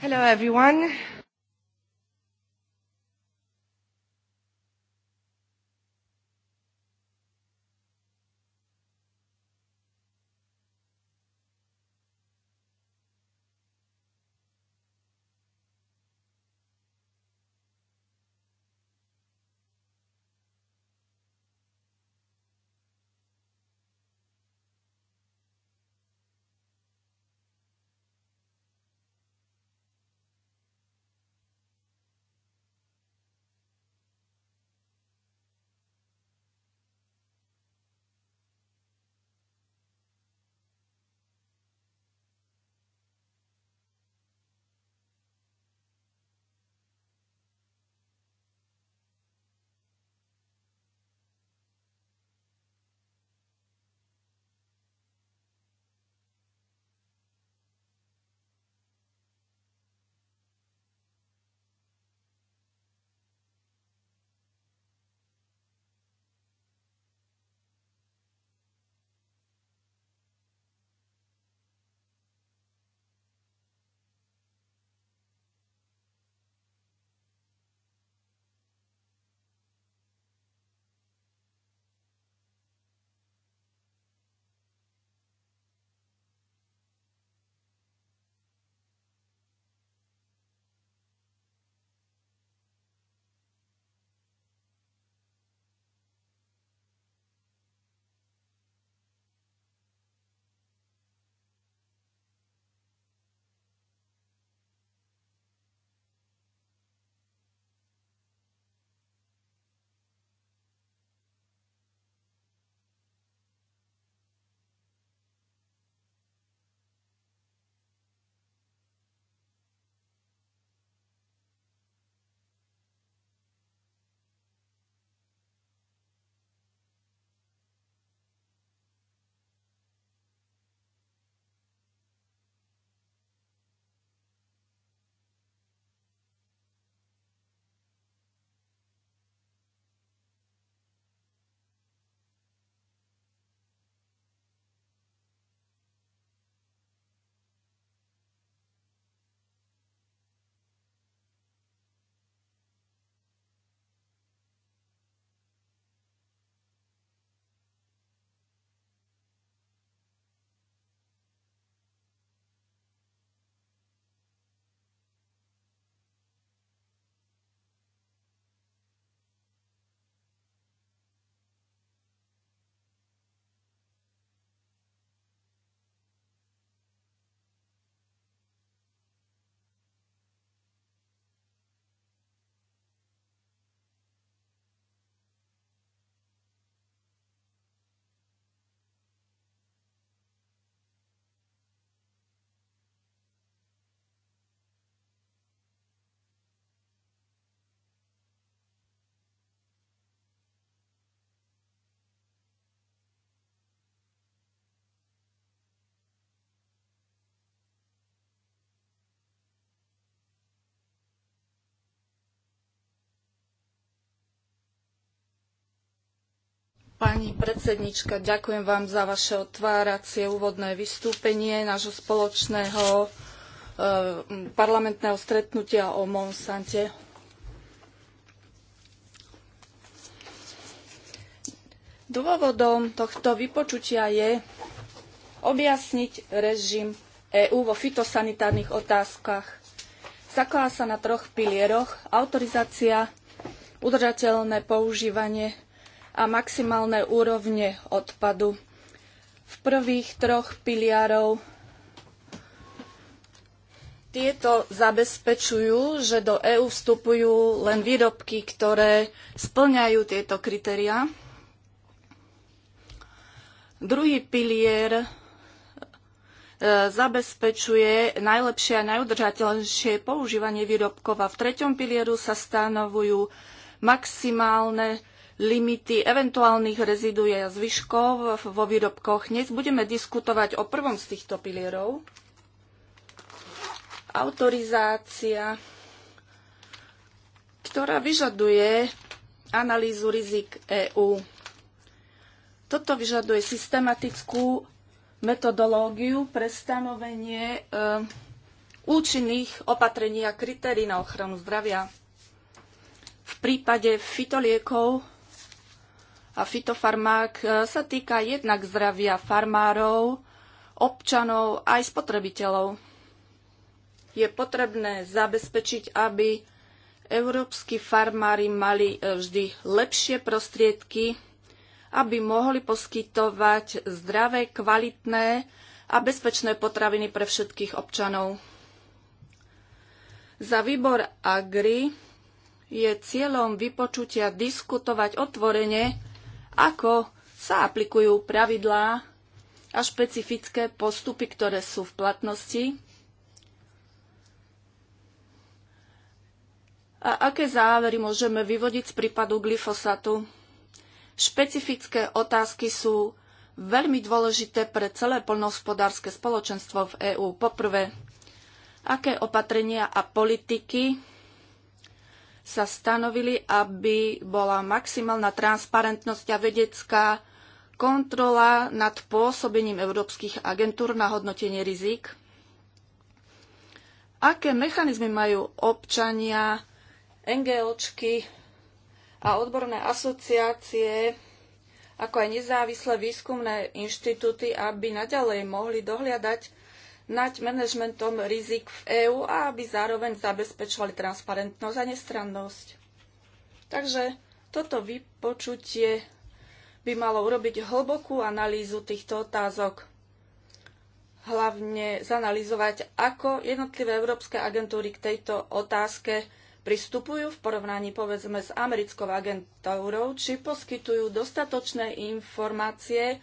Hello everyone. Pani predsednička, ďakujem vám za vaše otváracie úvodné vystúpenie nášho spoločného e, parlamentného stretnutia o Monsante. Dôvodom tohto vypočutia je objasniť režim EÚ vo fitosanitárnych otázkach. Zakladá sa na troch pilieroch autorizácia, udržateľné používanie a maximálne úrovne odpadu. V prvých troch piliarov tieto zabezpečujú, že do EÚ vstupujú len výrobky, ktoré splňajú tieto kritériá. Druhý pilier e, zabezpečuje najlepšie a najudržateľnejšie používanie výrobkov a v treťom pilieru sa stanovujú maximálne limity eventuálnych reziduí a zvyškov vo výrobkoch. Dnes budeme diskutovať o prvom z týchto pilierov. Autorizácia, ktorá vyžaduje analýzu rizik EÚ. Toto vyžaduje systematickú metodológiu pre stanovenie e, účinných opatrení a kritérií na ochranu zdravia. V prípade fitoliekov a fitofarmák e, sa týka jednak zdravia farmárov, občanov aj spotrebiteľov. Je potrebné zabezpečiť, aby európsky farmári mali e, vždy lepšie prostriedky, aby mohli poskytovať zdravé, kvalitné a bezpečné potraviny pre všetkých občanov. Za výbor Agri je cieľom vypočutia diskutovať otvorene ako sa aplikujú pravidlá a špecifické postupy, ktoré sú v platnosti a aké závery môžeme vyvodiť z prípadu glyfosatu. Špecifické otázky sú veľmi dôležité pre celé poľnohospodárske spoločenstvo v EÚ. Poprvé, aké opatrenia a politiky sa stanovili, aby bola maximálna transparentnosť a vedecká kontrola nad pôsobením európskych agentúr na hodnotenie rizik. Aké mechanizmy majú občania, NGOčky a odborné asociácie, ako aj nezávislé výskumné inštitúty, aby naďalej mohli dohliadať nad manažmentom rizik v EÚ a aby zároveň zabezpečovali transparentnosť a nestrannosť. Takže toto vypočutie by malo urobiť hlbokú analýzu týchto otázok. Hlavne zanalýzovať, ako jednotlivé európske agentúry k tejto otázke pristupujú v porovnaní povedzme s americkou agentúrou, či poskytujú dostatočné informácie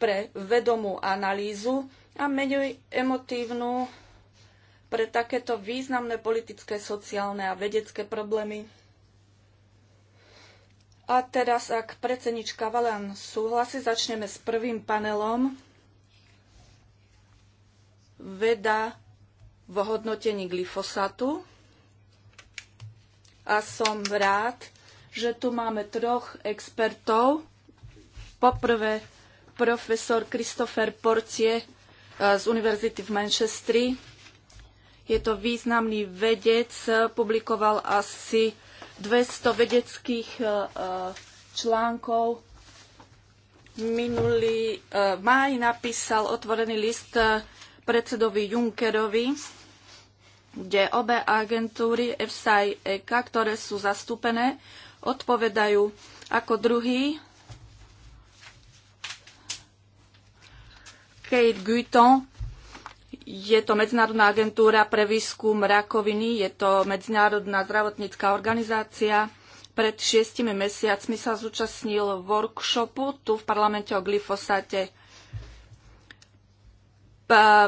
pre vedomú analýzu a menej emotívnu pre takéto významné politické, sociálne a vedecké problémy. A teraz, ak predsednička Valen súhlasí, začneme s prvým panelom. Veda v hodnotení glyfosátu. A som rád, že tu máme troch expertov. Poprvé profesor Christopher Porcie, z univerzity v Manchestri. Je to významný vedec, publikoval asi 200 vedeckých e, e, článkov. Minulý e, maj napísal otvorený list predsedovi Junckerovi, kde obe agentúry EFSA a ktoré sú zastúpené, odpovedajú ako druhý Kate Guiton. Je to Medzinárodná agentúra pre výskum rakoviny, je to Medzinárodná zdravotnícká organizácia. Pred šiestimi mesiacmi sa zúčastnil workshopu tu v parlamente o glyfosáte.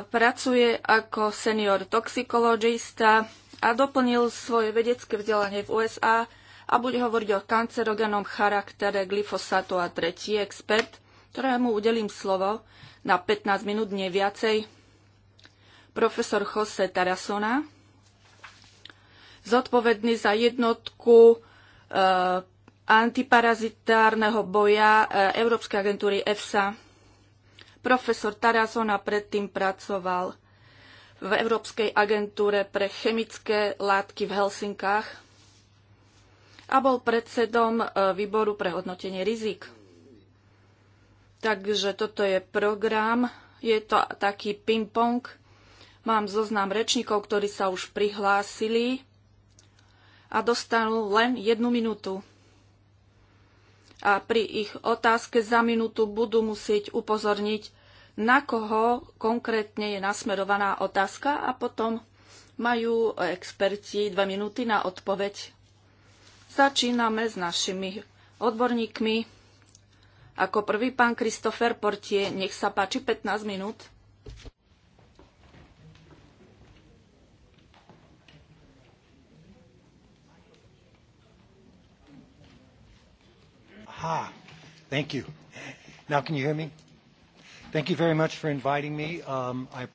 Pracuje ako senior toxikologista a doplnil svoje vedecké vzdelanie v USA a bude hovoriť o kancerogenom charaktere glyfosátu a tretí expert, ktorému udelím slovo, na 15 minút, nie viacej. Profesor Jose Tarasona, zodpovedný za jednotku e, antiparazitárneho boja e, Európskej agentúry EFSA. Profesor Tarasona predtým pracoval v Európskej agentúre pre chemické látky v Helsinkách a bol predsedom e, výboru pre hodnotenie rizik. Takže toto je program. Je to taký ping-pong. Mám zoznam rečníkov, ktorí sa už prihlásili a dostanú len jednu minútu. A pri ich otázke za minútu budú musieť upozorniť, na koho konkrétne je nasmerovaná otázka a potom majú experti dve minúty na odpoveď. Začíname s našimi odborníkmi. Ako prvý pán Christopher Portie, nech sa páči 15 minút. Aha, thank you. Now can you hear me? Thank you very much for inviting me. Um, I...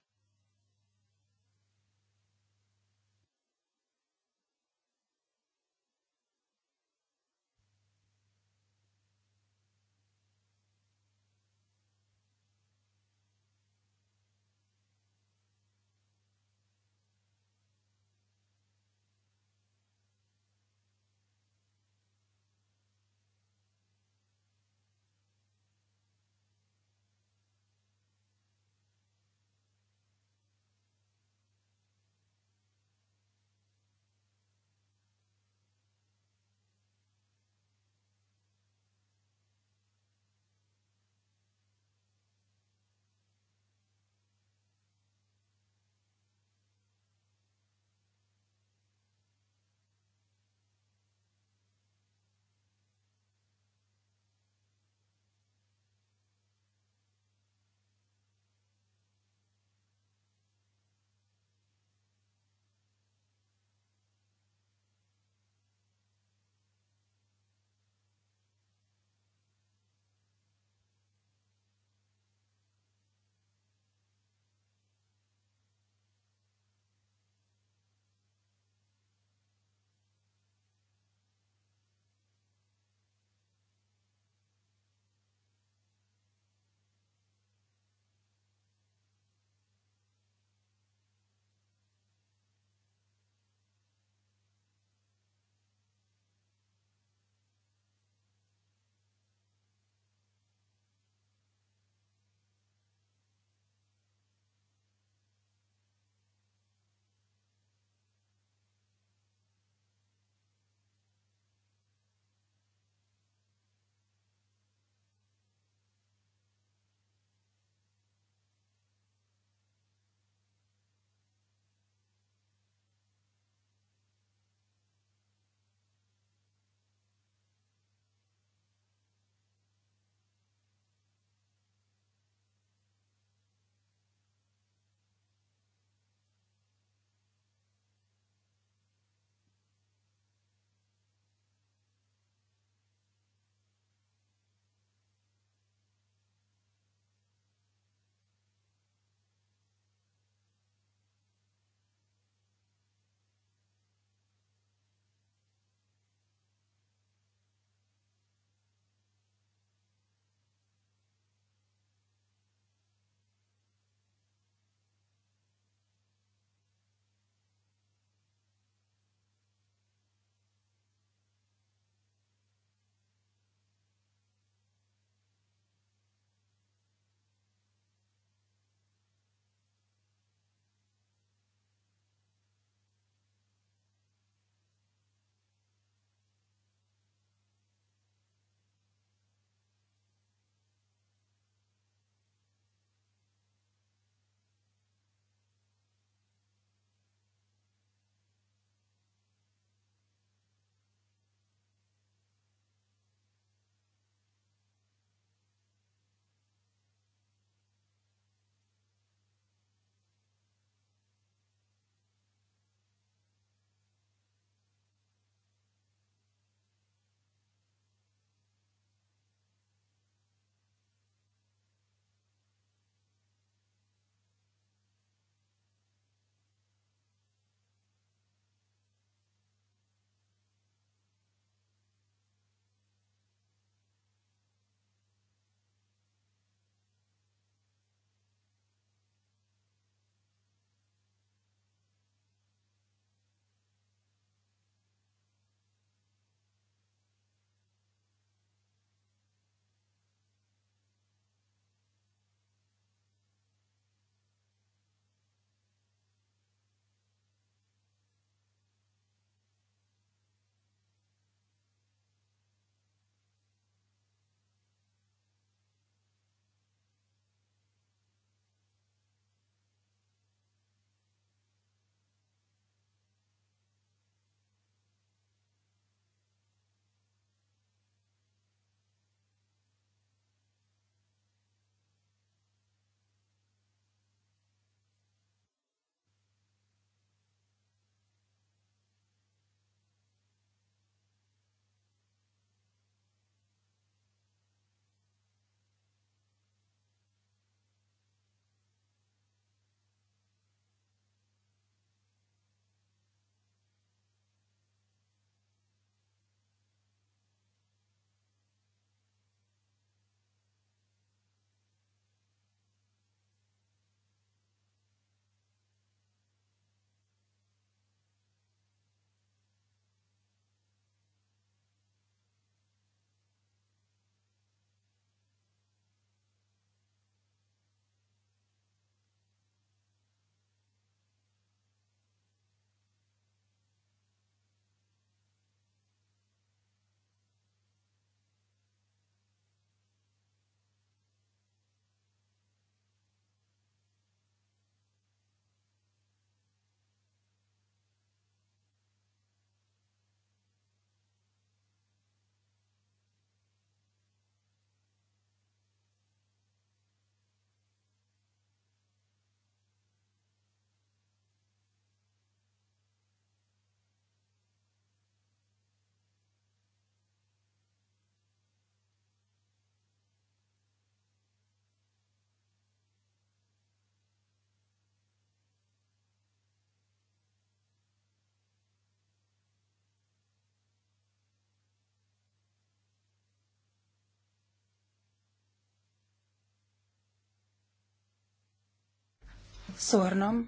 súhrnom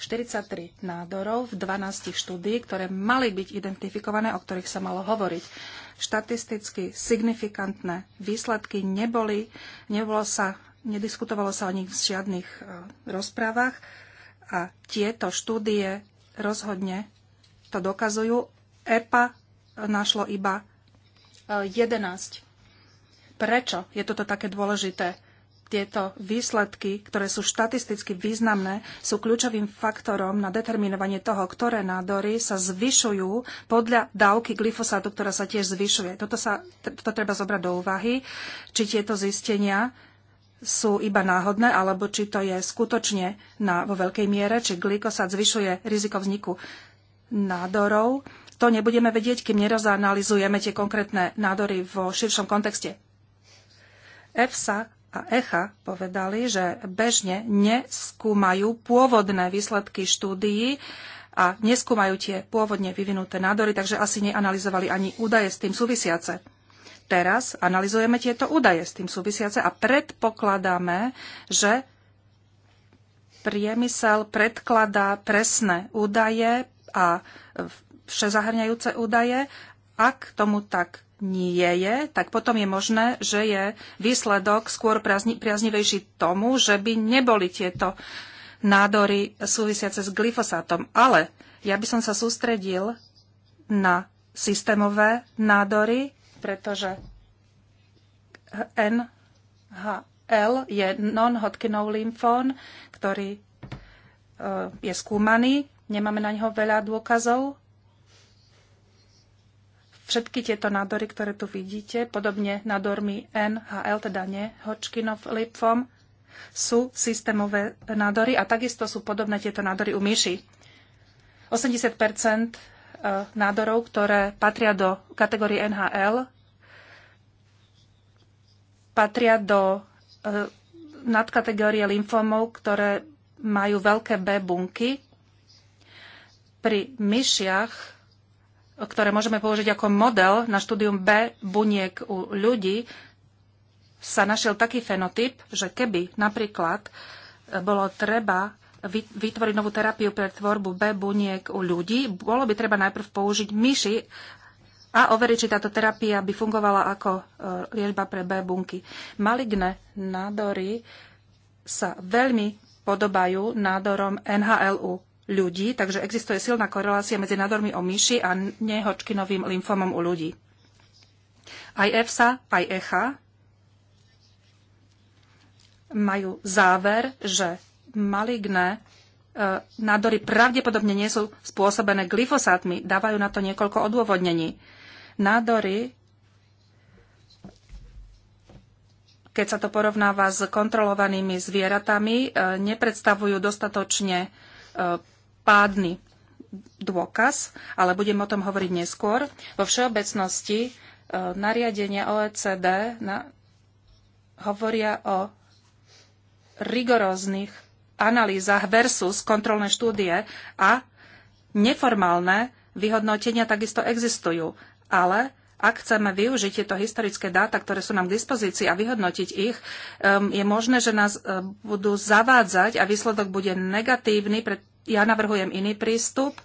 43 nádorov v 12 štúdií, ktoré mali byť identifikované, o ktorých sa malo hovoriť. Štatisticky signifikantné výsledky neboli, nebolo sa, nediskutovalo sa o nich v žiadnych e, rozprávach a tieto štúdie rozhodne to dokazujú. EPA našlo iba 11. E, Prečo je toto také dôležité? tieto výsledky, ktoré sú štatisticky významné, sú kľúčovým faktorom na determinovanie toho, ktoré nádory sa zvyšujú podľa dávky glyfosátu, ktorá sa tiež zvyšuje. Toto, sa, toto treba zobrať do úvahy, či tieto zistenia sú iba náhodné, alebo či to je skutočne na, vo veľkej miere, či glykosát zvyšuje riziko vzniku nádorov. To nebudeme vedieť, kým nerozanalizujeme tie konkrétne nádory vo širšom kontexte. EFSA a ECHA povedali, že bežne neskúmajú pôvodné výsledky štúdií a neskúmajú tie pôvodne vyvinuté nádory, takže asi neanalizovali ani údaje s tým súvisiace. Teraz analizujeme tieto údaje s tým súvisiace a predpokladáme, že priemysel predkladá presné údaje a všezahrňajúce údaje. Ak tomu tak nie je, tak potom je možné, že je výsledok skôr priaznivejší tomu, že by neboli tieto nádory súvisiace s glyfosátom. Ale ja by som sa sústredil na systémové nádory, pretože NHL je non-Hodkinov lymfón, ktorý e, je skúmaný, nemáme na neho veľa dôkazov, Všetky tieto nádory, ktoré tu vidíte, podobne nádormi NHL, teda ne Hodgkinov lymfom, sú systémové nádory a takisto sú podobné tieto nádory u myši. 80 e, nádorov, ktoré patria do kategórie NHL, patria do e, nadkategórie lymfómov, ktoré majú veľké B bunky. Pri myšiach ktoré môžeme použiť ako model na štúdium B buniek u ľudí, sa našiel taký fenotyp, že keby napríklad e, bolo treba vytvoriť novú terapiu pre tvorbu B buniek u ľudí, bolo by treba najprv použiť myši a overiť, či táto terapia by fungovala ako e, liečba pre B bunky. Maligné nádory sa veľmi podobajú nádorom NHLU ľudí, takže existuje silná korelácia medzi nádormi o myši a nehočkinovým lymfomom u ľudí. Aj EFSA, aj ECHA majú záver, že maligné e, nádory pravdepodobne nie sú spôsobené glyfosátmi. Dávajú na to niekoľko odôvodnení. Nádory keď sa to porovnáva s kontrolovanými zvieratami, e, nepredstavujú dostatočne e, pádny dôkaz, ale budem o tom hovoriť neskôr. Vo všeobecnosti e, nariadenia OECD na, hovoria o rigoróznych analýzach versus kontrolné štúdie a neformálne vyhodnotenia takisto existujú. Ale ak chceme využiť tieto historické dáta, ktoré sú nám k dispozícii a vyhodnotiť ich, je možné, že nás e, budú zavádzať a výsledok bude negatívny, ja navrhujem iný prístup,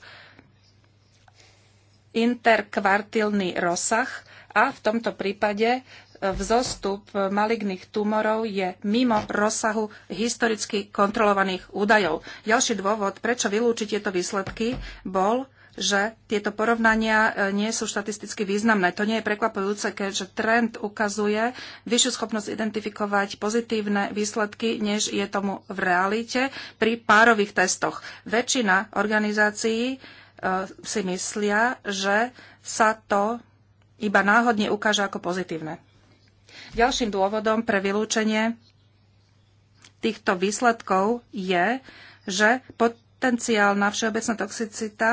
interkvartilný rozsah a v tomto prípade e, vzostup maligných tumorov je mimo rozsahu historicky kontrolovaných údajov. Ďalší dôvod, prečo vylúčiť tieto výsledky, bol, že tieto porovnania e, nie sú štatisticky významné. To nie je prekvapujúce, keďže trend ukazuje vyššiu schopnosť identifikovať pozitívne výsledky, než je tomu v realite pri párových testoch. Väčšina organizácií e, si myslia, že sa to iba náhodne ukáže ako pozitívne. Ďalším dôvodom pre vylúčenie týchto výsledkov je, že potenciálna všeobecná toxicita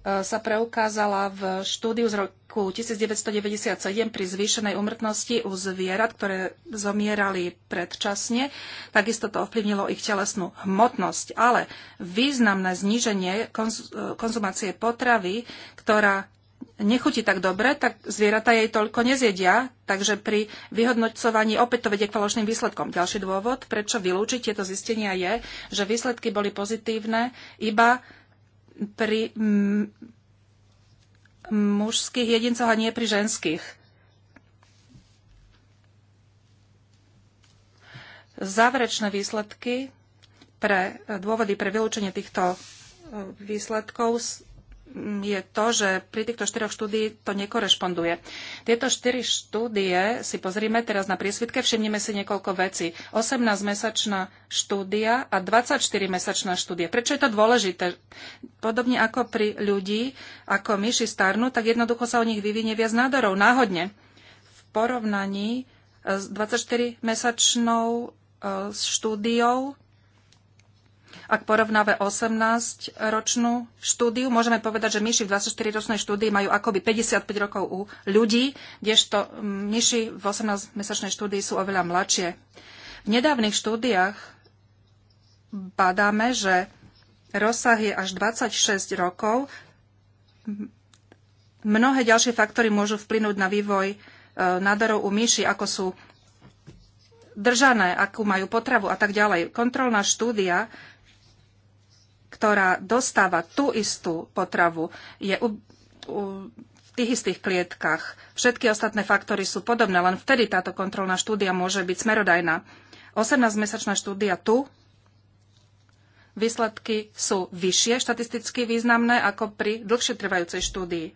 E, sa preukázala v štúdiu z roku 1997 pri zvýšenej umrtnosti u zvierat, ktoré zomierali predčasne. Takisto to ovplyvnilo ich telesnú hmotnosť. Ale významné zníženie e, konzumácie potravy, ktorá nechutí tak dobre, tak zvieratá jej toľko nezjedia, takže pri vyhodnocovaní opäť to vedie k falošným výsledkom. Ďalší dôvod, prečo vylúčiť tieto zistenia je, že výsledky boli pozitívne iba pri mm, mužských jedincoch a nie pri ženských. Záverečné výsledky pre dôvody pre vylúčenie týchto e, výsledkov je to, že pri týchto štyroch štúdií to nekorešponduje. Tieto štyri štúdie si pozrime teraz na priesvitke, všimneme si niekoľko vecí. 18-mesačná štúdia a 24-mesačná štúdia. Prečo je to dôležité? Podobne ako pri ľudí, ako myši starnú, tak jednoducho sa o nich vyvinie viac nádorov, náhodne. V porovnaní s 24-mesačnou e, štúdiou ak porovnáme 18-ročnú štúdiu, môžeme povedať, že myši v 24-ročnej štúdii majú akoby 55 rokov u ľudí, kdežto mm, myši v 18-mesačnej štúdii sú oveľa mladšie. V nedávnych štúdiách badáme, že rozsah je až 26 rokov. Mnohé ďalšie faktory môžu vplynúť na vývoj e, nádorov u myši, ako sú držané, akú majú potravu a tak ďalej. Kontrolná štúdia ktorá dostáva tú istú potravu, je u, u, v tých istých klietkach. Všetky ostatné faktory sú podobné, len vtedy táto kontrolná štúdia môže byť smerodajná. 18-mesačná štúdia tu výsledky sú vyššie štatisticky významné ako pri dlhšie trvajúcej štúdii.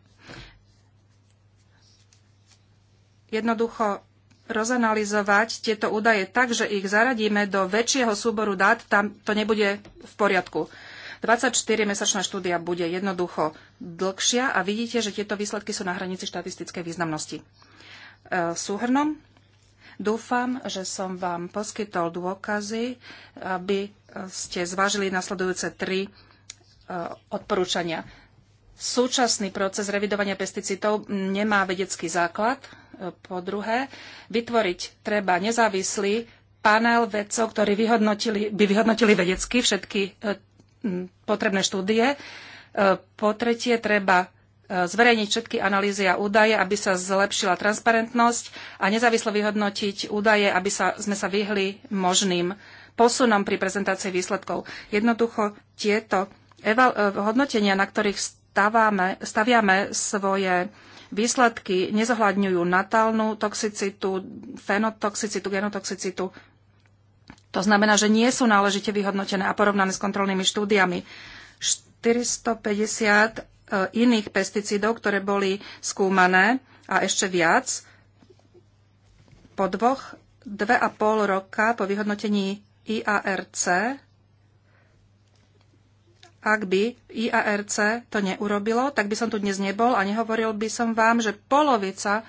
Jednoducho rozanalizovať tieto údaje tak, že ich zaradíme do väčšieho súboru dát, tam to nebude v poriadku. 24-mesačná štúdia bude jednoducho dlhšia a vidíte, že tieto výsledky sú na hranici štatistickej významnosti. E, súhrnom dúfam, že som vám poskytol dôkazy, aby ste zvážili nasledujúce tri e, odporúčania. Súčasný proces revidovania pesticídov nemá vedecký základ. E, po druhé, vytvoriť treba nezávislý panel vedcov, ktorí vyhodnotili, by vyhodnotili vedecky všetky potrebné štúdie. E, po tretie, treba e, zverejniť všetky analýzy a údaje, aby sa zlepšila transparentnosť a nezávisle vyhodnotiť údaje, aby sa, sme sa vyhli možným posunom pri prezentácii výsledkov. Jednoducho tieto e, hodnotenia, na ktorých staváme, staviame svoje výsledky, nezohľadňujú natálnu toxicitu, fenotoxicitu, genotoxicitu to znamená, že nie sú náležite vyhodnotené a porovnané s kontrolnými štúdiami. 450 e, iných pesticídov, ktoré boli skúmané a ešte viac po dvoch, dve a pol roka po vyhodnotení IARC, ak by IARC to neurobilo, tak by som tu dnes nebol a nehovoril by som vám, že polovica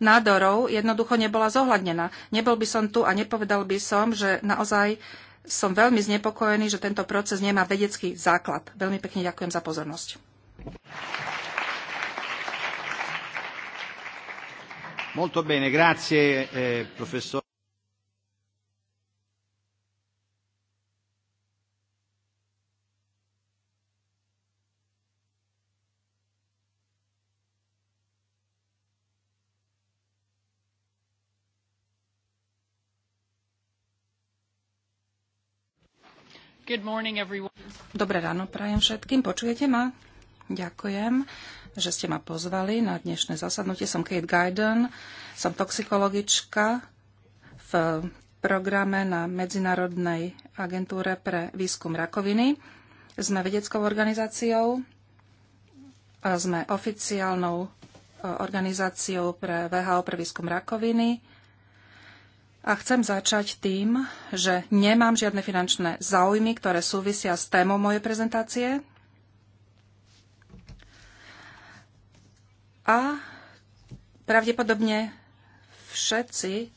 nádorov jednoducho nebola zohľadnená. Nebol by som tu a nepovedal by som, že naozaj som veľmi znepokojený, že tento proces nemá vedecký základ. Veľmi pekne ďakujem za pozornosť. Molto bene, grazie, eh, professor. Dobré ráno prajem všetkým. Počujete ma? Ďakujem, že ste ma pozvali na dnešné zasadnutie. Som Kate Guyden, som toxikologička v programe na Medzinárodnej agentúre pre výskum rakoviny. Sme vedeckou organizáciou, sme oficiálnou e, organizáciou pre VHO pre výskum rakoviny a chcem začať tým, že nemám žiadne finančné záujmy, ktoré súvisia s témou mojej prezentácie. A pravdepodobne všetci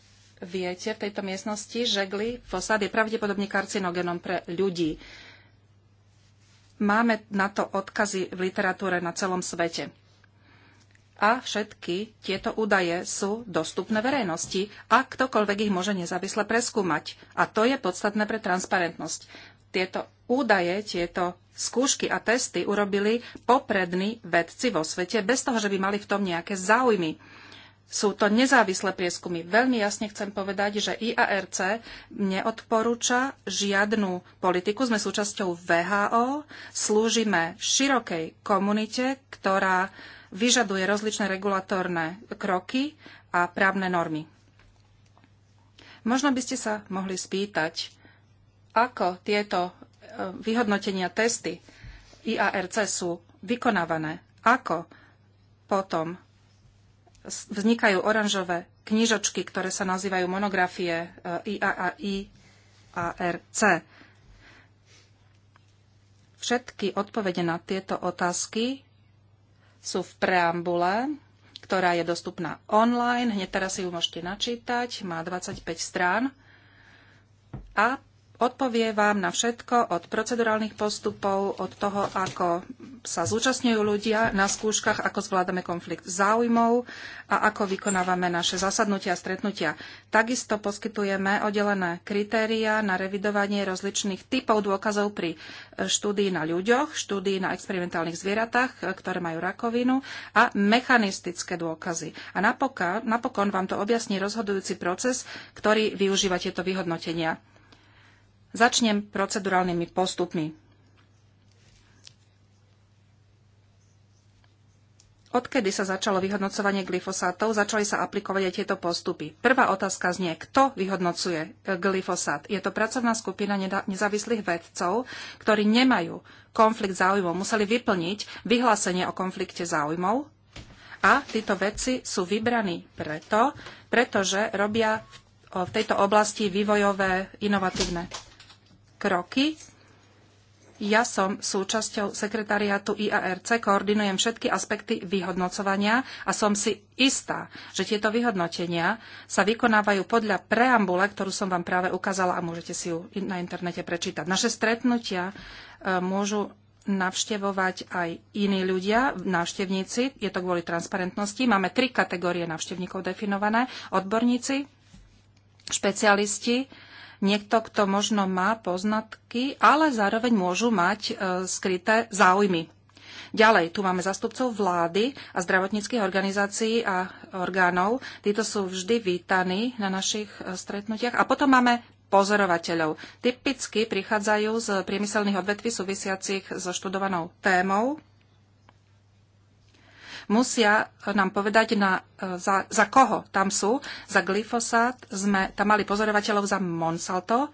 viete v tejto miestnosti, že glyfosát je pravdepodobne karcinogenom pre ľudí. Máme na to odkazy v literatúre na celom svete a všetky tieto údaje sú dostupné verejnosti a ktokoľvek ich môže nezávisle preskúmať. A to je podstatné pre transparentnosť. Tieto údaje, tieto skúšky a testy urobili poprední vedci vo svete bez toho, že by mali v tom nejaké záujmy. Sú to nezávislé prieskumy. Veľmi jasne chcem povedať, že IARC neodporúča žiadnu politiku. Sme súčasťou VHO, slúžime širokej komunite, ktorá vyžaduje rozličné regulatórne kroky a právne normy. Možno by ste sa mohli spýtať, ako tieto e, vyhodnotenia testy IARC sú vykonávané, ako potom vznikajú oranžové knižočky, ktoré sa nazývajú monografie e, IARC. ARC. Všetky odpovede na tieto otázky sú v preambule, ktorá je dostupná online. Hneď teraz si ju môžete načítať. Má 25 strán. A odpovie vám na všetko od procedurálnych postupov, od toho, ako sa zúčastňujú ľudia na skúškach, ako zvládame konflikt záujmov a ako vykonávame naše zasadnutia a stretnutia. Takisto poskytujeme oddelené kritéria na revidovanie rozličných typov dôkazov pri e, štúdii na ľuďoch, štúdii na experimentálnych zvieratách, e, ktoré majú rakovinu a mechanistické dôkazy. A napokon, napokon vám to objasní rozhodujúci proces, ktorý využíva tieto vyhodnotenia. Začnem procedurálnymi postupmi. Odkedy sa začalo vyhodnocovanie glyfosátov, začali sa aplikovať aj tieto postupy. Prvá otázka znie, kto vyhodnocuje e, glyfosát. Je to pracovná skupina nezávislých vedcov, ktorí nemajú konflikt záujmov, museli vyplniť vyhlásenie o konflikte záujmov. A títo vedci sú vybraní preto, pretože robia v tejto oblasti vývojové, inovatívne kroky. Ja som súčasťou sekretariátu IARC, koordinujem všetky aspekty vyhodnocovania a som si istá, že tieto vyhodnotenia sa vykonávajú podľa preambule, ktorú som vám práve ukázala a môžete si ju na internete prečítať. Naše stretnutia e, môžu navštevovať aj iní ľudia, návštevníci. Je to kvôli transparentnosti. Máme tri kategórie návštevníkov definované. Odborníci, špecialisti niekto, kto možno má poznatky, ale zároveň môžu mať e, skryté záujmy. Ďalej, tu máme zastupcov vlády a zdravotníckých organizácií a orgánov. Títo sú vždy vítaní na našich e, stretnutiach. A potom máme pozorovateľov. Typicky prichádzajú z priemyselných odvetví súvisiacich so študovanou témou musia nám povedať, na, e, za, za koho tam sú. Za glyfosát sme tam mali pozorovateľov za Monsalto,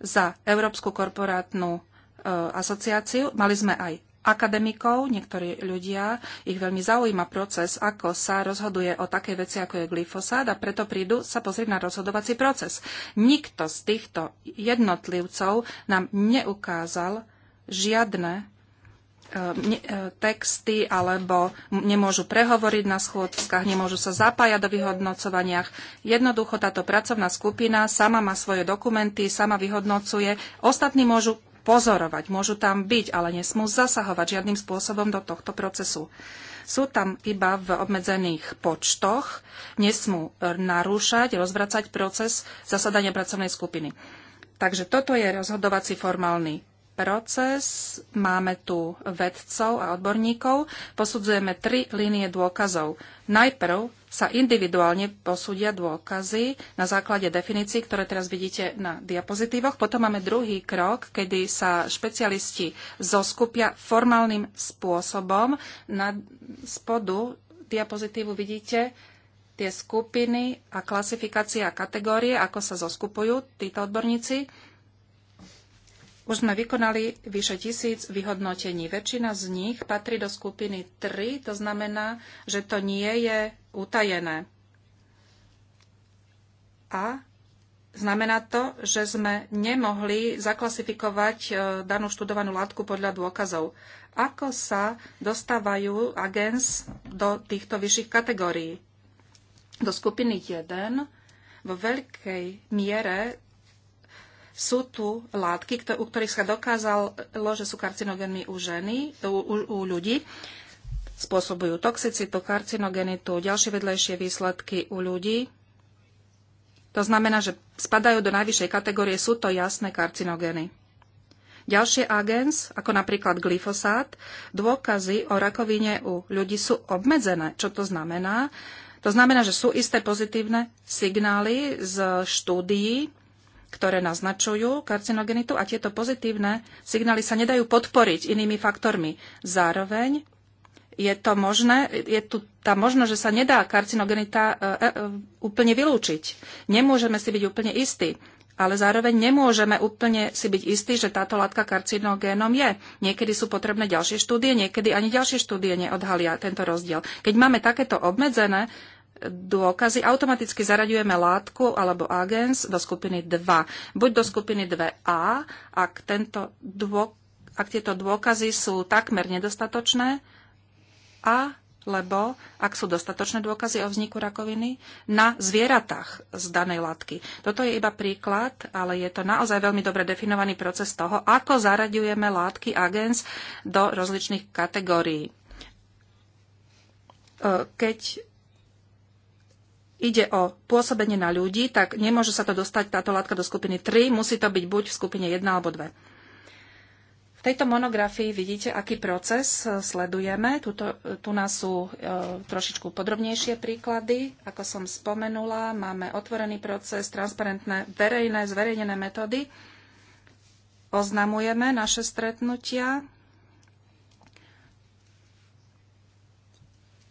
za Európsku korporátnu e, asociáciu. Mali sme aj akademikov, niektorí ľudia, ich veľmi zaujíma proces, ako sa rozhoduje o také veci, ako je glyfosát a preto prídu sa pozrieť na rozhodovací proces. Nikto z týchto jednotlivcov nám neukázal žiadne E, texty alebo nemôžu prehovoriť na schôdzkach, nemôžu sa zapájať do vyhodnocovaniach. Jednoducho táto pracovná skupina sama má svoje dokumenty, sama vyhodnocuje. Ostatní môžu pozorovať, môžu tam byť, ale nesmú zasahovať žiadnym spôsobom do tohto procesu. Sú tam iba v obmedzených počtoch, nesmú e, narúšať, rozvracať proces zasadania pracovnej skupiny. Takže toto je rozhodovací formálny proces. Máme tu vedcov a odborníkov. Posudzujeme tri línie dôkazov. Najprv sa individuálne posúdia dôkazy na základe definícií, ktoré teraz vidíte na diapozitívoch. Potom máme druhý krok, kedy sa špecialisti zoskupia formálnym spôsobom. Na spodu diapozitívu vidíte tie skupiny a klasifikácie a kategórie, ako sa zoskupujú títo odborníci. Už sme vykonali vyše tisíc vyhodnotení. Väčšina z nich patrí do skupiny 3, to znamená, že to nie je utajené. A znamená to, že sme nemohli zaklasifikovať e, danú študovanú látku podľa dôkazov. Ako sa dostávajú agens do týchto vyšších kategórií? Do skupiny 1 vo veľkej miere sú tu látky, u ktorých sa dokázalo, že sú karcinogénmi u, ženy, u, u, u ľudí. Spôsobujú toxicitu, karcinogenitu, ďalšie vedlejšie výsledky u ľudí. To znamená, že spadajú do najvyššej kategórie, sú to jasné karcinogény. Ďalšie agens, ako napríklad glyfosát, dôkazy o rakovine u ľudí sú obmedzené. Čo to znamená? To znamená, že sú isté pozitívne signály z štúdií, ktoré naznačujú karcinogenitu a tieto pozitívne signály sa nedajú podporiť inými faktormi. Zároveň je to možné, je tu tá možnosť, že sa nedá karcinogenita e, e, úplne vylúčiť. Nemôžeme si byť úplne istí, ale zároveň nemôžeme úplne si byť istí, že táto látka karcinogénom je. Niekedy sú potrebné ďalšie štúdie, niekedy ani ďalšie štúdie neodhalia tento rozdiel. Keď máme takéto obmedzené dôkazy, automaticky zaraďujeme látku alebo agens do skupiny 2. Buď do skupiny 2A, ak, tento dô, ak tieto dôkazy sú takmer nedostatočné, a lebo ak sú dostatočné dôkazy o vzniku rakoviny na zvieratách z danej látky. Toto je iba príklad, ale je to naozaj veľmi dobre definovaný proces toho, ako zaraďujeme látky agens do rozličných kategórií. E, keď ide o pôsobenie na ľudí, tak nemôže sa to dostať táto látka do skupiny 3, musí to byť buď v skupine 1 alebo 2. V tejto monografii vidíte, aký proces e, sledujeme. Tuto, e, tu nás sú e, trošičku podrobnejšie príklady. Ako som spomenula, máme otvorený proces, transparentné verejné, zverejnené metódy. Oznamujeme naše stretnutia.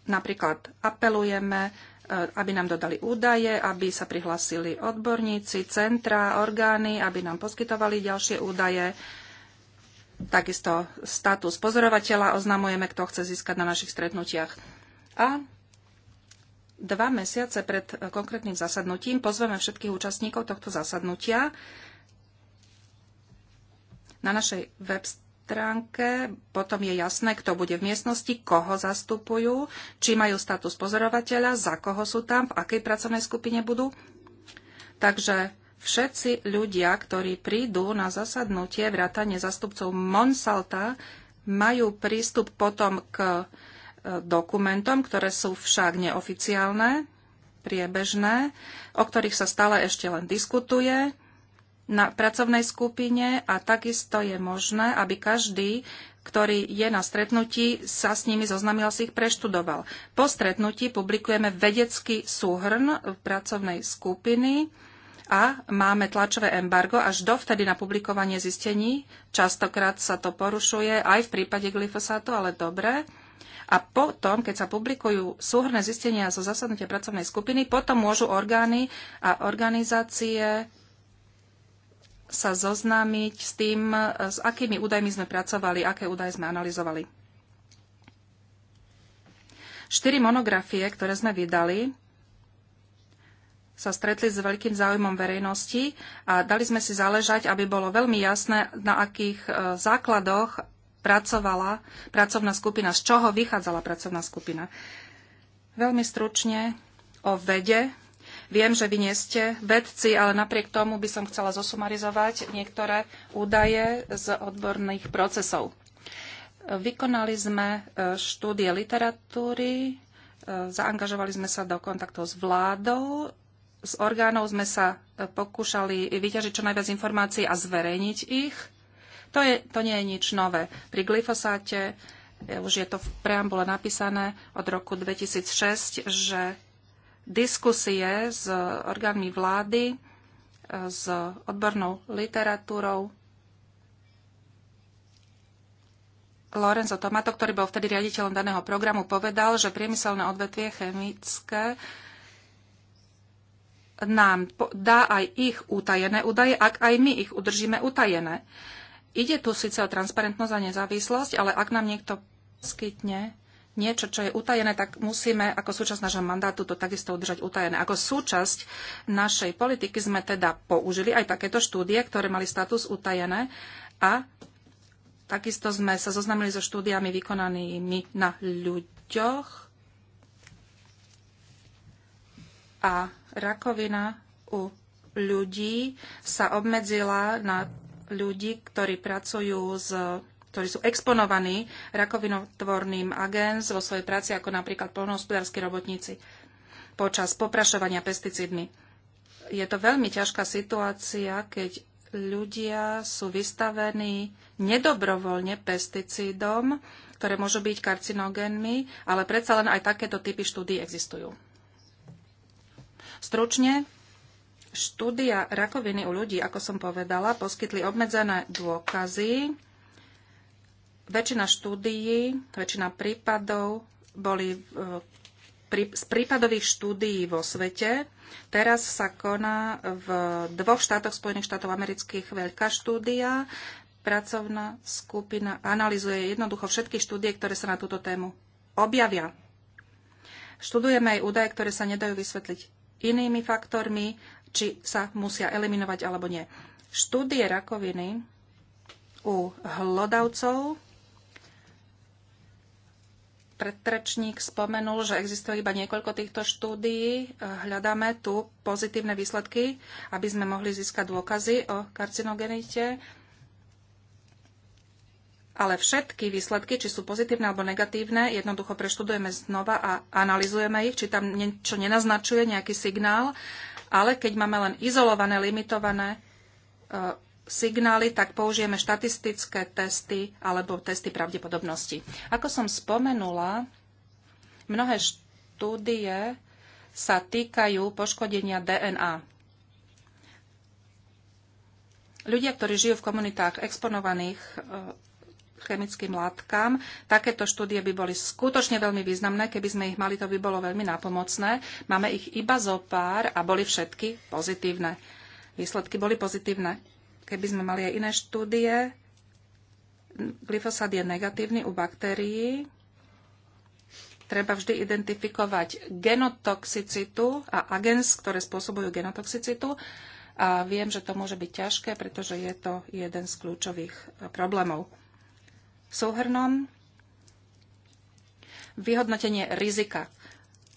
Napríklad apelujeme aby nám dodali údaje, aby sa prihlásili odborníci, centra, orgány, aby nám poskytovali ďalšie údaje. Takisto status pozorovateľa oznamujeme, kto chce získať na našich stretnutiach. A dva mesiace pred konkrétnym zasadnutím pozveme všetkých účastníkov tohto zasadnutia na našej web stránke. Potom je jasné, kto bude v miestnosti, koho zastupujú, či majú status pozorovateľa, za koho sú tam, v akej pracovnej skupine budú. Takže všetci ľudia, ktorí prídu na zasadnutie vrátane zastupcov Monsalta, majú prístup potom k e, dokumentom, ktoré sú však neoficiálne, priebežné, o ktorých sa stále ešte len diskutuje na pracovnej skupine a takisto je možné, aby každý, ktorý je na stretnutí, sa s nimi zoznamil a si ich preštudoval. Po stretnutí publikujeme vedecký súhrn pracovnej skupiny a máme tlačové embargo až dovtedy na publikovanie zistení. Častokrát sa to porušuje aj v prípade glyfosátu, ale dobre. A potom, keď sa publikujú súhrné zistenia zo zasadnutia pracovnej skupiny, potom môžu orgány a organizácie sa zoznámiť s tým, s akými údajmi sme pracovali, aké údaje sme analyzovali. Štyri monografie, ktoré sme vydali, sa stretli s veľkým záujmom verejnosti a dali sme si záležať, aby bolo veľmi jasné, na akých e, základoch pracovala pracovná skupina, z čoho vychádzala pracovná skupina. Veľmi stručne o vede Viem, že vy nie ste vedci, ale napriek tomu by som chcela zosumarizovať niektoré údaje z odborných procesov. Vykonali sme e, štúdie literatúry, e, zaangažovali sme sa do kontaktov s vládou, s orgánov sme sa e, pokúšali vyťažiť čo najviac informácií a zverejniť ich. To, je, to nie je nič nové. Pri glyfosáte už je to v preambule napísané od roku 2006, že diskusie s orgánmi vlády, e, s odbornou literatúrou. Lorenzo Tomato, ktorý bol vtedy riaditeľom daného programu, povedal, že priemyselné odvetvie chemické nám dá aj ich utajené údaje, ak aj my ich udržíme utajené. Ide tu síce o transparentnosť a nezávislosť, ale ak nám niekto skytne niečo, čo je utajené, tak musíme ako súčasť nášho mandátu to takisto udržať utajené. Ako súčasť našej politiky sme teda použili aj takéto štúdie, ktoré mali status utajené a takisto sme sa zoznamili so štúdiami vykonanými na ľuďoch a rakovina u ľudí sa obmedzila na ľudí, ktorí pracujú s ktorí sú exponovaní rakovinotvorným agens vo svojej práci, ako napríklad polnohospodárskí robotníci počas poprašovania pesticídmi. Je to veľmi ťažká situácia, keď ľudia sú vystavení nedobrovoľne pesticídom, ktoré môžu byť karcinogénmi, ale predsa len aj takéto typy štúdí existujú. Stručne, štúdia rakoviny u ľudí, ako som povedala, poskytli obmedzené dôkazy, väčšina štúdií, väčšina prípadov boli e, z prípadových štúdií vo svete. Teraz sa koná v dvoch štátoch Spojených štátov amerických veľká štúdia. Pracovná skupina analizuje jednoducho všetky štúdie, ktoré sa na túto tému objavia. Študujeme aj údaje, ktoré sa nedajú vysvetliť inými faktormi, či sa musia eliminovať alebo nie. Štúdie rakoviny u hlodavcov predtrečník spomenul, že existuje iba niekoľko týchto štúdií. Hľadáme tu pozitívne výsledky, aby sme mohli získať dôkazy o karcinogenite. Ale všetky výsledky, či sú pozitívne alebo negatívne, jednoducho preštudujeme znova a analizujeme ich, či tam niečo nenaznačuje, nejaký signál. Ale keď máme len izolované, limitované signály, tak použijeme štatistické testy alebo testy pravdepodobnosti. Ako som spomenula, mnohé štúdie sa týkajú poškodenia DNA. Ľudia, ktorí žijú v komunitách exponovaných eh, chemickým látkam. Takéto štúdie by boli skutočne veľmi významné, keby sme ich mali, to by bolo veľmi nápomocné. Máme ich iba zo pár a boli všetky pozitívne. Výsledky boli pozitívne. Keby sme mali aj iné štúdie, glyfosát je negatívny u baktérií. Treba vždy identifikovať genotoxicitu a agens, ktoré spôsobujú genotoxicitu. A viem, že to môže byť ťažké, pretože je to jeden z kľúčových e, problémov. súhrnom vyhodnotenie rizika.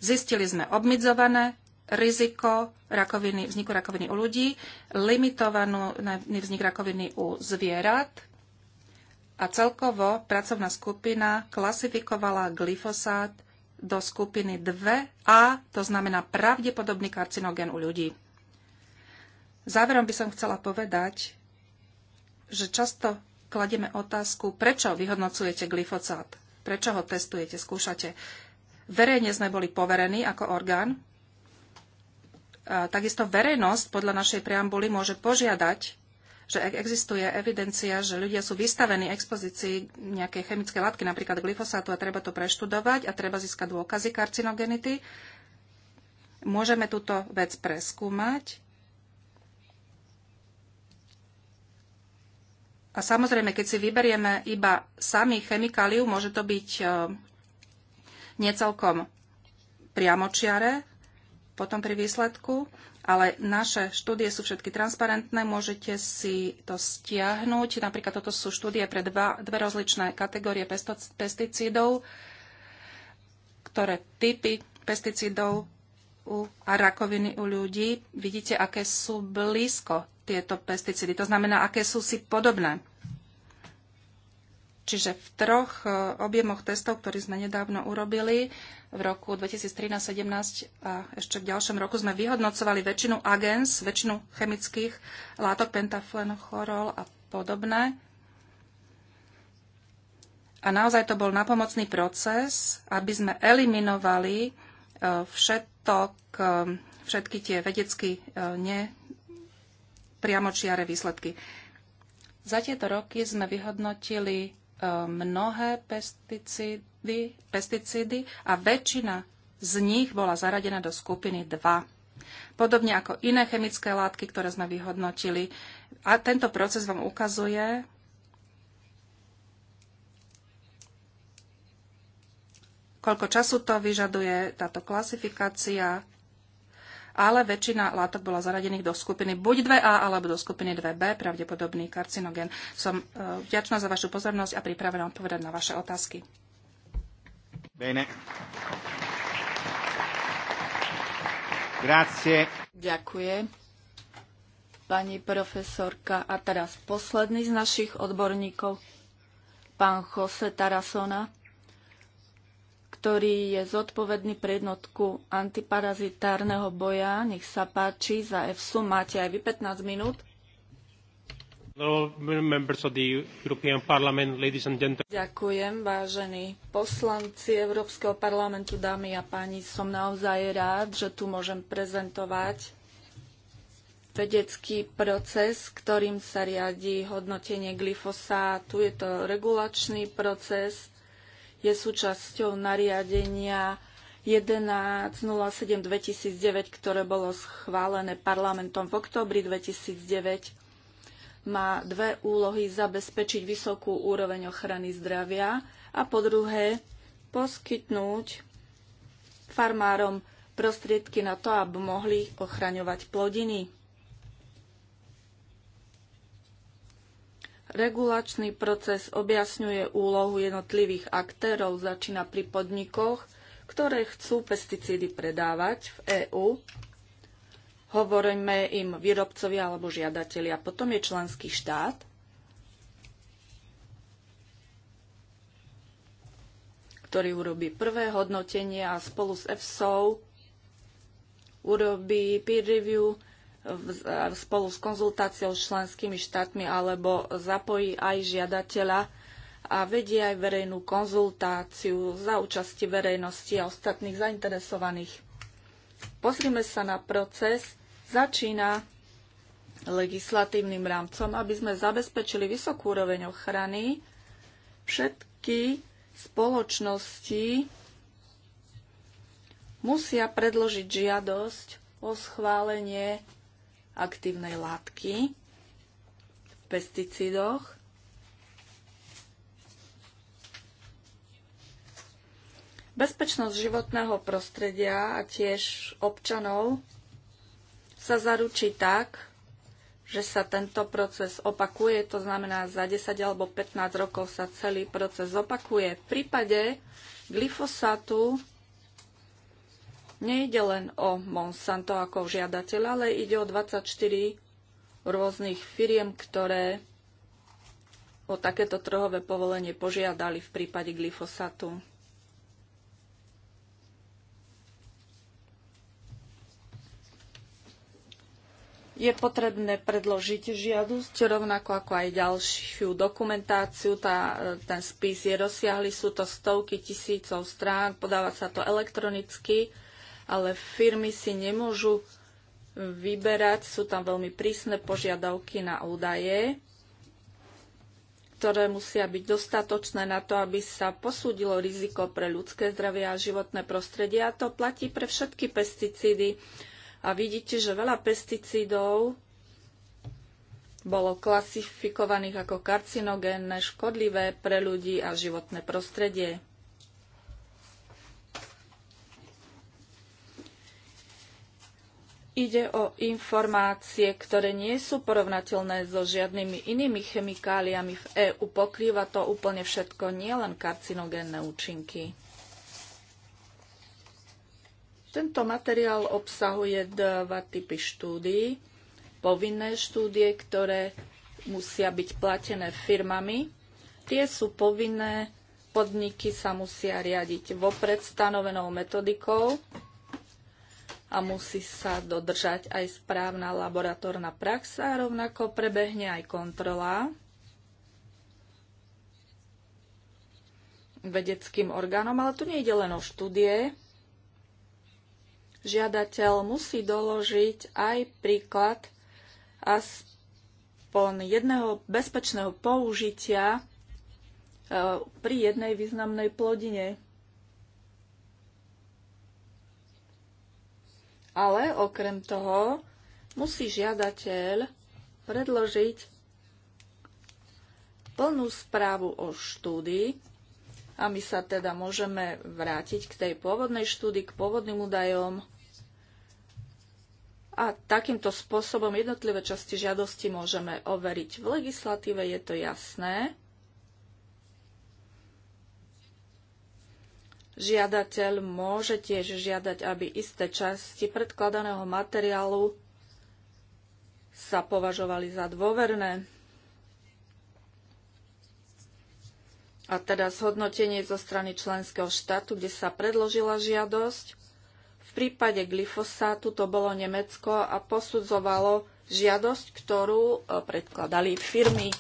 Zistili sme obmedzované riziko rakoviny, vzniku rakoviny u ľudí, limitovaný vznik rakoviny u zvierat a celkovo pracovná skupina klasifikovala glyfosát do skupiny 2A, to znamená pravdepodobný karcinogen u ľudí. Záverom by som chcela povedať, že často kladieme otázku, prečo vyhodnocujete glyfosát, prečo ho testujete, skúšate. Verejne sme boli poverení ako orgán takisto verejnosť podľa našej preambuly môže požiadať, že ak e- existuje evidencia, že ľudia sú vystavení expozícii nejakej chemické látky, napríklad glyfosátu, a treba to preštudovať a treba získať dôkazy karcinogenity, môžeme túto vec preskúmať. A samozrejme, keď si vyberieme iba sami chemikáliu, môže to byť e, necelkom priamočiare, potom pri výsledku, ale naše štúdie sú všetky transparentné, môžete si to stiahnuť. Napríklad toto sú štúdie pre dva, dve rozličné kategórie pesticídov, ktoré typy pesticídov u, a rakoviny u ľudí. Vidíte, aké sú blízko tieto pesticídy. To znamená, aké sú si podobné. Čiže v troch e, objemoch testov, ktorý sme nedávno urobili, v roku 2013-2017 a ešte v ďalšom roku sme vyhodnocovali väčšinu agens, väčšinu chemických látok, pentaflenochorol a podobné. A naozaj to bol napomocný proces, aby sme eliminovali e, všetok, e, všetky tie vedecky nepriamočiare výsledky. Za tieto roky sme vyhodnotili mnohé pesticídy, pesticídy a väčšina z nich bola zaradená do skupiny 2. Podobne ako iné chemické látky, ktoré sme vyhodnotili. A tento proces vám ukazuje, koľko času to vyžaduje táto klasifikácia ale väčšina látok bola zaradených do skupiny buď 2A alebo do skupiny 2B, pravdepodobný karcinogen. Som e, vďačná za vašu pozornosť a pripravená odpovedať na vaše otázky. Bene. Grazie. Ďakujem. Pani profesorka a teraz posledný z našich odborníkov, pán Jose Tarasona ktorý je zodpovedný pre jednotku antiparazitárneho boja. Nech sa páči, za EFSU máte aj vy 15 minút. Ďakujem, vážení poslanci Európskeho parlamentu, dámy a páni. Som naozaj rád, že tu môžem prezentovať vedecký proces, ktorým sa riadi hodnotenie glyfosátu. Je to regulačný proces, je súčasťou nariadenia 11.07.2009, ktoré bolo schválené parlamentom v oktobri 2009. Má dve úlohy zabezpečiť vysokú úroveň ochrany zdravia a po druhé poskytnúť farmárom prostriedky na to, aby mohli ochraňovať plodiny. Regulačný proces objasňuje úlohu jednotlivých aktérov, začína pri podnikoch, ktoré chcú pesticídy predávať v EÚ. Hovoríme im výrobcovia alebo žiadatelia. Potom je členský štát. ktorý urobí prvé hodnotenie a spolu s EFSO urobí peer review spolu s konzultáciou s členskými štátmi alebo zapojí aj žiadateľa a vedie aj verejnú konzultáciu za účasti verejnosti a ostatných zainteresovaných. Pozrime sa na proces. Začína legislatívnym rámcom, aby sme zabezpečili vysokú úroveň ochrany všetky spoločnosti musia predložiť žiadosť o schválenie aktívnej látky v pesticídoch. Bezpečnosť životného prostredia a tiež občanov sa zaručí tak, že sa tento proces opakuje, to znamená za 10 alebo 15 rokov sa celý proces opakuje. V prípade glyfosátu Nejde len o Monsanto ako žiadateľ, ale ide o 24 rôznych firiem, ktoré o takéto trhové povolenie požiadali v prípade glyfosatu. Je potrebné predložiť žiadosť, rovnako ako aj ďalšiu dokumentáciu. Tá, ten spis je rozsiahly, sú to stovky tisícov strán, podáva sa to elektronicky ale firmy si nemôžu vyberať. Sú tam veľmi prísne požiadavky na údaje, ktoré musia byť dostatočné na to, aby sa posúdilo riziko pre ľudské zdravie a životné prostredie. A to platí pre všetky pesticídy. A vidíte, že veľa pesticídov bolo klasifikovaných ako karcinogénne, škodlivé pre ľudí a životné prostredie. Ide o informácie, ktoré nie sú porovnateľné so žiadnymi inými chemikáliami v EÚ. Pokrýva to úplne všetko, nielen karcinogénne účinky. Tento materiál obsahuje dva typy štúdií. Povinné štúdie, ktoré musia byť platené firmami. Tie sú povinné, podniky sa musia riadiť vopred stanovenou metodikou a musí sa dodržať aj správna laboratórna prax a rovnako prebehne aj kontrola vedeckým orgánom, ale tu nejde len o štúdie. Žiadateľ musí doložiť aj príklad aspoň jedného bezpečného použitia e, pri jednej významnej plodine. Ale okrem toho musí žiadateľ predložiť plnú správu o štúdii a my sa teda môžeme vrátiť k tej pôvodnej štúdii, k pôvodným údajom a takýmto spôsobom jednotlivé časti žiadosti môžeme overiť. V legislatíve je to jasné, Žiadateľ môže tiež žiadať, aby isté časti predkladaného materiálu sa považovali za dôverné. A teda zhodnotenie zo strany členského štátu, kde sa predložila žiadosť. V prípade glyfosátu to bolo Nemecko a posudzovalo žiadosť, ktorú e, predkladali firmy.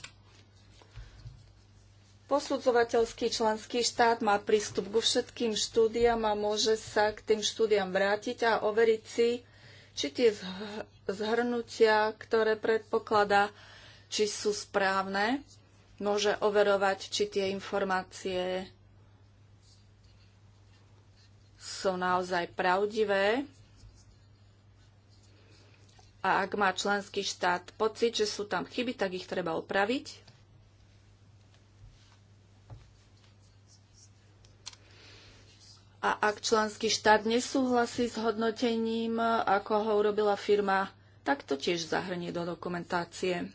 Posudzovateľský členský štát má prístup ku všetkým štúdiam a môže sa k tým štúdiam vrátiť a overiť si, či tie zhrnutia, ktoré predpokladá, či sú správne. Môže overovať, či tie informácie sú naozaj pravdivé. A ak má členský štát pocit, že sú tam chyby, tak ich treba opraviť. A ak členský štát nesúhlasí s hodnotením, ako ho urobila firma, tak to tiež zahrnie do dokumentácie.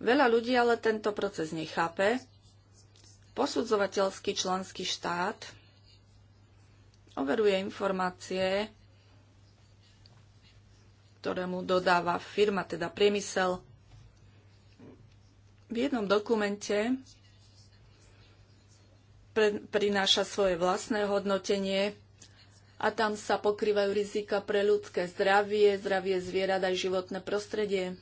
Veľa ľudí ale tento proces nechápe. Posudzovateľský členský štát overuje informácie, ktoré mu dodáva firma, teda priemysel. V jednom dokumente prináša svoje vlastné hodnotenie a tam sa pokrývajú rizika pre ľudské zdravie, zdravie zvierat aj životné prostredie.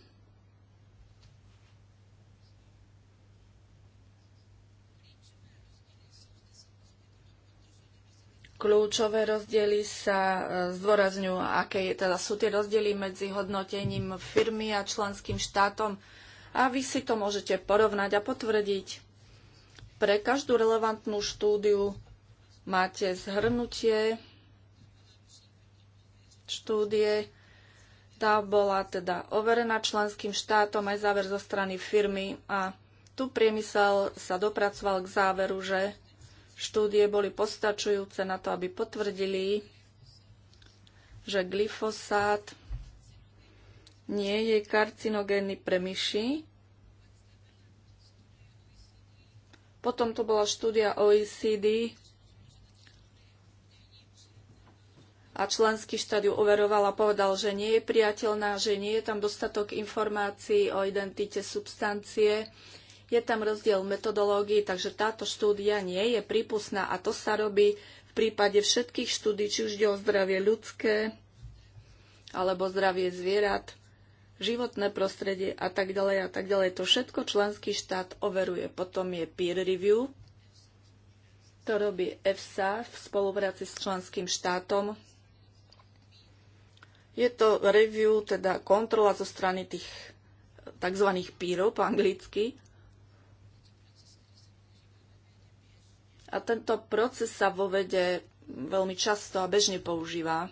Kľúčové rozdiely sa e, zdôrazňujú, aké je, teda sú tie rozdiely medzi hodnotením firmy a členským štátom a vy si to môžete porovnať a potvrdiť. Pre každú relevantnú štúdiu máte zhrnutie štúdie. Tá bola teda overená členským štátom aj záver zo strany firmy a tu priemysel sa dopracoval k záveru, že štúdie boli postačujúce na to, aby potvrdili, že glyfosát nie je karcinogénny pre myši Potom tu bola štúdia OECD a členský štát ju overoval a povedal, že nie je priateľná, že nie je tam dostatok informácií o identite substancie, je tam rozdiel metodológií, takže táto štúdia nie je prípustná a to sa robí v prípade všetkých štúdí, či už ide o zdravie ľudské alebo zdravie zvierat životné prostredie a tak ďalej a tak ďalej. To všetko členský štát overuje. Potom je peer review, to robí EFSA v spolupráci s členským štátom. Je to review, teda kontrola zo strany tých tzv. pírov po anglicky, A tento proces sa vo vede veľmi často a bežne používa.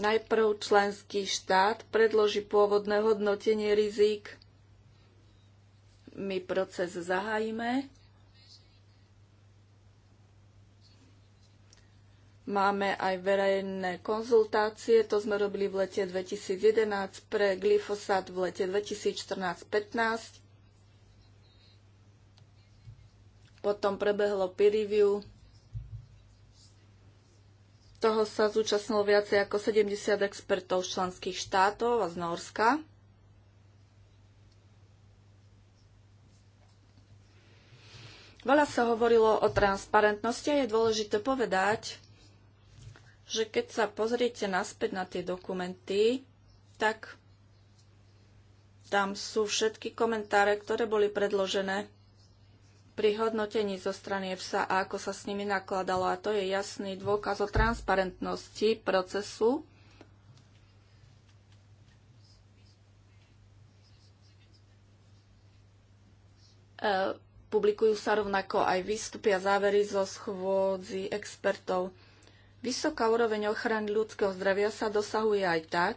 Najprv členský štát predloží pôvodné hodnotenie rizík. My proces zahájime. Máme aj verejné konzultácie, to sme robili v lete 2011 pre glyfosát v lete 2014-15. Potom prebehlo peer review toho sa zúčastnilo viacej ako 70 expertov z členských štátov a z Norska. Veľa sa hovorilo o transparentnosti a je dôležité povedať, že keď sa pozriete naspäť na tie dokumenty, tak tam sú všetky komentáre, ktoré boli predložené pri hodnotení zo strany EFSA a ako sa s nimi nakladalo. A to je jasný dôkaz o transparentnosti procesu. E, publikujú sa rovnako aj výstupy a závery zo schôdzi expertov. Vysoká úroveň ochrany ľudského zdravia sa dosahuje aj tak,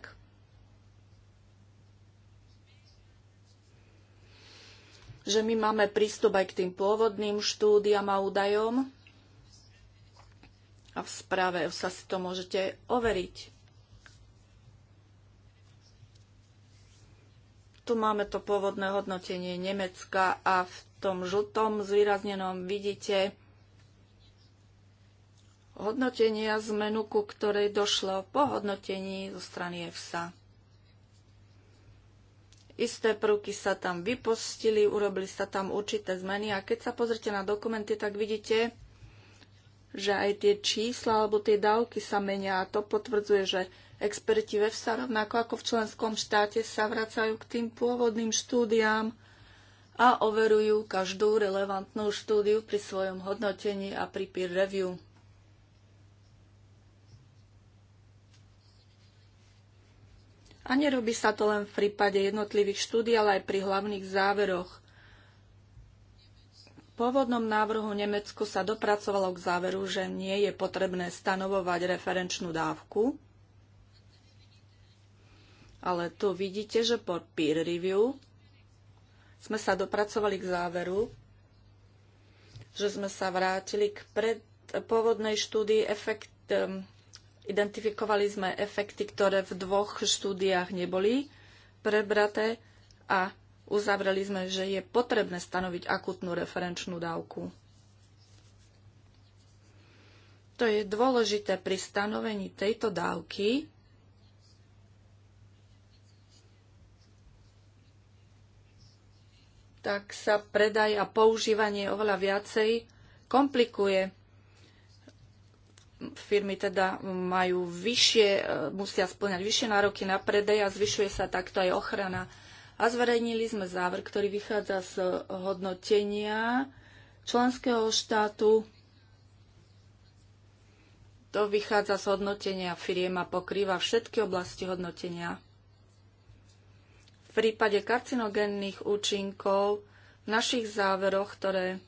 že my máme prístup aj k tým pôvodným štúdiam a údajom a v správe sa si to môžete overiť. Tu máme to pôvodné hodnotenie Nemecka a v tom žltom zvýraznenom vidíte hodnotenia zmenu, ku ktorej došlo po hodnotení zo strany EFSA. Isté prvky sa tam vypostili, urobili sa tam určité zmeny a keď sa pozrite na dokumenty, tak vidíte, že aj tie čísla alebo tie dávky sa menia a to potvrdzuje, že experti ve sa rovnako ako v členskom štáte sa vracajú k tým pôvodným štúdiám a overujú každú relevantnú štúdiu pri svojom hodnotení a pri peer review. A nerobí sa to len v prípade jednotlivých štúdí, ale aj pri hlavných záveroch. V pôvodnom návrhu Nemecku sa dopracovalo k záveru, že nie je potrebné stanovovať referenčnú dávku, ale tu vidíte, že po peer review sme sa dopracovali k záveru, že sme sa vrátili k pred, pôvodnej štúdii efekt, um, Identifikovali sme efekty, ktoré v dvoch štúdiách neboli prebraté a uzavreli sme, že je potrebné stanoviť akutnú referenčnú dávku. To je dôležité pri stanovení tejto dávky. tak sa predaj a používanie oveľa viacej komplikuje firmy teda majú vyššie, e, musia splňať vyššie nároky na predaj a zvyšuje sa takto aj ochrana. A zverejnili sme záver, ktorý vychádza z hodnotenia členského štátu. To vychádza z hodnotenia firiem a pokrýva všetky oblasti hodnotenia. V prípade karcinogénnych účinkov v našich záveroch, ktoré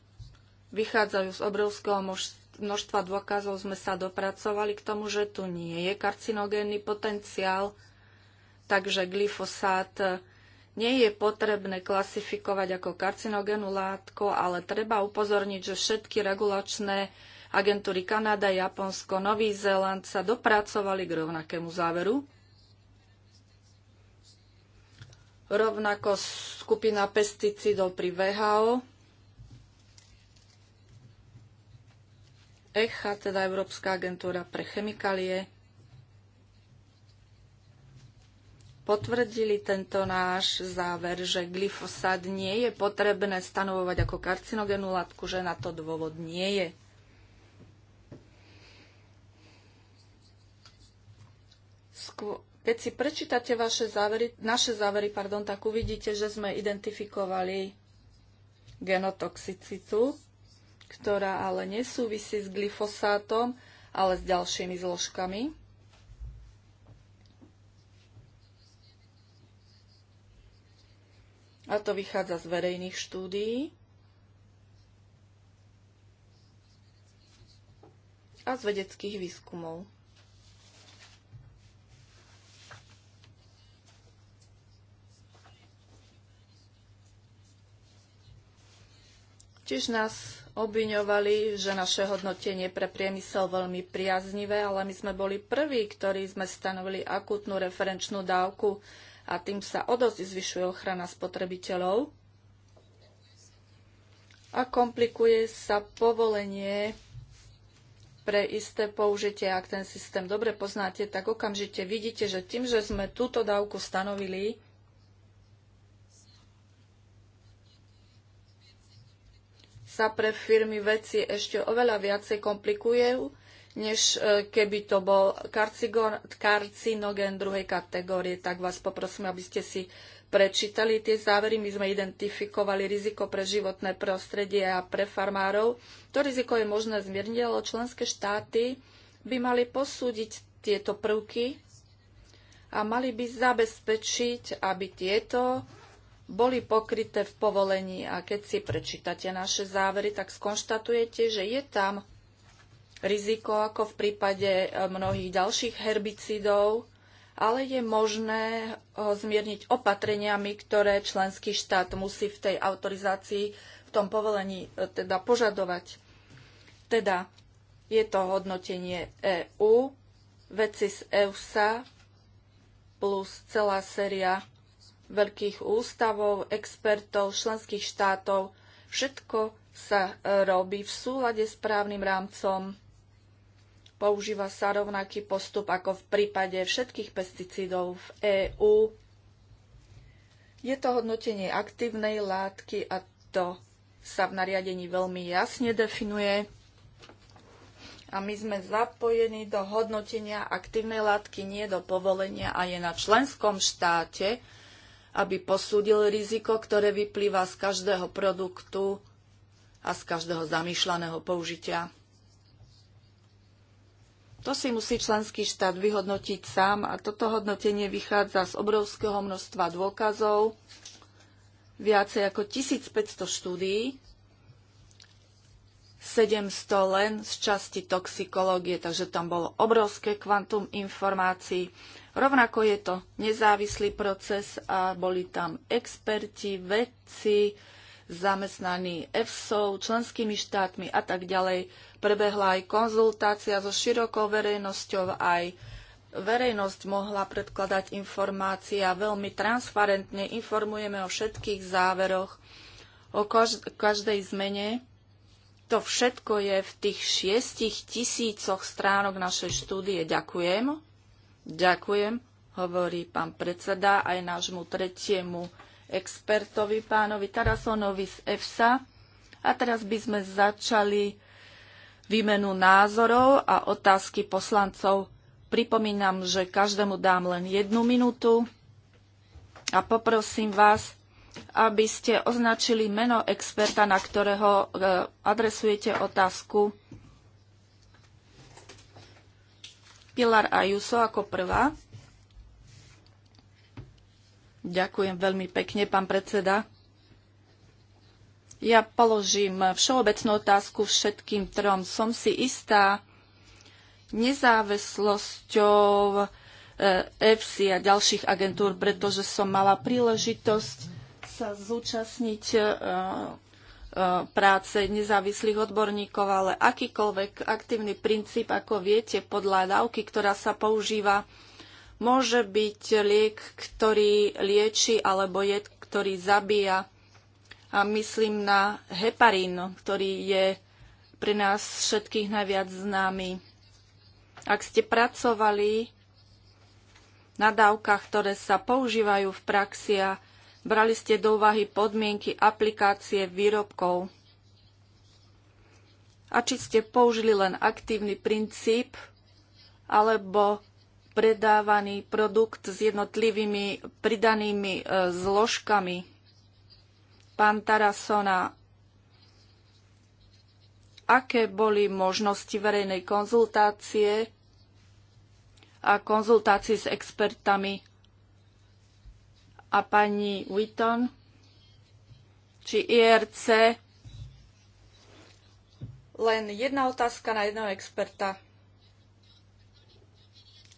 vychádzajú z obrovského množstva dôkazov sme sa dopracovali k tomu, že tu nie je karcinogénny potenciál, takže glyfosát nie je potrebné klasifikovať ako karcinogénnu látku, ale treba upozorniť, že všetky regulačné agentúry Kanada, Japonsko, Nový Zéland sa dopracovali k rovnakému záveru. Rovnako skupina pesticídov pri VHO ECHA, teda Európska agentúra pre chemikálie, potvrdili tento náš záver, že glyfosát nie je potrebné stanovovať ako karcinogénu látku, že na to dôvod nie je. Keď si prečítate vaše závery, naše závery, pardon, tak uvidíte, že sme identifikovali genotoxicitu ktorá ale nesúvisí s glyfosátom, ale s ďalšími zložkami. A to vychádza z verejných štúdií a z vedeckých výskumov. Tiež nás obviňovali, že naše hodnotenie pre priemysel veľmi priaznivé, ale my sme boli prví, ktorí sme stanovili akútnu referenčnú dávku a tým sa o dosť zvyšuje ochrana spotrebiteľov a komplikuje sa povolenie pre isté použitie. Ak ten systém dobre poznáte, tak okamžite vidíte, že tým, že sme túto dávku stanovili, sa pre firmy veci ešte oveľa viacej komplikujú, než e, keby to bol karcinogen druhej kategórie. Tak vás poprosím, aby ste si prečítali tie závery. My sme identifikovali riziko pre životné prostredie a pre farmárov. To riziko je možné zmierniť, ale členské štáty by mali posúdiť tieto prvky a mali by zabezpečiť, aby tieto boli pokryté v povolení a keď si prečítate naše závery, tak skonštatujete, že je tam riziko ako v prípade e, mnohých ďalších herbicidov, ale je možné ho e, zmierniť opatreniami, ktoré členský štát musí v tej autorizácii, v tom povolení e, teda požadovať. Teda je to hodnotenie EU, veci z EUSA plus celá séria veľkých ústavov, expertov, členských štátov. Všetko sa e, robí v súlade s právnym rámcom. Používa sa rovnaký postup ako v prípade všetkých pesticídov v EÚ. Je to hodnotenie aktívnej látky a to sa v nariadení veľmi jasne definuje. A my sme zapojení do hodnotenia aktívnej látky, nie do povolenia a je na členskom štáte, aby posúdil riziko, ktoré vyplýva z každého produktu a z každého zamýšľaného použitia. To si musí členský štát vyhodnotiť sám a toto hodnotenie vychádza z obrovského množstva dôkazov, viacej ako 1500 štúdií, 700 len z časti toxikológie, takže tam bolo obrovské kvantum informácií. Rovnako je to nezávislý proces a boli tam experti, vedci, zamestnaní EFSO, členskými štátmi a tak ďalej. Prebehla aj konzultácia so širokou verejnosťou, aj verejnosť mohla predkladať informácie a veľmi transparentne informujeme o všetkých záveroch, o každej zmene. To všetko je v tých šiestich tisícoch stránok našej štúdie. Ďakujem. Ďakujem, hovorí pán predseda aj nášmu tretiemu expertovi, pánovi Tarasonovi z EFSA. A teraz by sme začali výmenu názorov a otázky poslancov. Pripomínam, že každému dám len jednu minútu a poprosím vás, aby ste označili meno experta, na ktorého eh, adresujete otázku Pilar Juso ako prvá. Ďakujem veľmi pekne, pán predseda. Ja položím všeobecnú otázku všetkým trom. Som si istá nezávislosťou EFSI a ďalších agentúr, pretože som mala príležitosť sa zúčastniť e, práce nezávislých odborníkov, ale akýkoľvek aktívny princíp, ako viete, podľa dávky, ktorá sa používa, môže byť liek, ktorý lieči alebo je, ktorý zabíja. A myslím na heparín, ktorý je pre nás všetkých najviac známy. Ak ste pracovali na dávkach, ktoré sa používajú v praxi a Brali ste do úvahy podmienky aplikácie výrobkov. A či ste použili len aktívny princíp alebo predávaný produkt s jednotlivými pridanými e, zložkami. Pán Tarasona, aké boli možnosti verejnej konzultácie a konzultácie s expertami a pani Witton či IRC. Len jedna otázka na jedného experta.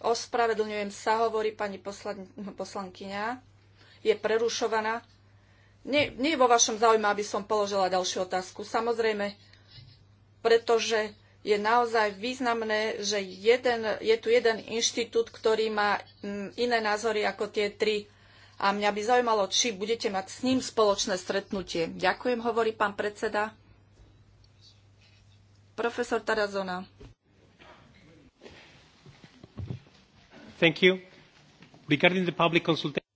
Ospravedlňujem sa, hovorí pani poslan- poslankyňa. Je prerušovaná. Nie, nie je vo vašom záujme, aby som položila ďalšiu otázku. Samozrejme, pretože je naozaj významné, že jeden, je tu jeden inštitút, ktorý má mm, iné názory ako tie tri a mňa by zaujímalo, či budete mať s ním spoločné stretnutie. Ďakujem, hovorí pán predseda. Profesor Tarazona. Thank you. Regarding the public consultation.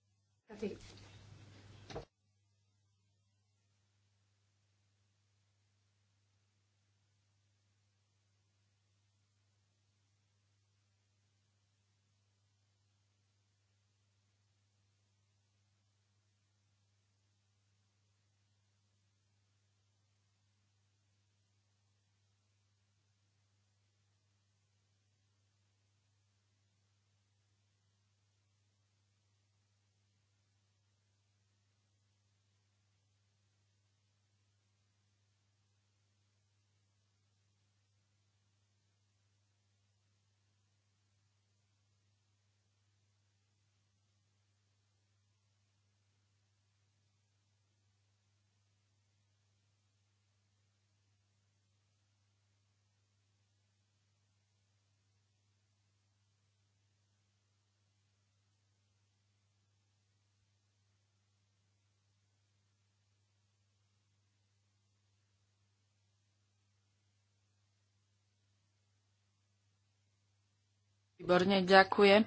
Výborne, ďakujem.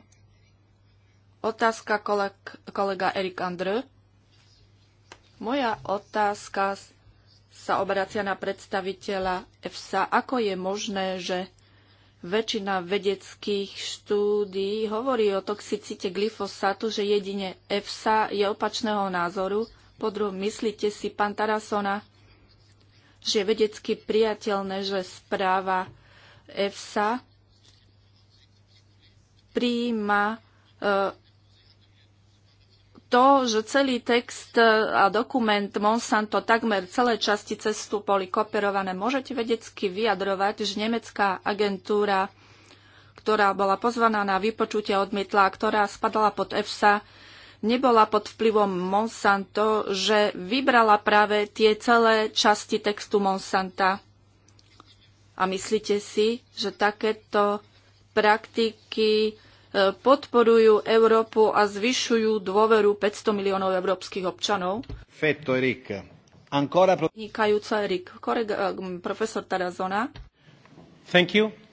Otázka koleg, kolega Erik Andr. Moja otázka sa obracia na predstaviteľa EFSA. Ako je možné, že väčšina vedeckých štúdí hovorí o toxicite glyfosátu, že jedine EFSA je opačného názoru? Po myslíte si, pán Tarasona, že je vedecky priateľné, že správa EFSA príjma e, to, že celý text e, a dokument Monsanto, takmer celé časti cestu boli koperované. Môžete vedecky vyjadrovať, že nemecká agentúra, ktorá bola pozvaná na vypočutie odmietla, ktorá spadala pod EFSA, nebola pod vplyvom Monsanto, že vybrala práve tie celé časti textu Monsanta. A myslíte si, že takéto praktiky podporujú Európu a zvyšujú dôveru 500 miliónov európskych občanov. Fetto, Erik. Ancora... Nikajúca Erik. Korega, eh, profesor Tarazona. Thank you.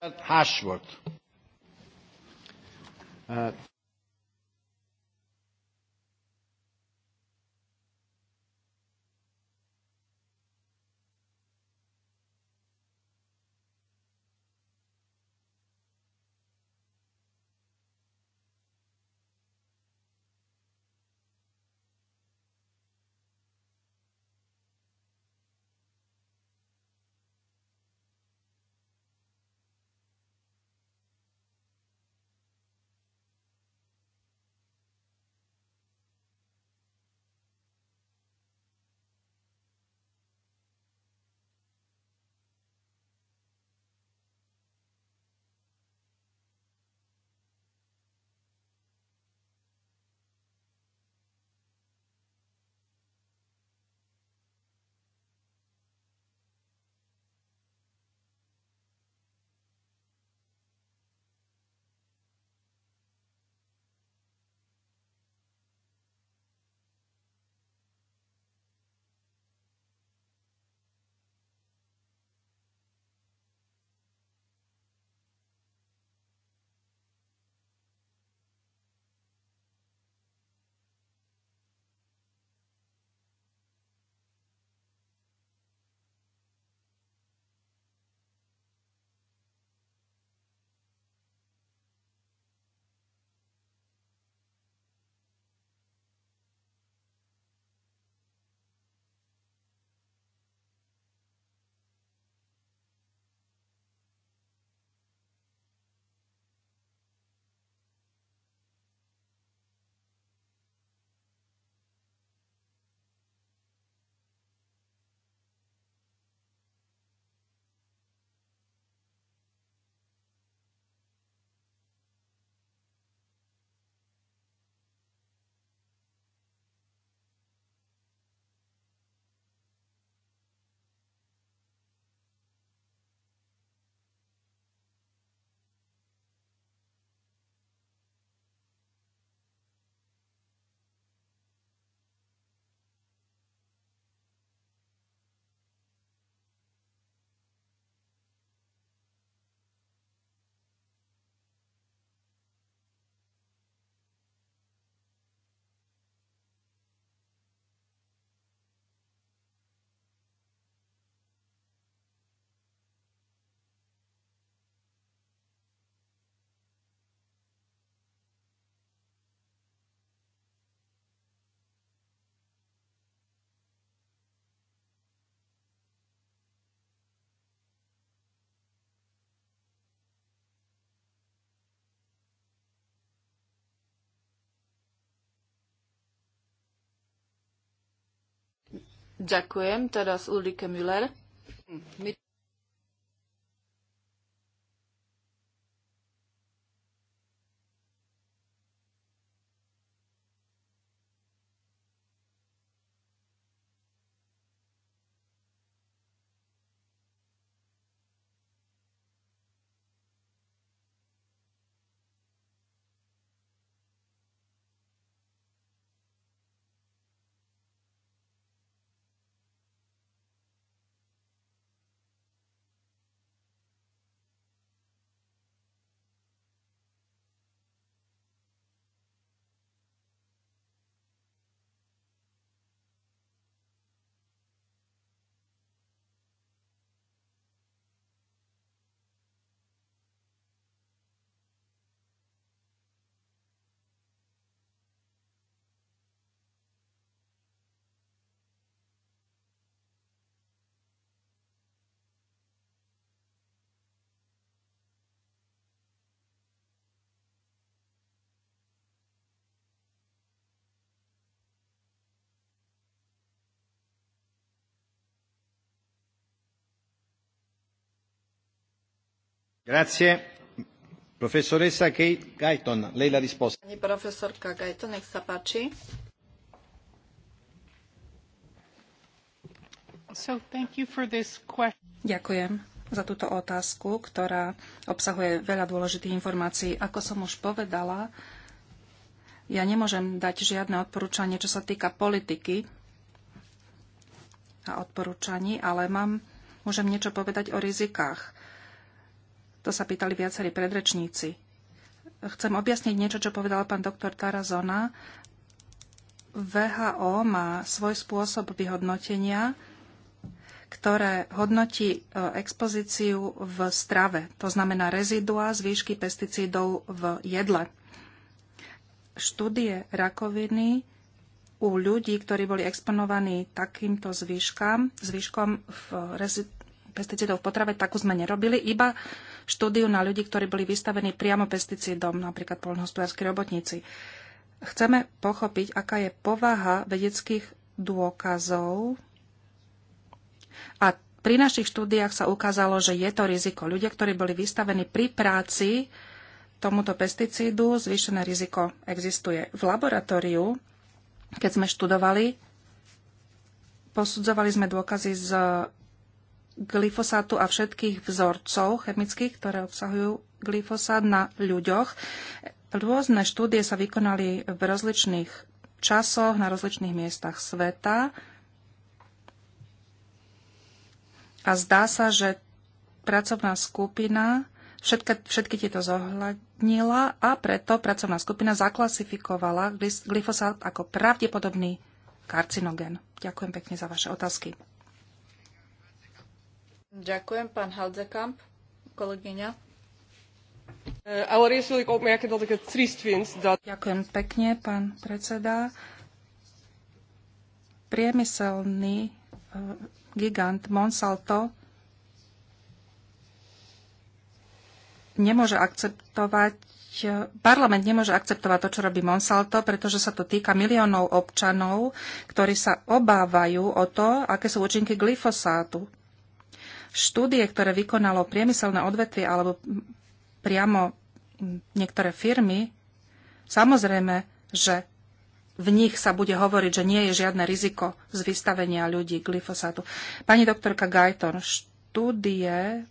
Uh, Ďakujem. Teraz Ulrike Müller. Pani profesorka Guyton, nech sa páči. Ďakujem za túto otázku, ktorá obsahuje veľa dôležitých informácií. Ako som už povedala, ja nemôžem dať žiadne odporúčanie, čo sa týka politiky a odporúčaní, ale mám, môžem niečo povedať o rizikách. To sa pýtali viacerí predrečníci. Chcem objasniť niečo, čo povedal pán doktor Tarazona. VHO má svoj spôsob vyhodnotenia, ktoré hodnotí e, expozíciu v strave, to znamená rezidua z výšky pesticídov v jedle. Štúdie rakoviny u ľudí, ktorí boli exponovaní takýmto zvýškam, zvýškom v pesticídov v potrave, takú sme nerobili, iba štúdiu na ľudí, ktorí boli vystavení priamo pesticídom, napríklad polnohospodárskej robotníci. Chceme pochopiť, aká je povaha vedeckých dôkazov a pri našich štúdiách sa ukázalo, že je to riziko. Ľudia, ktorí boli vystavení pri práci tomuto pesticídu, zvýšené riziko existuje. V laboratóriu, keď sme študovali, posudzovali sme dôkazy z glyfosátu a všetkých vzorcov chemických, ktoré obsahujú glyfosát na ľuďoch. Rôzne štúdie sa vykonali v rozličných časoch, na rozličných miestach sveta. A zdá sa, že pracovná skupina všetky, všetky tieto zohľadnila a preto pracovná skupina zaklasifikovala glyfosát ako pravdepodobný karcinogen. Ďakujem pekne za vaše otázky. Ďakujem, pán Haldekamp, kolegyňa. Eh, Ďakujem pekne, pán predseda. Priemyselný eh, gigant Monsalto nemôže akceptovať eh, parlament nemôže akceptovať to, čo robí Monsalto, pretože sa to týka miliónov občanov, ktorí sa obávajú o to, aké sú účinky glyfosátu štúdie, ktoré vykonalo priemyselné odvetvie alebo priamo niektoré firmy, samozrejme, že v nich sa bude hovoriť, že nie je žiadne riziko z vystavenia ľudí glyfosátu. Pani doktorka Gajton, štúdie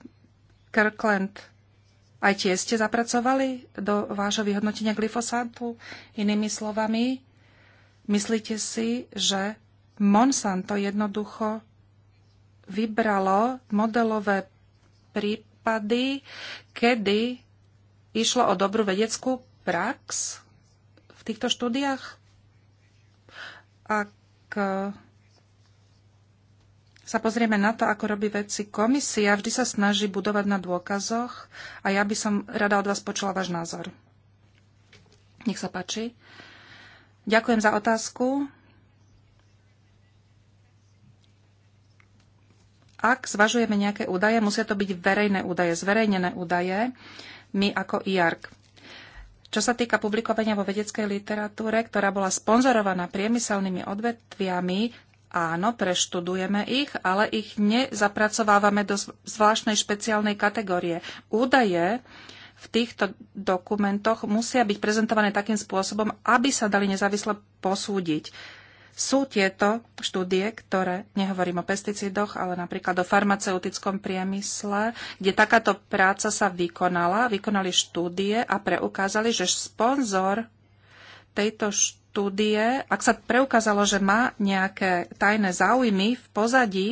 Kirkland aj tie ste zapracovali do vášho vyhodnotenia glyfosátu? Inými slovami, myslíte si, že Monsanto jednoducho vybralo modelové prípady, kedy išlo o dobrú vedeckú prax v týchto štúdiách? Ak e, sa pozrieme na to, ako robí veci komisia, vždy sa snaží budovať na dôkazoch a ja by som rada od vás počula váš názor. Nech sa páči. Ďakujem za otázku. Ak zvažujeme nejaké údaje, musia to byť verejné údaje, zverejnené údaje, my ako IARC. Čo sa týka publikovania vo vedeckej literatúre, ktorá bola sponzorovaná priemyselnými odvetviami, Áno, preštudujeme ich, ale ich nezapracovávame do zvláštnej špeciálnej kategórie. Údaje v týchto dokumentoch musia byť prezentované takým spôsobom, aby sa dali nezávisle posúdiť. Sú tieto štúdie, ktoré, nehovorím o pesticídoch, ale napríklad o farmaceutickom priemysle, kde takáto práca sa vykonala, vykonali štúdie a preukázali, že sponzor tejto štúdie, ak sa preukázalo, že má nejaké tajné záujmy v pozadí,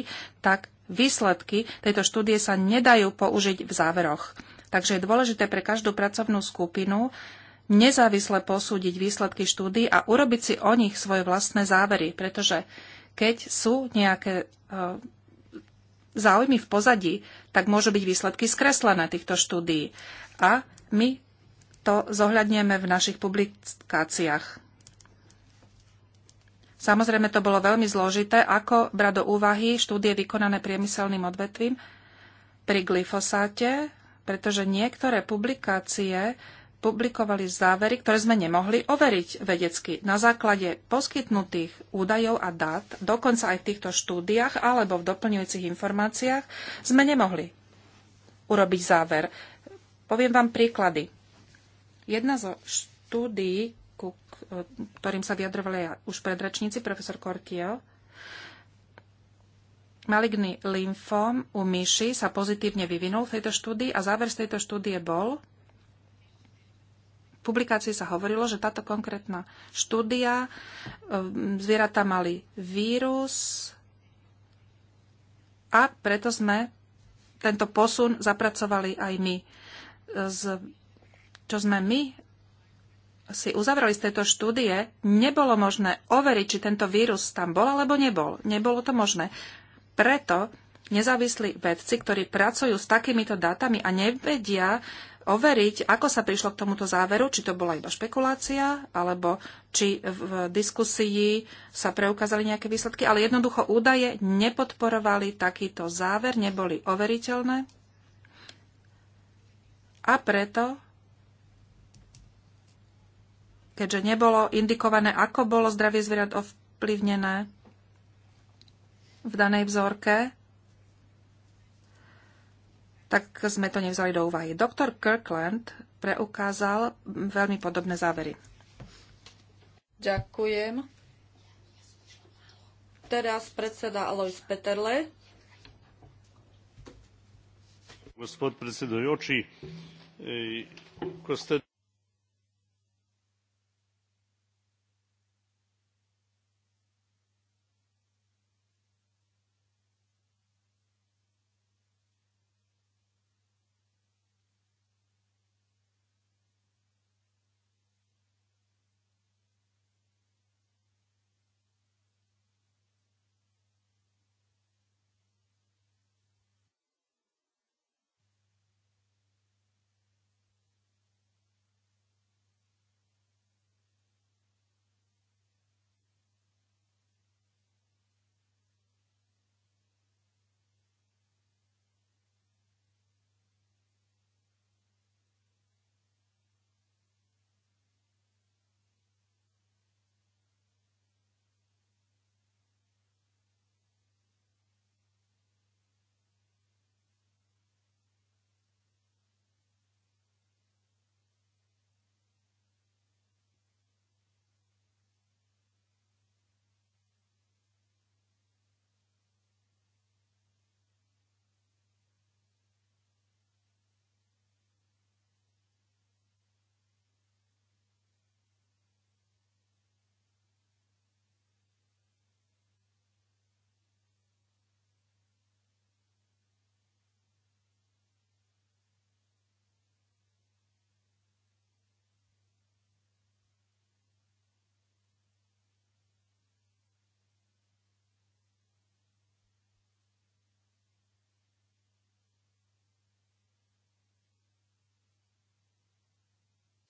tak výsledky tejto štúdie sa nedajú použiť v záveroch. Takže je dôležité pre každú pracovnú skupinu nezávisle posúdiť výsledky štúdy a urobiť si o nich svoje vlastné závery, pretože keď sú nejaké e, záujmy v pozadí, tak môžu byť výsledky skreslené týchto štúdií. A my to zohľadneme v našich publikáciách. Samozrejme, to bolo veľmi zložité, ako brať do úvahy štúdie vykonané priemyselným odvetvím pri glyfosáte, pretože niektoré publikácie publikovali závery, ktoré sme nemohli overiť vedecky na základe poskytnutých údajov a dát, dokonca aj v týchto štúdiách alebo v doplňujúcich informáciách, sme nemohli urobiť záver. Poviem vám príklady. Jedna zo štúdií, ku ktorým sa vyjadrovali už predračníci, profesor Kortio, maligný lymfom u myši sa pozitívne vyvinul v tejto štúdii a záver z tejto štúdie bol, publikácii sa hovorilo, že táto konkrétna štúdia, e, zvieratá mali vírus a preto sme tento posun zapracovali aj my. E, z, čo sme my si uzavrali z tejto štúdie, nebolo možné overiť, či tento vírus tam bol alebo nebol. Nebolo to možné. Preto nezávislí vedci, ktorí pracujú s takýmito dátami a nevedia, overiť, ako sa prišlo k tomuto záveru, či to bola iba špekulácia, alebo či v diskusii sa preukázali nejaké výsledky, ale jednoducho údaje nepodporovali takýto záver, neboli overiteľné. A preto, keďže nebolo indikované, ako bolo zdravie zvierat ovplyvnené v danej vzorke, tak sme to nevzali do úvahy. Doktor Kirkland preukázal veľmi podobné závery. Ďakujem. Teraz predseda Alois Peterle. Gospod predsedujúci, eh, ko ste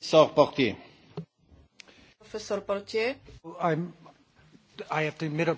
Sor Portier. Profesor Portier. I'm, I have to admit up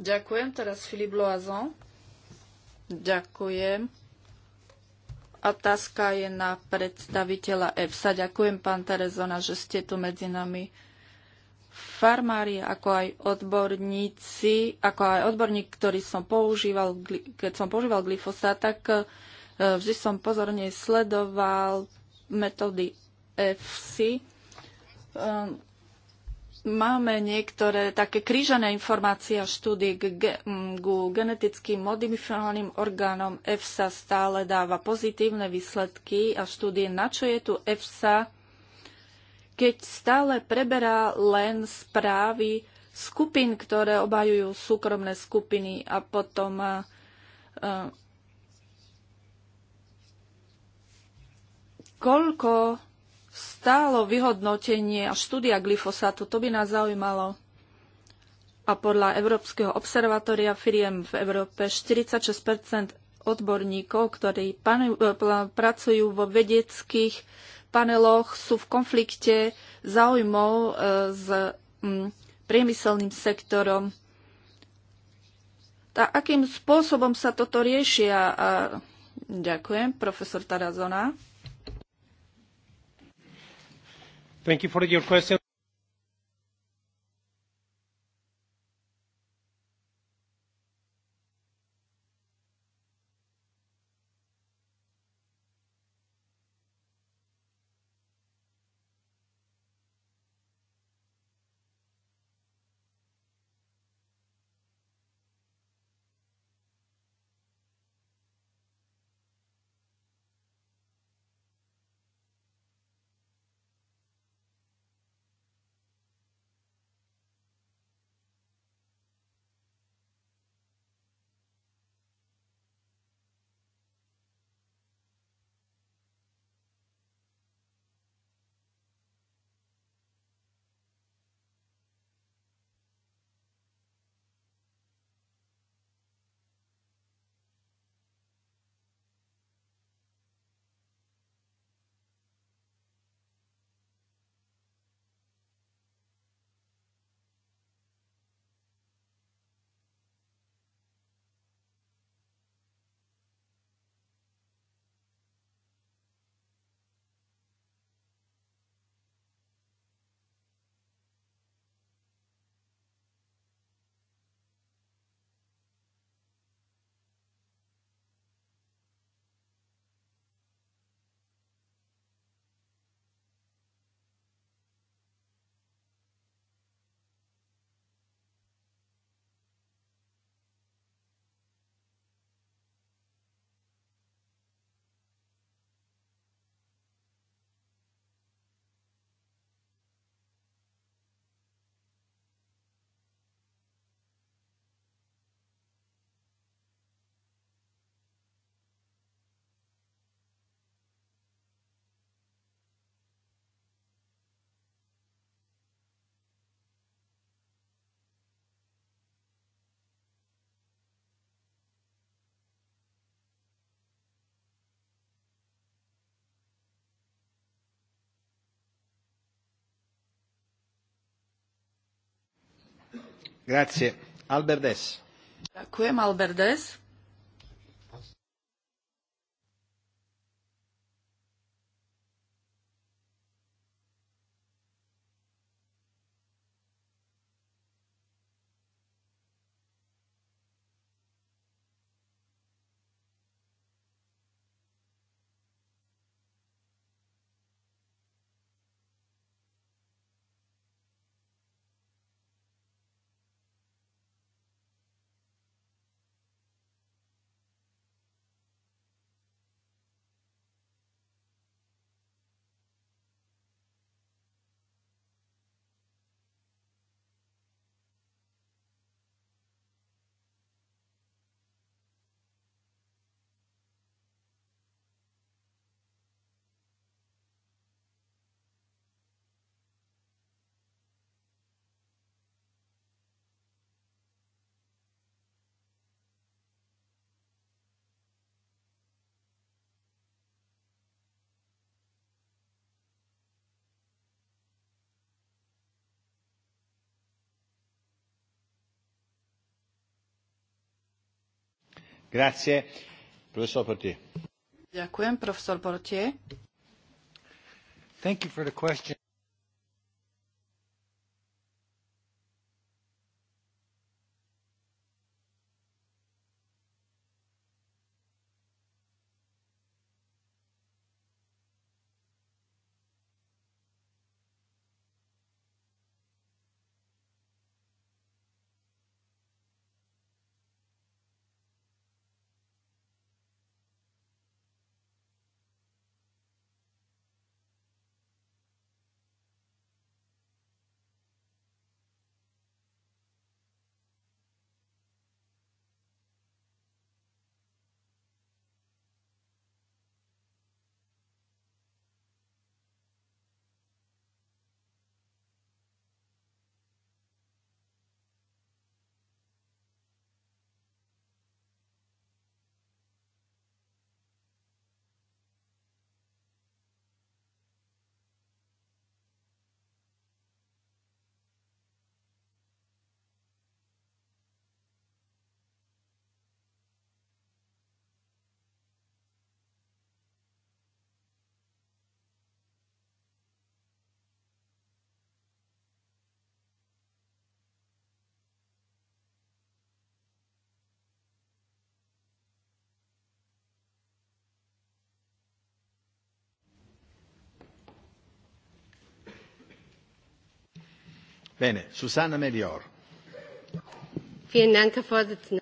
Ďakujem. Teraz Filip Loazon. Ďakujem. Otázka je na predstaviteľa EFSA. Ďakujem, pán Terezona, že ste tu medzi nami. Farmári, ako aj odborníci, ako aj odborník, ktorý som používal, keď som používal glyfosát, tak eh, vždy som pozorne sledoval metódy EFSI. Ehm, máme niektoré také krížené informácie a štúdie k, ge- ku geneticky modifikovaným orgánom EFSA stále dáva pozitívne výsledky a štúdie, na čo je tu EFSA, keď stále preberá len správy skupín, ktoré obhajujú súkromné skupiny a potom koľko stálo vyhodnotenie a štúdia glyfosátu, to by nás zaujímalo. A podľa Európskeho observatória firiem v Európe 46 odborníkov, ktorí pan, eh, pracujú vo vedeckých paneloch, sú v konflikte záujmov eh, s mm, priemyselným sektorom. A akým spôsobom sa toto riešia? Ďakujem, profesor Tarazona. Thank you for your question. Grazie. Albert Des. Ďakujem, Albert Des. Grazie. Profesor Portier. Ďakujem, profesor Portier. Thank you for the question. Bene, Susanna Melior. Vielen Dank, Herr Vorsitzender.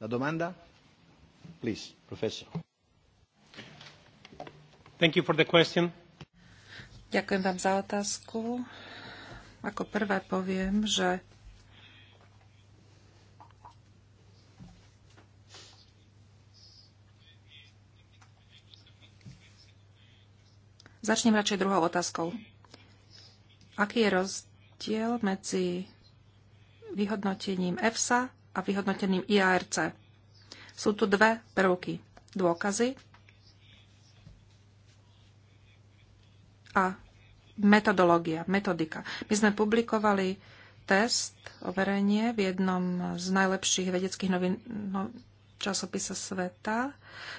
La domanda? Please, professor. Thank you for the question. Ďakujem vám za otázku. Ako prvé poviem, že Začnem radšej druhou otázkou. Aký je rozdiel medzi vyhodnotením EFSA a vyhodnoteným IARC. Sú tu dve prvky. Dôkazy a metodológia, metodika. My sme publikovali test, overenie v jednom z najlepších vedeckých novin, no, časopise sveta,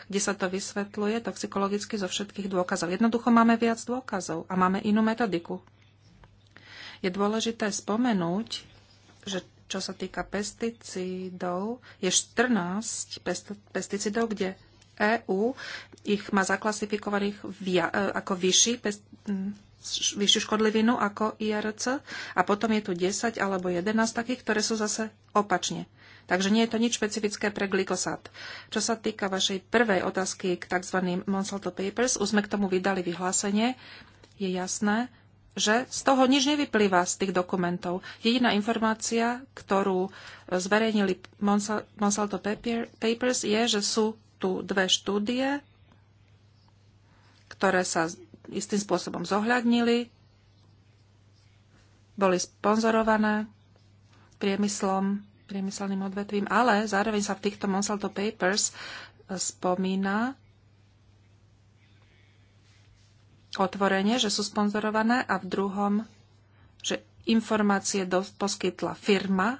kde sa to vysvetľuje toxikologicky zo všetkých dôkazov. Jednoducho máme viac dôkazov a máme inú metodiku. Je dôležité spomenúť, že čo sa týka pesticídov, je 14 pesticídov, kde EÚ ich má zaklasifikovaných via, e, ako vyšší, vyššiu škodlivinu ako IRC a potom je tu 10 alebo 11 takých, ktoré sú zase opačne. Takže nie je to nič špecifické pre glykosát. Čo sa týka vašej prvej otázky k tzv. Monsanto Papers, už sme k tomu vydali vyhlásenie. Je jasné, že z toho nič nevyplýva z tých dokumentov. Jediná informácia, ktorú e, zverejnili Monsalto Papers, je, že sú tu dve štúdie, ktoré sa istým spôsobom zohľadnili, boli sponzorované priemyslom, priemyselným odvetvím, ale zároveň sa v týchto Monsalto Papers e, spomína, otvorene, že sú sponzorované a v druhom, že informácie do, poskytla firma.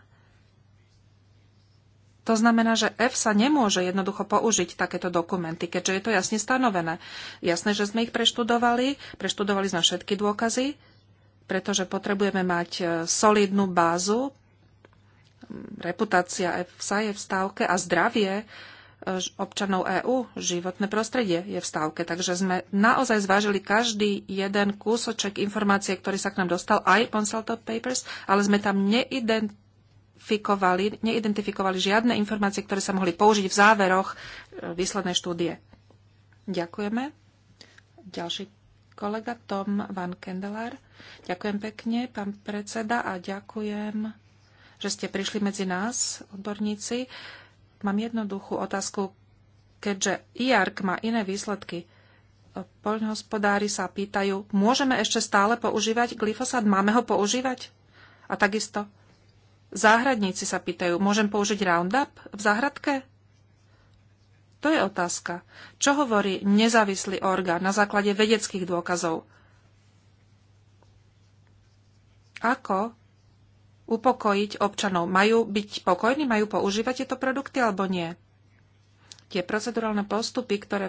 To znamená, že EFSA nemôže jednoducho použiť takéto dokumenty, keďže je to jasne stanovené. Jasné, že sme ich preštudovali, preštudovali sme všetky dôkazy, pretože potrebujeme mať e, solidnú bázu. Reputácia EFSA je v stávke a zdravie občanov EÚ, životné prostredie je v stávke. Takže sme naozaj zvážili každý jeden kúsoček informácie, ktorý sa k nám dostal, aj Monsanto Papers, ale sme tam neidentifikovali, neidentifikovali žiadne informácie, ktoré sa mohli použiť v záveroch e, výslednej štúdie. Ďakujeme. Ďalší kolega Tom Van Kendelar. Ďakujem pekne, pán predseda, a ďakujem, že ste prišli medzi nás, odborníci. Mám jednoduchú otázku, keďže IARC má iné výsledky. Poľnohospodári sa pýtajú, môžeme ešte stále používať glyfosát? Máme ho používať? A takisto záhradníci sa pýtajú, môžem použiť Roundup v záhradke? To je otázka. Čo hovorí nezávislý orgán na základe vedeckých dôkazov? Ako upokojiť občanov. Majú byť pokojní, majú používať tieto produkty alebo nie? Tie procedurálne postupy, ktoré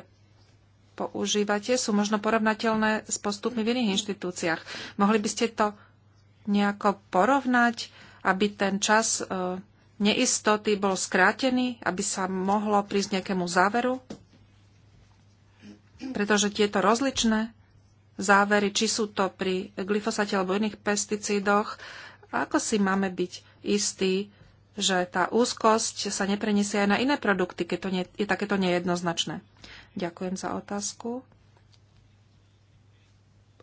používate, sú možno porovnateľné s postupmi v iných inštitúciách. Mohli by ste to nejako porovnať, aby ten čas e, neistoty bol skrátený, aby sa mohlo prísť nejakému záveru? Pretože tieto rozličné závery, či sú to pri glyfosate alebo iných pesticídoch, a ako si máme byť istí, že tá úzkosť sa nepreniesie aj na iné produkty, keď to nie, je takéto nejednoznačné? Ďakujem za otázku.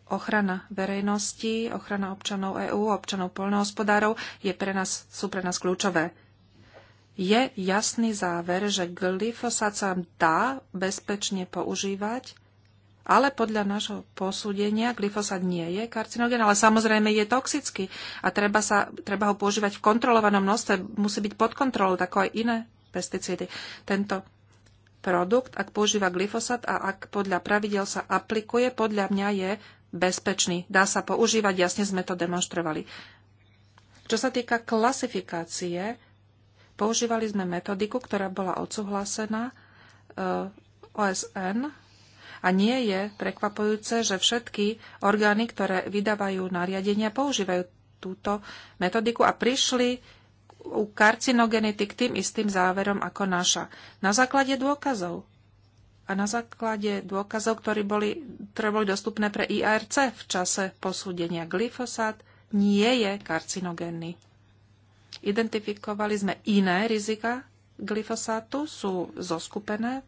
Ochrana verejnosti, ochrana občanov EÚ, občanov poľnohospodárov je pre nás, sú pre nás kľúčové. Je jasný záver, že glyfosát sa dá bezpečne používať ale podľa nášho posúdenia glyfosát nie je karcinogen, ale samozrejme je toxický a treba, sa, treba ho používať v kontrolovanom množstve. Musí byť pod kontrolou, ako aj iné pesticídy. Tento produkt, ak používa glyfosát a ak podľa pravidel sa aplikuje, podľa mňa je bezpečný. Dá sa používať, jasne sme to demonstrovali. Čo sa týka klasifikácie, používali sme metodiku, ktorá bola odsúhlasená eh, OSN a nie je prekvapujúce, že všetky orgány, ktoré vydávajú nariadenia, používajú túto metodiku a prišli u karcinogenity k tým istým záverom ako naša. Na základe dôkazov. A na základe dôkazov, ktoré boli, ktoré boli dostupné pre IARC v čase posúdenia glyfosát, nie je karcinogénny. Identifikovali sme iné rizika glyfosátu, sú zoskupené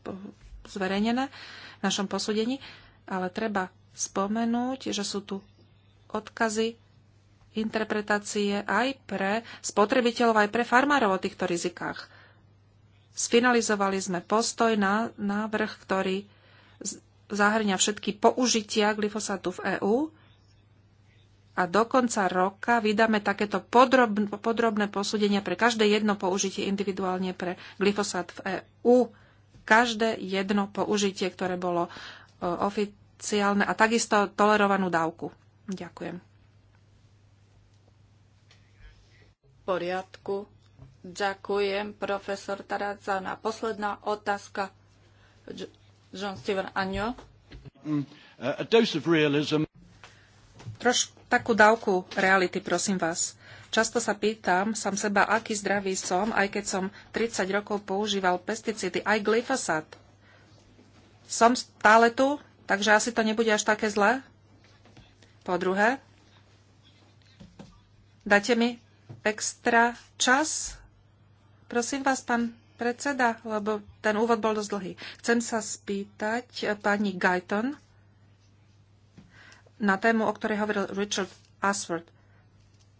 zverejnené v našom posúdení, ale treba spomenúť, že sú tu odkazy interpretácie aj pre spotrebiteľov, aj pre farmárov o týchto rizikách. Sfinalizovali sme postoj na návrh, ktorý zahrňa všetky použitia glyfosátu v EÚ a do konca roka vydáme takéto podrobné posúdenia pre každé jedno použitie individuálne pre glyfosát v EÚ každé jedno použitie, ktoré bolo e, oficiálne a takisto tolerovanú dávku. Ďakujem. V poriadku. Ďakujem, profesor Taracana. Posledná otázka. John Steven Aňo. Mm, Trošku takú dávku reality, prosím vás. Často sa pýtam sam seba, aký zdravý som, aj keď som 30 rokov používal pesticídy, aj glyfosát. Som stále tu, takže asi to nebude až také zlé. Po druhé, dáte mi extra čas? Prosím vás, pán predseda, lebo ten úvod bol dosť dlhý. Chcem sa spýtať eh, pani Guyton na tému, o ktorej hovoril Richard Asford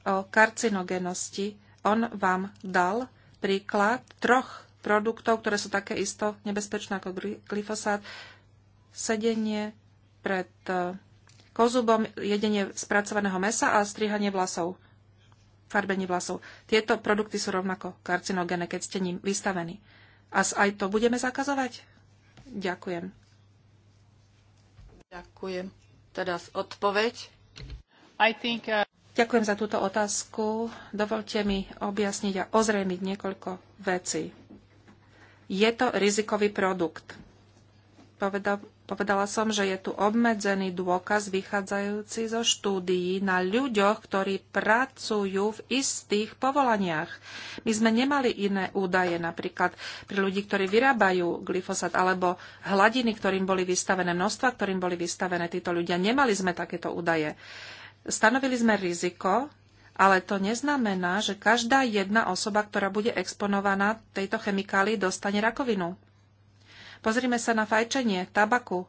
o karcinogenosti. On vám dal príklad troch produktov, ktoré sú také isto nebezpečné ako glyfosát. Sedenie pred e, kozubom, jedenie spracovaného mesa a strihanie vlasov, farbenie vlasov. Tieto produkty sú rovnako karcinogéne, keď ste ním vystavení. A aj to budeme zakazovať? Ďakujem. Ďakujem. Teraz odpoveď. I think, uh... Ďakujem za túto otázku. Dovolte mi objasniť a ozrejmiť niekoľko vecí. Je to rizikový produkt. Povedal, povedala som, že je tu obmedzený dôkaz vychádzajúci zo štúdií na ľuďoch, ktorí pracujú v istých povolaniach. My sme nemali iné údaje, napríklad pri ľudí, ktorí vyrábajú glyfosát, alebo hladiny, ktorým boli vystavené, množstva, ktorým boli vystavené títo ľudia. Nemali sme takéto údaje stanovili sme riziko, ale to neznamená, že každá jedna osoba, ktorá bude exponovaná tejto chemikálii, dostane rakovinu. Pozrime sa na fajčenie tabaku.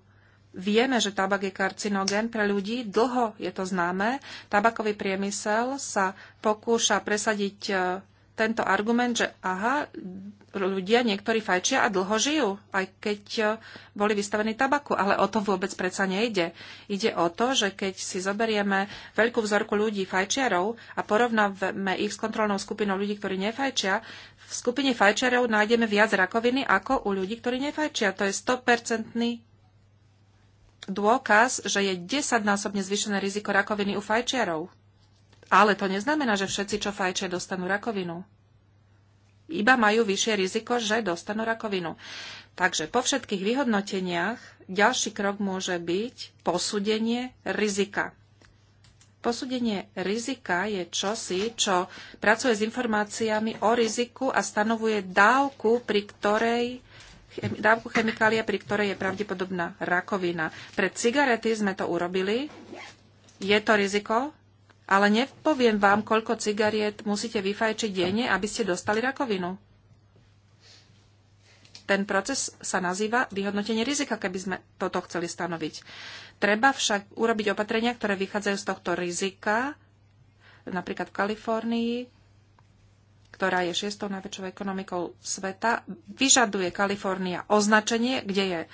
Vieme, že tabak je karcinogén pre ľudí, dlho je to známe. Tabakový priemysel sa pokúša presadiť e, tento argument, že aha, ľudia niektorí fajčia a dlho žijú, aj keď e, boli vystavení tabaku. Ale o to vôbec predsa nejde. Ide o to, že keď si zoberieme veľkú vzorku ľudí fajčiarov a porovnáme ich s kontrolnou skupinou ľudí, ktorí nefajčia, v skupine fajčiarov nájdeme viac rakoviny ako u ľudí, ktorí nefajčia. To je 100% dôkaz, že je desaťnásobne zvýšené riziko rakoviny u fajčiarov. Ale to neznamená, že všetci, čo fajčia, dostanú rakovinu. Iba majú vyššie riziko, že dostanú rakovinu. Takže po všetkých vyhodnoteniach ďalší krok môže byť posúdenie rizika. Posúdenie rizika je čosi, čo pracuje s informáciami o riziku a stanovuje dávku, pri ktorej dávku chemikália, pri ktorej je pravdepodobná rakovina. Pre cigarety sme to urobili. Je to riziko, ale nepoviem vám, koľko cigariet musíte vyfajčiť denne, aby ste dostali rakovinu. Ten proces sa nazýva vyhodnotenie rizika, keby sme toto chceli stanoviť. Treba však urobiť opatrenia, ktoré vychádzajú z tohto rizika, napríklad v Kalifornii, ktorá je šiestou najväčšou ekonomikou sveta, vyžaduje Kalifornia označenie, kde je e,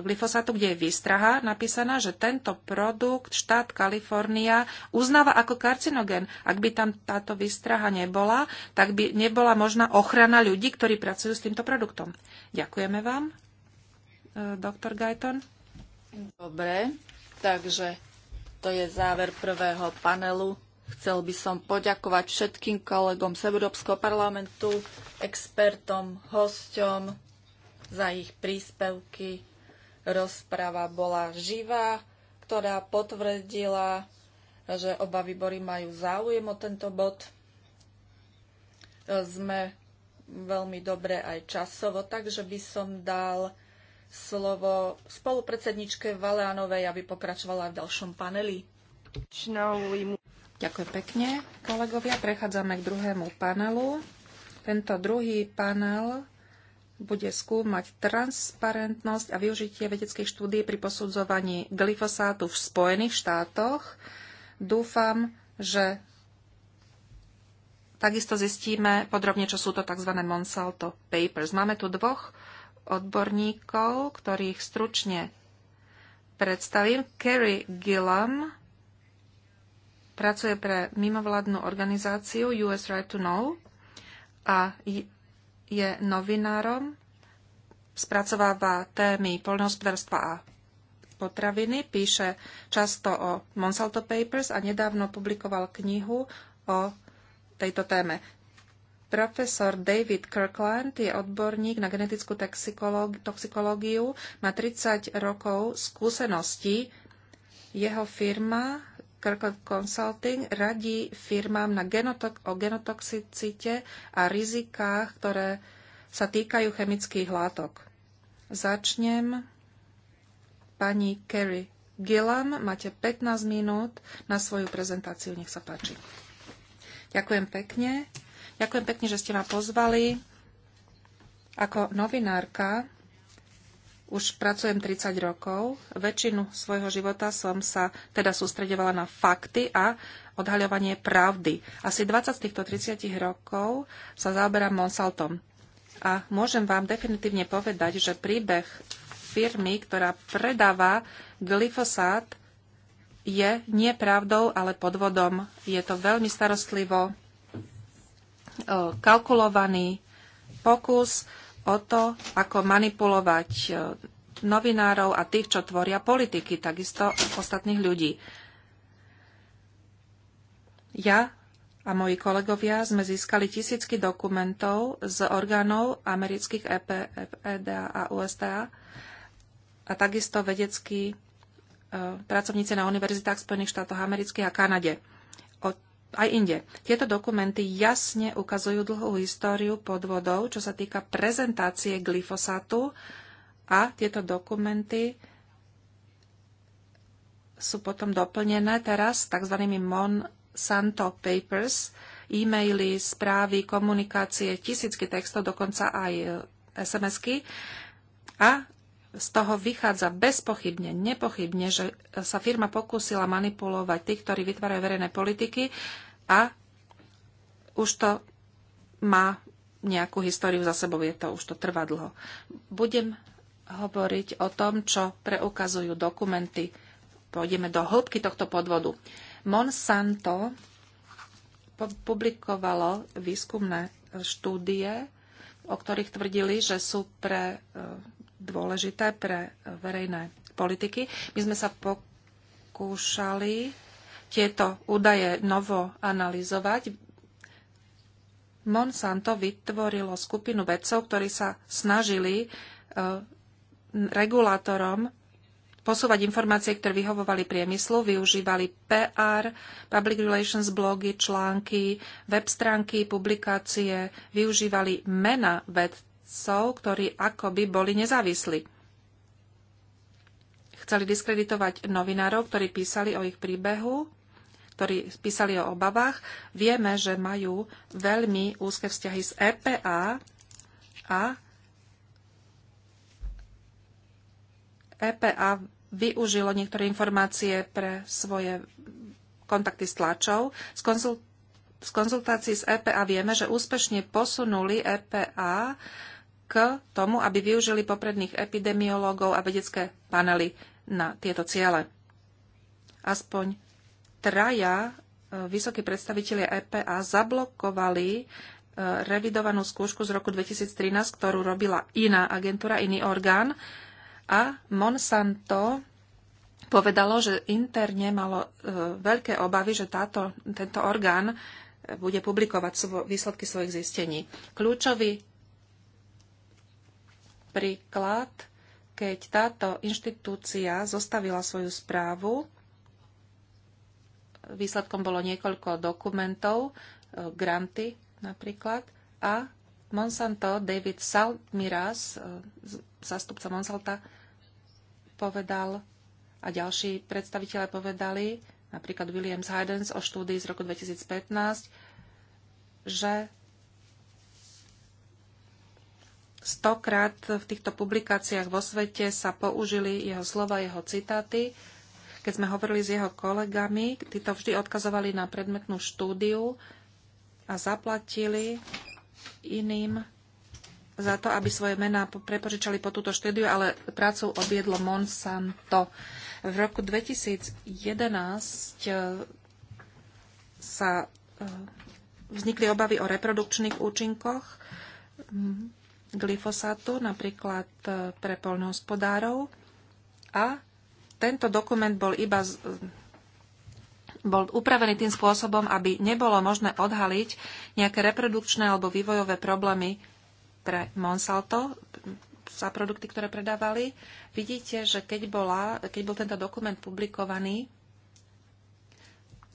glyfosátu, kde je výstraha napísaná, že tento produkt štát Kalifornia uznáva ako karcinogen. Ak by tam táto výstraha nebola, tak by nebola možná ochrana ľudí, ktorí pracujú s týmto produktom. Ďakujeme vám, e, doktor Gajton. Dobre, takže to je záver prvého panelu. Chcel by som poďakovať všetkým kolegom z Európskeho parlamentu, expertom, hosťom za ich príspevky. Rozprava bola živá, ktorá potvrdila, že oba výbory majú záujem o tento bod. Sme veľmi dobre aj časovo, takže by som dal slovo spolupredsedničke Valeanovej, aby pokračovala v ďalšom paneli. Ďakujem pekne, kolegovia. Prechádzame k druhému panelu. Tento druhý panel bude skúmať transparentnosť a využitie vedeckých štúdí pri posudzovaní glyfosátu v Spojených štátoch. Dúfam, že takisto zistíme podrobne, čo sú to tzv. Monsalto Papers. Máme tu dvoch odborníkov, ktorých stručne predstavím. Kerry Gillam, pracuje pre mimovládnu organizáciu US Right to Know a je novinárom, spracováva témy poľnohospodárstva a potraviny, píše často o Monsalto Papers a nedávno publikoval knihu o tejto téme. Profesor David Kirkland je odborník na genetickú toxikológiu, má 30 rokov skúseností. Jeho firma Kirkland Consulting radí firmám na genotok- o genotoxicite a rizikách, ktoré sa týkajú chemických látok. Začnem pani Kerry Gillam. Máte 15 minút na svoju prezentáciu. Nech sa páči. Ďakujem pekne. Ďakujem pekne, že ste ma pozvali. Ako novinárka už pracujem 30 rokov. Väčšinu svojho života som sa teda sústredovala na fakty a odhaľovanie pravdy. Asi 20 z týchto 30 rokov sa zaoberám Monsaltom. A môžem vám definitívne povedať, že príbeh firmy, ktorá predáva glyfosát, je nepravdou, ale podvodom. Je to veľmi starostlivo e, kalkulovaný pokus o to, ako manipulovať e, novinárov a tých, čo tvoria politiky, takisto ostatných ľudí. Ja a moji kolegovia sme získali tisícky dokumentov z orgánov amerických EP, EDA e a USTA a takisto vedeckí e, pracovníci na univerzitách v Spojených štátoch amerických a Kanade aj inde. Tieto dokumenty jasne ukazujú dlhú históriu podvodov, čo sa týka prezentácie glyfosátu a tieto dokumenty sú potom doplnené teraz tzv. Monsanto Papers, e-maily, správy, komunikácie, tisícky textov, dokonca aj eh, SMS-ky. A z toho vychádza bezpochybne, nepochybne, že sa firma pokúsila manipulovať tých, ktorí vytvárajú verejné politiky a už to má nejakú históriu za sebou, je to, už to trvá dlho. Budem hovoriť o tom, čo preukazujú dokumenty. Pôjdeme do hĺbky tohto podvodu. Monsanto publikovalo výskumné štúdie, o ktorých tvrdili, že sú pre e, dôležité pre verejné politiky. My sme sa pokúšali tieto údaje novo analyzovať. Monsanto vytvorilo skupinu vedcov, ktorí sa snažili e, regulátorom posúvať informácie, ktoré vyhovovali priemyslu, využívali PR, public relations blogy, články, web stránky, publikácie, využívali mena vedcov, poradcov, ktorí akoby boli nezávislí. Chceli diskreditovať novinárov, ktorí písali o ich príbehu, ktorí písali o obavách. Vieme, že majú veľmi úzke vzťahy s EPA a EPA e využilo niektoré informácie pre svoje kontakty s tlačou. Z, konzult- z konzultácií s EPA vieme, že úspešne posunuli EPA k tomu, aby využili popredných epidemiológov a vedecké panely na tieto ciele. Aspoň traja e, vysokí predstavitelia EPA zablokovali e, revidovanú skúšku z roku 2013, ktorú robila iná agentúra, iný orgán. A Monsanto povedalo, že interne malo e, veľké obavy, že táto, tento orgán bude publikovať svo, výsledky svojich zistení. Kľúčový Napríklad, keď táto inštitúcia zostavila svoju správu, výsledkom bolo niekoľko dokumentov, e, granty napríklad, a Monsanto, David Saltmiras, e, zástupca Monsalta, povedal a ďalší predstaviteľe povedali, napríklad Williams Hydens o štúdii z roku 2015, že stokrát v týchto publikáciách vo svete sa použili jeho slova, jeho citáty. Keď sme hovorili s jeho kolegami, títo vždy odkazovali na predmetnú štúdiu a zaplatili iným za to, aby svoje mená prepožičali po túto štúdiu, ale prácu objedlo Monsanto. V roku 2011 eh, sa eh, vznikli obavy o reprodukčných účinkoch mm glyfosátu, napríklad e, pre poľnohospodárov. A tento dokument bol iba z, e, bol upravený tým spôsobom, aby nebolo možné odhaliť nejaké reprodukčné alebo vývojové problémy pre Monsalto za produkty, ktoré predávali. Vidíte, že keď, bola, keď bol tento dokument publikovaný,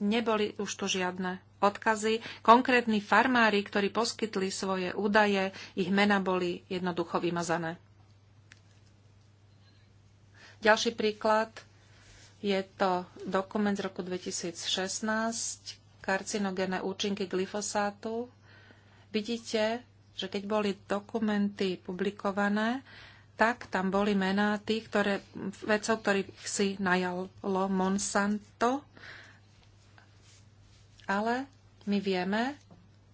neboli už tu žiadne odkazy. Konkrétni farmári, ktorí poskytli svoje údaje, ich mena boli jednoducho vymazané. Ďalší príklad je to dokument z roku 2016, karcinogénne účinky glyfosátu. Vidíte, že keď boli dokumenty publikované, tak tam boli mená tých ktoré, vedcov, ktorých si najalo Monsanto ale my vieme,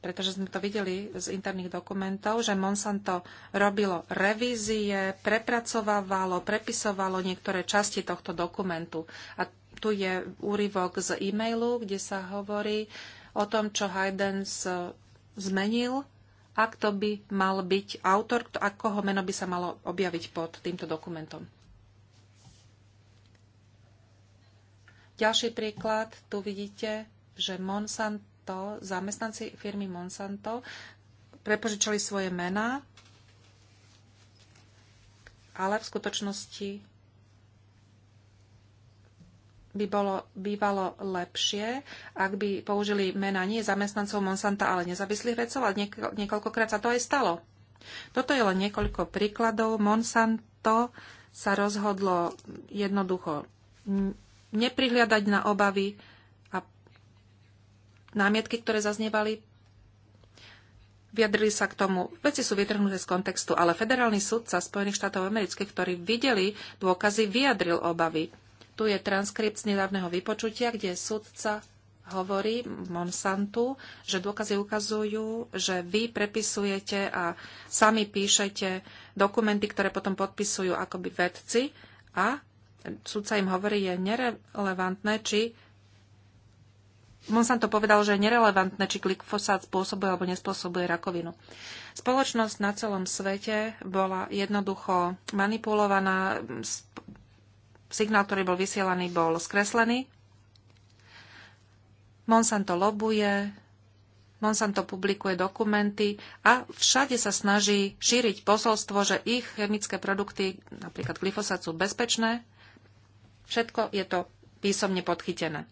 pretože sme to videli z interných dokumentov, že Monsanto robilo revízie, prepracovávalo, prepisovalo niektoré časti tohto dokumentu. A tu je úryvok z e-mailu, kde sa hovorí o tom, čo Haydens e, zmenil a kto by mal byť autor, a koho meno by sa malo objaviť pod týmto dokumentom. Ďalší príklad, tu vidíte že Monsanto, zamestnanci firmy Monsanto prepožičali svoje mená, ale v skutočnosti by bolo bývalo lepšie, ak by použili mená nie zamestnancov Monsanta, ale nezávislých vedcov, ale niekoľkokrát sa to aj stalo. Toto je len niekoľko príkladov. Monsanto sa rozhodlo jednoducho neprihliadať na obavy námietky, ktoré zaznievali, vyjadrili sa k tomu. Veci sú vytrhnuté z kontextu, ale federálny sudca Spojených štátov amerických, ktorí videli dôkazy, vyjadril obavy. Tu je transkript z nedávneho vypočutia, kde sudca hovorí Monsantu, že dôkazy ukazujú, že vy prepisujete a sami píšete dokumenty, ktoré potom podpisujú akoby vedci a sudca im hovorí, je nerelevantné, či Monsanto povedal, že je nerelevantné, či glyfosát spôsobuje alebo nespôsobuje rakovinu. Spoločnosť na celom svete bola jednoducho manipulovaná, signál, ktorý bol vysielaný, bol skreslený. Monsanto lobuje, Monsanto publikuje dokumenty a všade sa snaží šíriť posolstvo, že ich chemické produkty, napríklad glyfosát, sú bezpečné. Všetko je to písomne podchytené.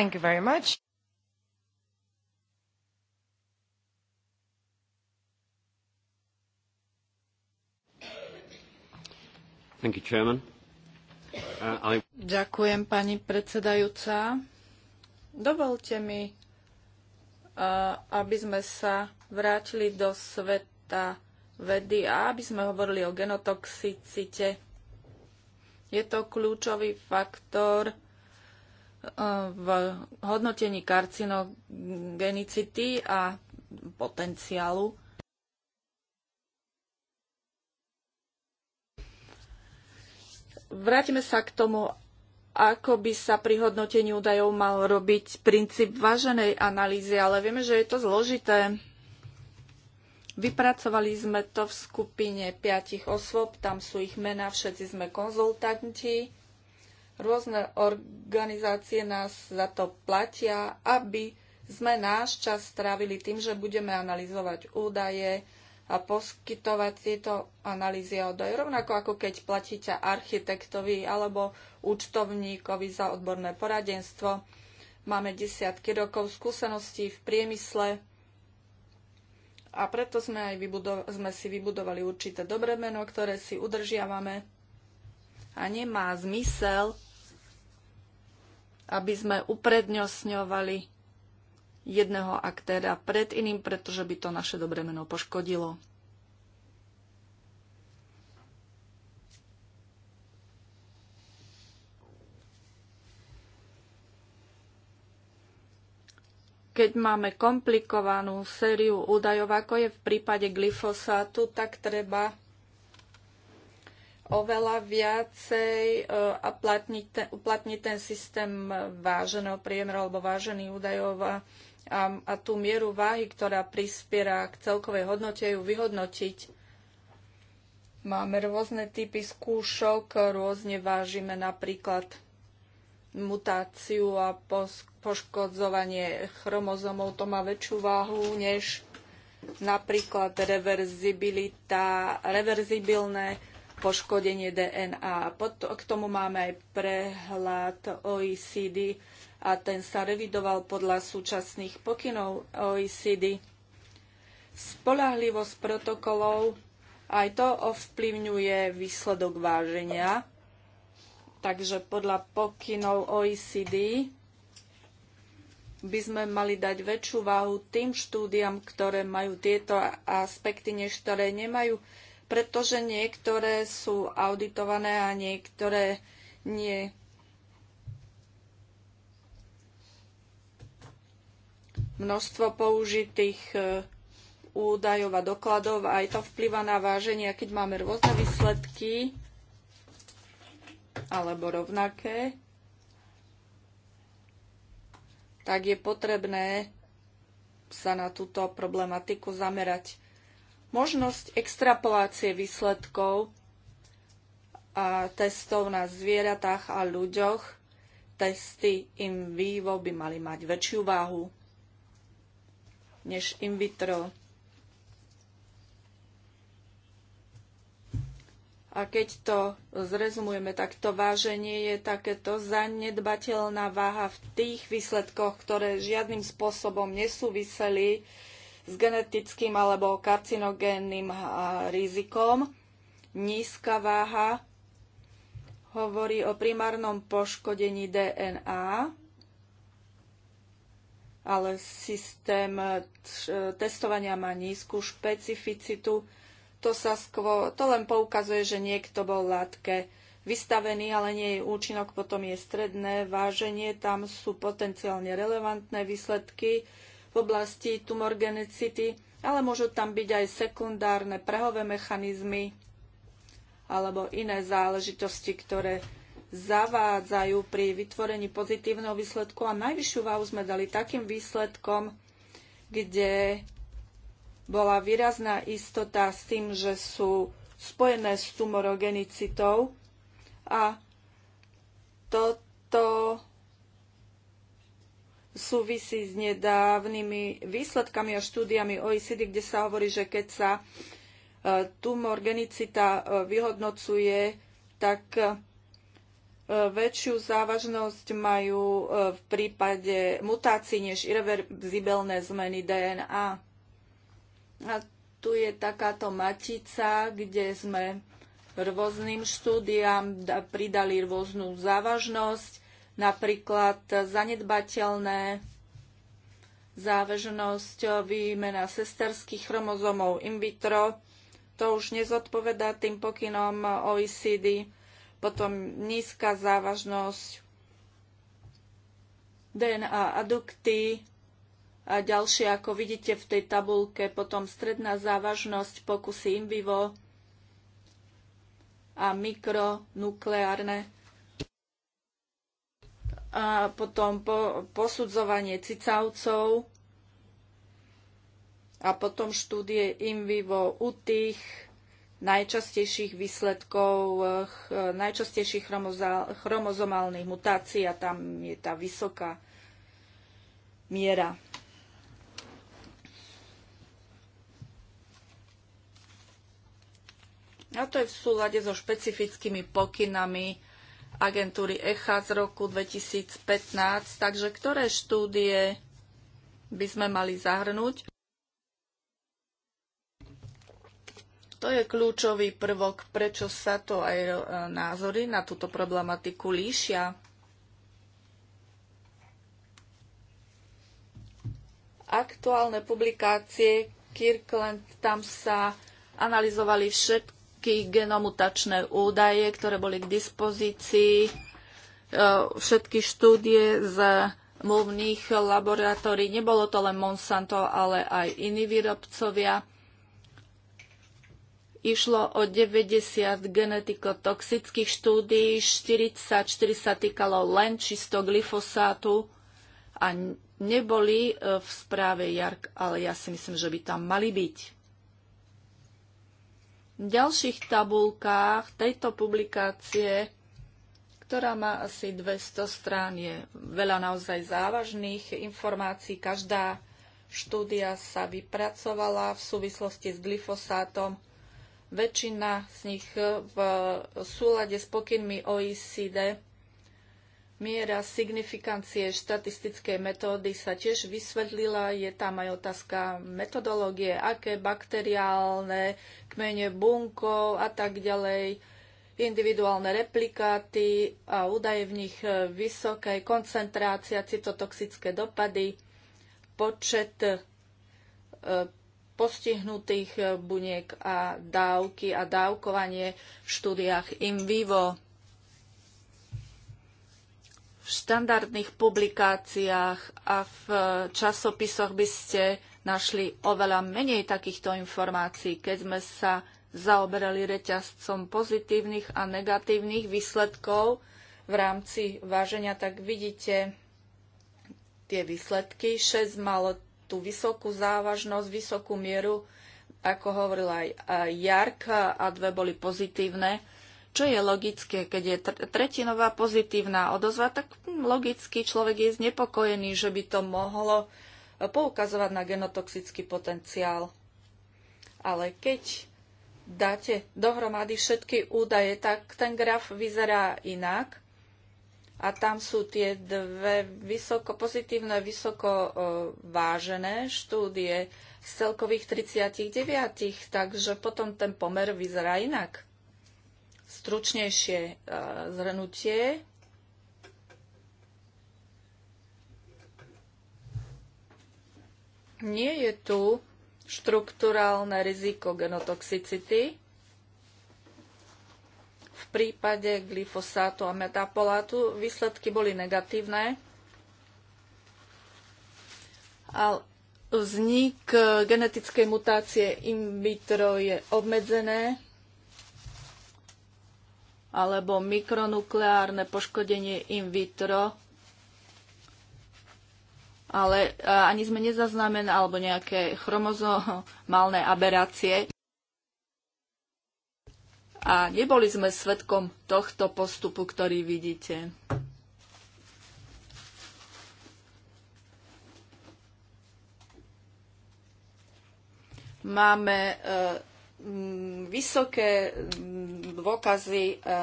Thank you very much. Thank you, Chairman. Uh, I... Ďakujem, pani predsedajúca. Dovolte mi, uh, aby sme sa vrátili do sveta vedy a aby sme hovorili o genotoxicite. Je to kľúčový faktor v hodnotení karcinogenicity a potenciálu. Vrátime sa k tomu, ako by sa pri hodnotení údajov mal robiť princíp váženej analýzy, ale vieme, že je to zložité. Vypracovali sme to v skupine piatich osôb, tam sú ich mená, všetci sme konzultanti Rôzne organizácie nás za to platia, aby sme náš čas strávili tým, že budeme analyzovať údaje a poskytovať tieto analýzy a údaje. Rovnako ako keď platíte architektovi alebo účtovníkovi za odborné poradenstvo. Máme desiatky rokov skúseností v priemysle, a preto sme, aj vybudo- sme si vybudovali určité dobré meno, ktoré si udržiavame. A nemá zmysel aby sme uprednostňovali jedného aktéra pred iným, pretože by to naše dobré meno poškodilo. keď máme komplikovanú sériu údajov, ako je v prípade glyfosátu, tak treba oveľa viacej e, platniť ten, uplatniť ten systém váženého priemeru alebo vážených údajov a, a, a tú mieru váhy, ktorá prispiera k celkovej hodnote, ju vyhodnotiť. Máme rôzne typy skúšok, rôzne vážime napríklad mutáciu a poškodzovanie chromozomov. To má väčšiu váhu než napríklad reverzibilita, reverzibilné poškodenie DNA. K tomu máme aj prehľad OECD a ten sa revidoval podľa súčasných pokynov OECD. Spolahlivosť protokolov aj to ovplyvňuje výsledok váženia. Takže podľa pokynov OECD by sme mali dať väčšiu váhu tým štúdiam, ktoré majú tieto aspekty, než ktoré nemajú pretože niektoré sú auditované a niektoré nie. Množstvo použitých e, údajov a dokladov a aj to vplyva na váženie, keď máme rôzne výsledky alebo rovnaké, tak je potrebné sa na túto problematiku zamerať možnosť extrapolácie výsledkov a testov na zvieratách a ľuďoch, testy in vivo by mali mať väčšiu váhu než in vitro. A keď to zrezumujeme, tak to váženie je takéto zanedbateľná váha v tých výsledkoch, ktoré žiadnym spôsobom nesúviseli s genetickým alebo karcinogénnym rizikom. Nízka váha hovorí o primárnom poškodení DNA, ale systém e, testovania má nízku špecificitu. To, sa skvo, to len poukazuje, že niekto bol látke vystavený, ale nie je účinok, potom je stredné váženie, tam sú potenciálne relevantné výsledky v oblasti tumorgenicity, ale môžu tam byť aj sekundárne prehové mechanizmy alebo iné záležitosti, ktoré zavádzajú pri vytvorení pozitívneho výsledku a najvyššiu váhu sme dali takým výsledkom, kde bola výrazná istota s tým, že sú spojené s tumorogenicitou a toto súvisí s nedávnymi výsledkami a štúdiami OECD, kde sa hovorí, že keď sa e, tumorgenicita e, vyhodnocuje, tak e, väčšiu závažnosť majú v prípade mutácií než irreverzibilné zmeny DNA. A tu je takáto matica, kde sme rôznym štúdiám pridali rôznu závažnosť napríklad zanedbateľné záväžnosť výmena sesterských chromozomov in vitro. To už nezodpovedá tým pokynom OECD. Potom nízka závažnosť DNA adukty a ďalšie, ako vidíte v tej tabulke, potom stredná závažnosť pokusy in vivo a mikronukleárne a potom po, posudzovanie cicavcov a potom štúdie in vivo u tých najčastejších výsledkov, eh, najčastejších chromozomálnych mutácií a tam je tá vysoká miera. A to je v súlade so špecifickými pokynami agentúry ECHA z roku 2015. Takže ktoré štúdie by sme mali zahrnúť? To je kľúčový prvok, prečo sa to aj e, názory na túto problematiku líšia. Aktuálne publikácie Kirkland, tam sa analyzovali všetky všetky genomutačné údaje, ktoré boli k dispozícii, e, všetky štúdie z mluvných laboratórií. Nebolo to len Monsanto, ale aj iní výrobcovia. Išlo o 90 genetikotoxických štúdií, 44 sa týkalo len čisto glyfosátu a neboli e, v správe JARK, ale ja si myslím, že by tam mali byť ďalších tabulkách tejto publikácie, ktorá má asi 200 strán, je veľa naozaj závažných informácií. Každá štúdia sa vypracovala v súvislosti s glyfosátom. Väčšina z nich v súlade s pokynmi OECD Miera signifikancie štatistickej metódy sa tiež vysvetlila. Je tam aj otázka metodológie, aké bakteriálne kmene bunkov a tak ďalej, individuálne replikáty a údaje v nich vysoké, koncentrácia, citotoxické dopady, počet e, postihnutých buniek a dávky a dávkovanie v štúdiách in vivo štandardných publikáciách a v eh, časopisoch by ste našli oveľa menej takýchto informácií. Keď sme sa zaoberali reťazcom pozitívnych a negatívnych výsledkov v rámci váženia, tak vidíte tie výsledky. 6 malo tú vysokú závažnosť, vysokú mieru, ako hovorila aj Jarka, a dve boli pozitívne čo je logické. Keď je tretinová pozitívna odozva, tak hm, logicky človek je znepokojený, že by to mohlo eh, poukazovať na genotoxický potenciál. Ale keď dáte dohromady všetky údaje, tak ten graf vyzerá inak a tam sú tie dve vysoko pozitívne, vysoko eh, vážené štúdie z celkových 39, takže potom ten pomer vyzerá inak stručnejšie e, zhrnutie. Nie je tu štruktúrálne riziko genotoxicity v prípade glyfosátu a metapolátu. Výsledky boli negatívne. Ale vznik genetickej mutácie in vitro je obmedzené alebo mikronukleárne poškodenie in vitro, ale e, ani sme nezaznamenali, alebo nejaké chromozomálne aberácie. A neboli sme svetkom tohto postupu, ktorý vidíte. Máme e, Mm, vysoké mm, dôkazy e,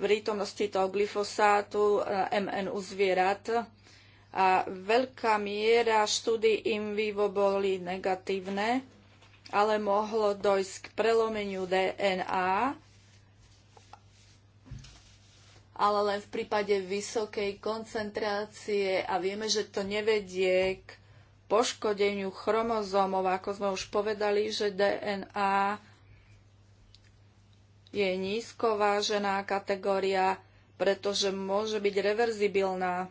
prítomnosti toho glyfosátu e, MN u zvierat a veľká miera štúdy in vivo boli negatívne, ale mohlo dojsť k prelomeniu DNA, ale len v prípade vysokej koncentrácie a vieme, že to nevedie k poškodeniu chromozómov. Ako sme už povedali, že DNA je nízkovážená kategória, pretože môže byť reverzibilná.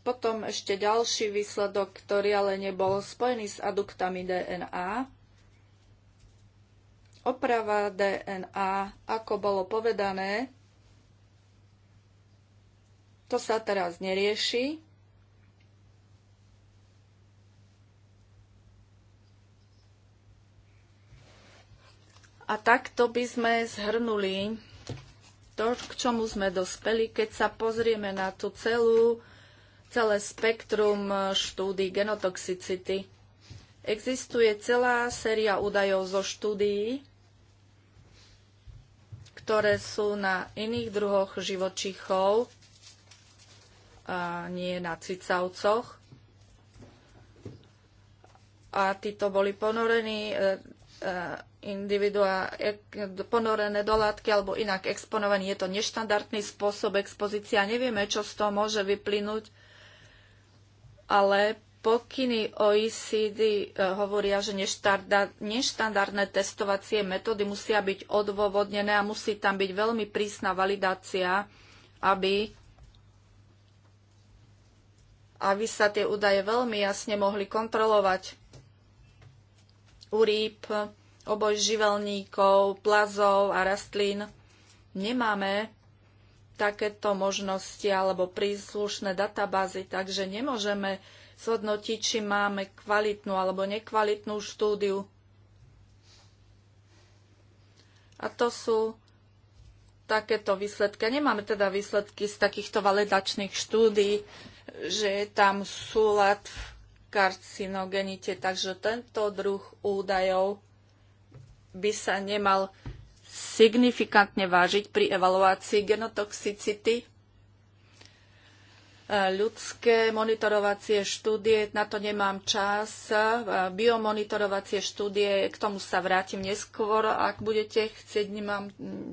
Potom ešte ďalší výsledok, ktorý ale nebol spojený s aduktami DNA. Oprava DNA, ako bolo povedané, to sa teraz nerieši. A takto by sme zhrnuli to, k čomu sme dospeli, keď sa pozrieme na tú celú, celé spektrum štúdí genotoxicity. Existuje celá séria údajov zo štúdií, ktoré sú na iných druhoch živočichov a nie na cicavcoch. A títo boli ponorení e, e, individuá ponorené do látky alebo inak exponovaní. Je to neštandardný spôsob expozícia. Nevieme, čo z toho môže vyplynúť, ale pokyny OECD e, hovoria, že neštandardné testovacie metódy musia byť odôvodnené a musí tam byť veľmi prísna validácia, aby aby sa tie údaje veľmi jasne mohli kontrolovať. U rýb, obojživelníkov, plazov a rastlín nemáme takéto možnosti alebo príslušné databázy, takže nemôžeme zhodnotiť, či máme kvalitnú alebo nekvalitnú štúdiu. A to sú takéto výsledky. Nemáme teda výsledky z takýchto validačných štúdií, že je tam súlad v karcinogenite, takže tento druh údajov by sa nemal signifikantne vážiť pri evaluácii genotoxicity. E, ľudské monitorovacie štúdie, na to nemám čas. E, biomonitorovacie štúdie, k tomu sa vrátim neskôr, ak budete chcieť, nemám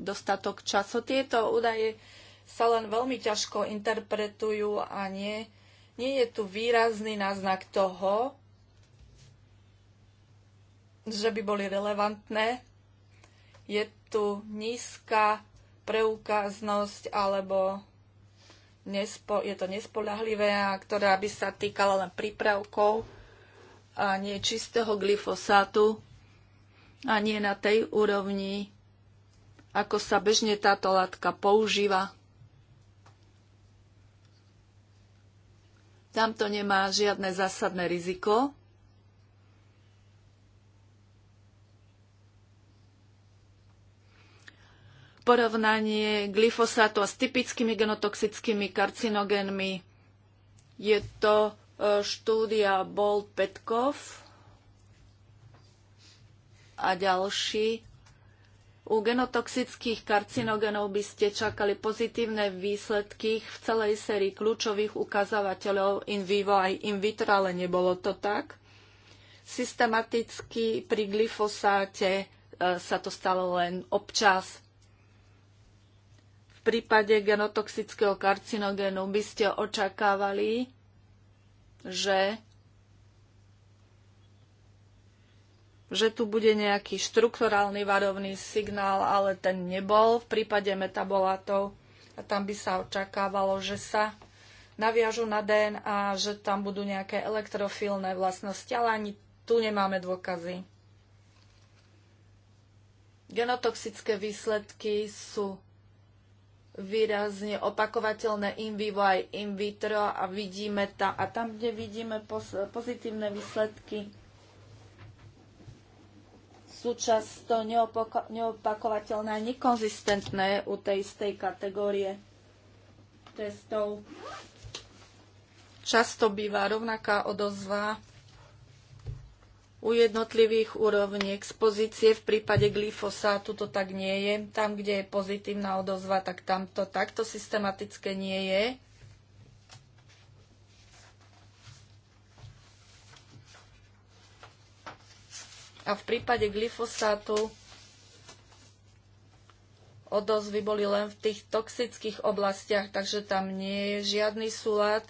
dostatok času. Tieto údaje sa len veľmi ťažko interpretujú a nie, nie je tu výrazný náznak toho, že by boli relevantné. Je tu nízka preukáznosť alebo nespo, je to nespolahlivé, ktorá by sa týkala len prípravkov a nie čistého glyfosátu a nie na tej úrovni, ako sa bežne táto látka používa. Tam to nemá žiadne zásadné riziko. Porovnanie glyfosátu a s typickými genotoxickými karcinogénmi je to e, štúdia Bold Petkov a ďalší u genotoxických karcinogenov by ste čakali pozitívne výsledky v celej sérii kľúčových ukazovateľov in vivo aj in vitro, ale nebolo to tak. Systematicky pri glyfosáte e, sa to stalo len občas. V prípade genotoxického karcinogénu by ste očakávali, že že tu bude nejaký štrukturálny varovný signál, ale ten nebol v prípade metabolátov a tam by sa očakávalo, že sa naviažu na DNA, že tam budú nejaké elektrofilné vlastnosti, ale ani tu nemáme dôkazy. Genotoxické výsledky sú výrazne opakovateľné in vivo aj in vitro a vidíme tam, a tam, kde vidíme pozitívne výsledky, sú často neopakovateľné a nekonzistentné u tej istej kategórie testov. Často býva rovnaká odozva u jednotlivých úrovní expozície. V prípade glyfosátu to tak nie je. Tam, kde je pozitívna odozva, tak tamto takto systematické nie je A v prípade glyfosátu odozvy boli len v tých toxických oblastiach, takže tam nie je žiadny súlad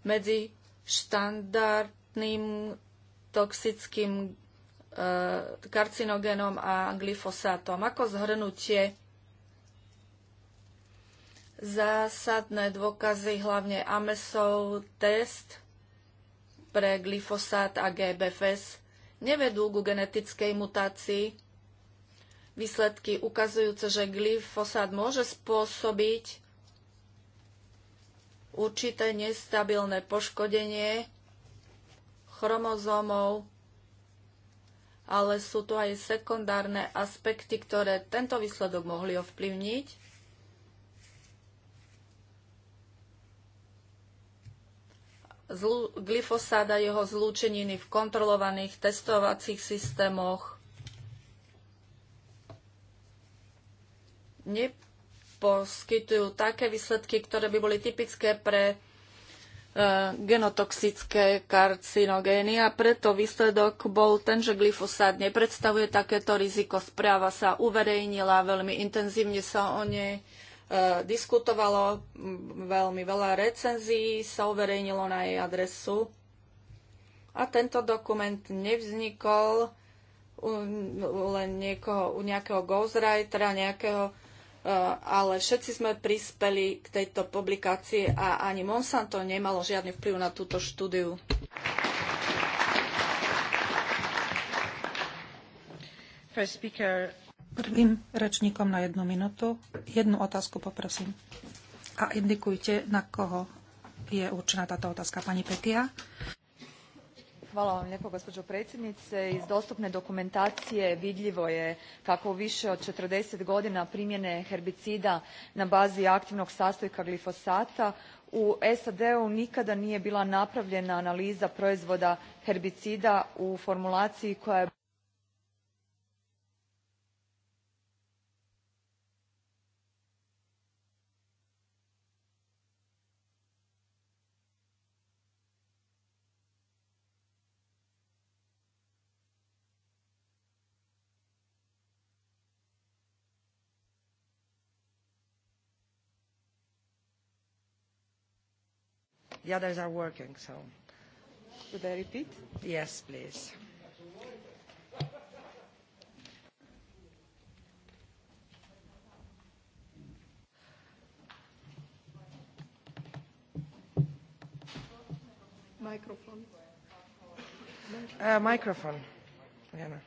medzi štandardným toxickým e, karcinogénom a glyfosátom. Ako zhrnutie zásadné dôkazy, hlavne AMESov test pre glyfosát a GBFS e nevedú ku genetickej mutácii. Výsledky ukazujúce, že glyfosát môže spôsobiť určité nestabilné poškodenie chromozómov, ale sú tu aj sekundárne aspekty, ktoré tento výsledok mohli ovplyvniť. glyfosát a jeho zlúčeniny v kontrolovaných testovacích systémoch. Neposkytujú také výsledky, ktoré by boli typické pre e, genotoxické karcinogény a preto výsledok bol ten, že glyfosát nepredstavuje takéto riziko. Správa sa uverejnila, veľmi intenzívne sa o nej E, diskutovalo, veľmi veľa recenzií sa uverejnilo na jej adresu. A tento dokument nevznikol u, len niekoho, u nejakého ghostwritera, nejakého, e, ale všetci sme prispeli k tejto publikácii a ani Monsanto nemalo žiadny vplyv na túto štúdiu. First speaker, Prvým rečníkom na jednu minútu. Jednu otázku poprosím. A indikujte, na koho je určená táto otázka. Pani Petia. Hvala vam lijepo, gospođo predsjednice. Iz dostupne dokumentacije vidljivo je kako u više od 40 godina primjene herbicida na bazi aktivnog sastojka glifosata u sad u nikada nije bila napravljena analiza proizvoda herbicida u formulaciji koja je The others are working, so. Should I repeat? Yes, please. Microphone. Uh, microphone. Lena.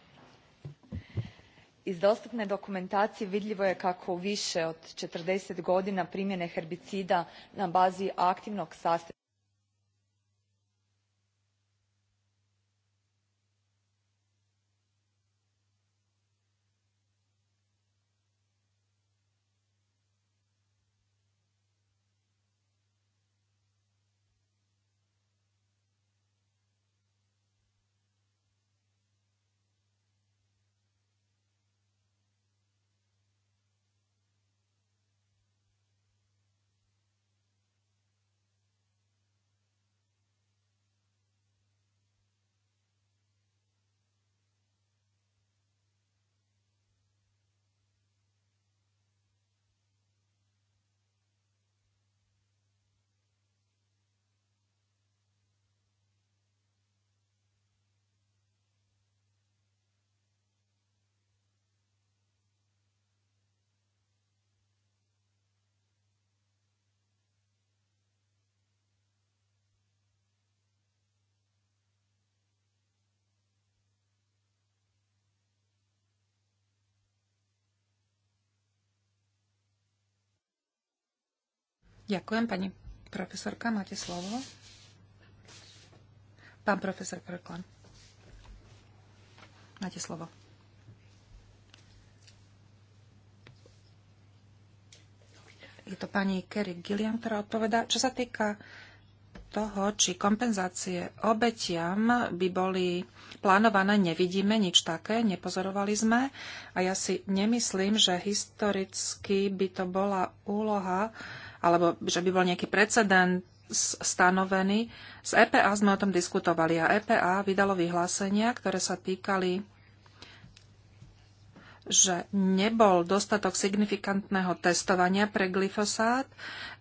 Iz dostupne dokumentacije vidljivo je kako u više od 40 godina primjene herbicida na bazi aktivnog sastojka Ďakujem, pani profesorka, máte slovo. Pán profesor Krklan, máte slovo. Je to pani Kerry Gilliam, ktorá odpovedá. Čo sa týka toho, či kompenzácie obetiam by boli plánované, nevidíme nič také, nepozorovali sme a ja si nemyslím, že historicky by to bola úloha uh, alebo že by bol nejaký precedent stanovený. S EPA sme o tom diskutovali a EPA vydalo vyhlásenia, ktoré sa týkali že nebol dostatok signifikantného testovania pre glyfosát.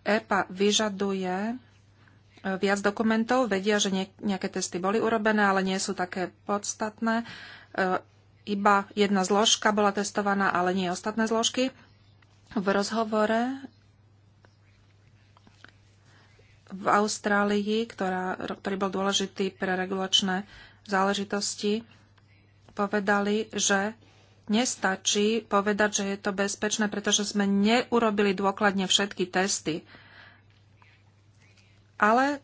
EPA vyžaduje e, viac dokumentov, vedia, že nejaké testy boli urobené, ale nie sú také podstatné. E, iba jedna zložka bola testovaná, ale nie ostatné zložky. V rozhovore v Austrálii, ktorá, ktorý bol dôležitý pre regulačné záležitosti, povedali, že nestačí povedať, že je to bezpečné, pretože sme neurobili dôkladne všetky testy. Ale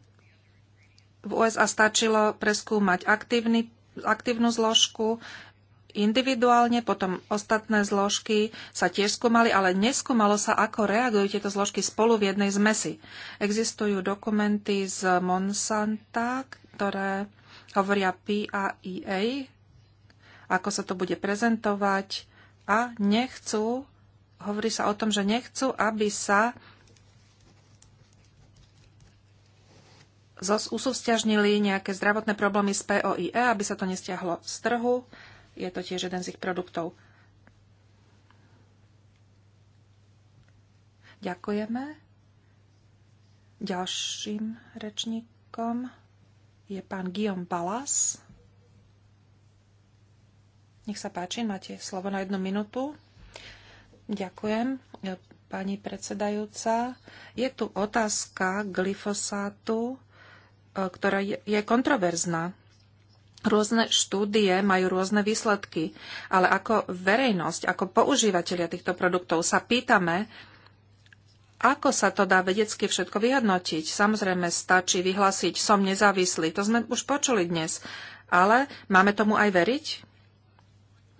v USA stačilo preskúmať aktívny, aktívnu zložku, individuálne, potom ostatné zložky sa tiež skúmali, ale neskúmalo sa, ako reagujú tieto zložky spolu v jednej zmesi. Existujú dokumenty z Monsanta, ktoré hovoria PAEA, ako sa to bude prezentovať a nechcú, hovorí sa o tom, že nechcú, aby sa usúvzťažnili nejaké zdravotné problémy z POIE, aby sa to nestiahlo z trhu je to tiež jeden z ich produktov. Ďakujeme. Ďalším rečníkom je pán Guillaume Balas. Nech sa páči, máte slovo na jednu minútu. Ďakujem, pani predsedajúca. Je tu otázka glyfosátu, e, ktorá je kontroverzná. Rôzne štúdie majú rôzne výsledky, ale ako verejnosť, ako používateľia týchto produktov sa pýtame, ako sa to dá vedecky všetko vyhodnotiť. Samozrejme, stačí vyhlásiť, som nezávislý. To sme už počuli dnes. Ale máme tomu aj veriť?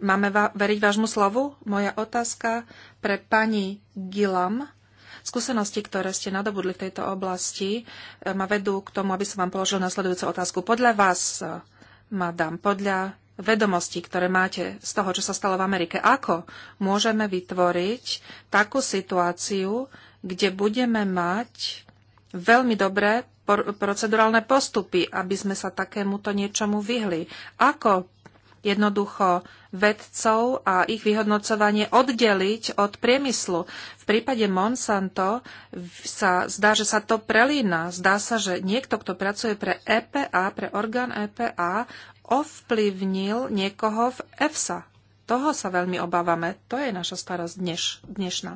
Máme va- veriť vášmu slovu? Moja otázka pre pani Gilam. Skúsenosti, ktoré ste nadobudli v tejto oblasti, e, ma vedú k tomu, aby som vám položil nasledujúcu otázku. Podľa vás e, madam, podľa vedomostí, ktoré máte z toho, čo sa stalo v Amerike, ako môžeme vytvoriť takú situáciu, kde budeme mať veľmi dobré procedurálne postupy, aby sme sa takémuto niečomu vyhli. Ako jednoducho vedcov a ich vyhodnocovanie oddeliť od priemyslu. V prípade Monsanto sa zdá, že sa to prelína. Zdá sa, že niekto, kto pracuje pre EPA, pre orgán EPA, ovplyvnil niekoho v EFSA. Toho sa veľmi obávame. To je naša starosť dneš, dnešná.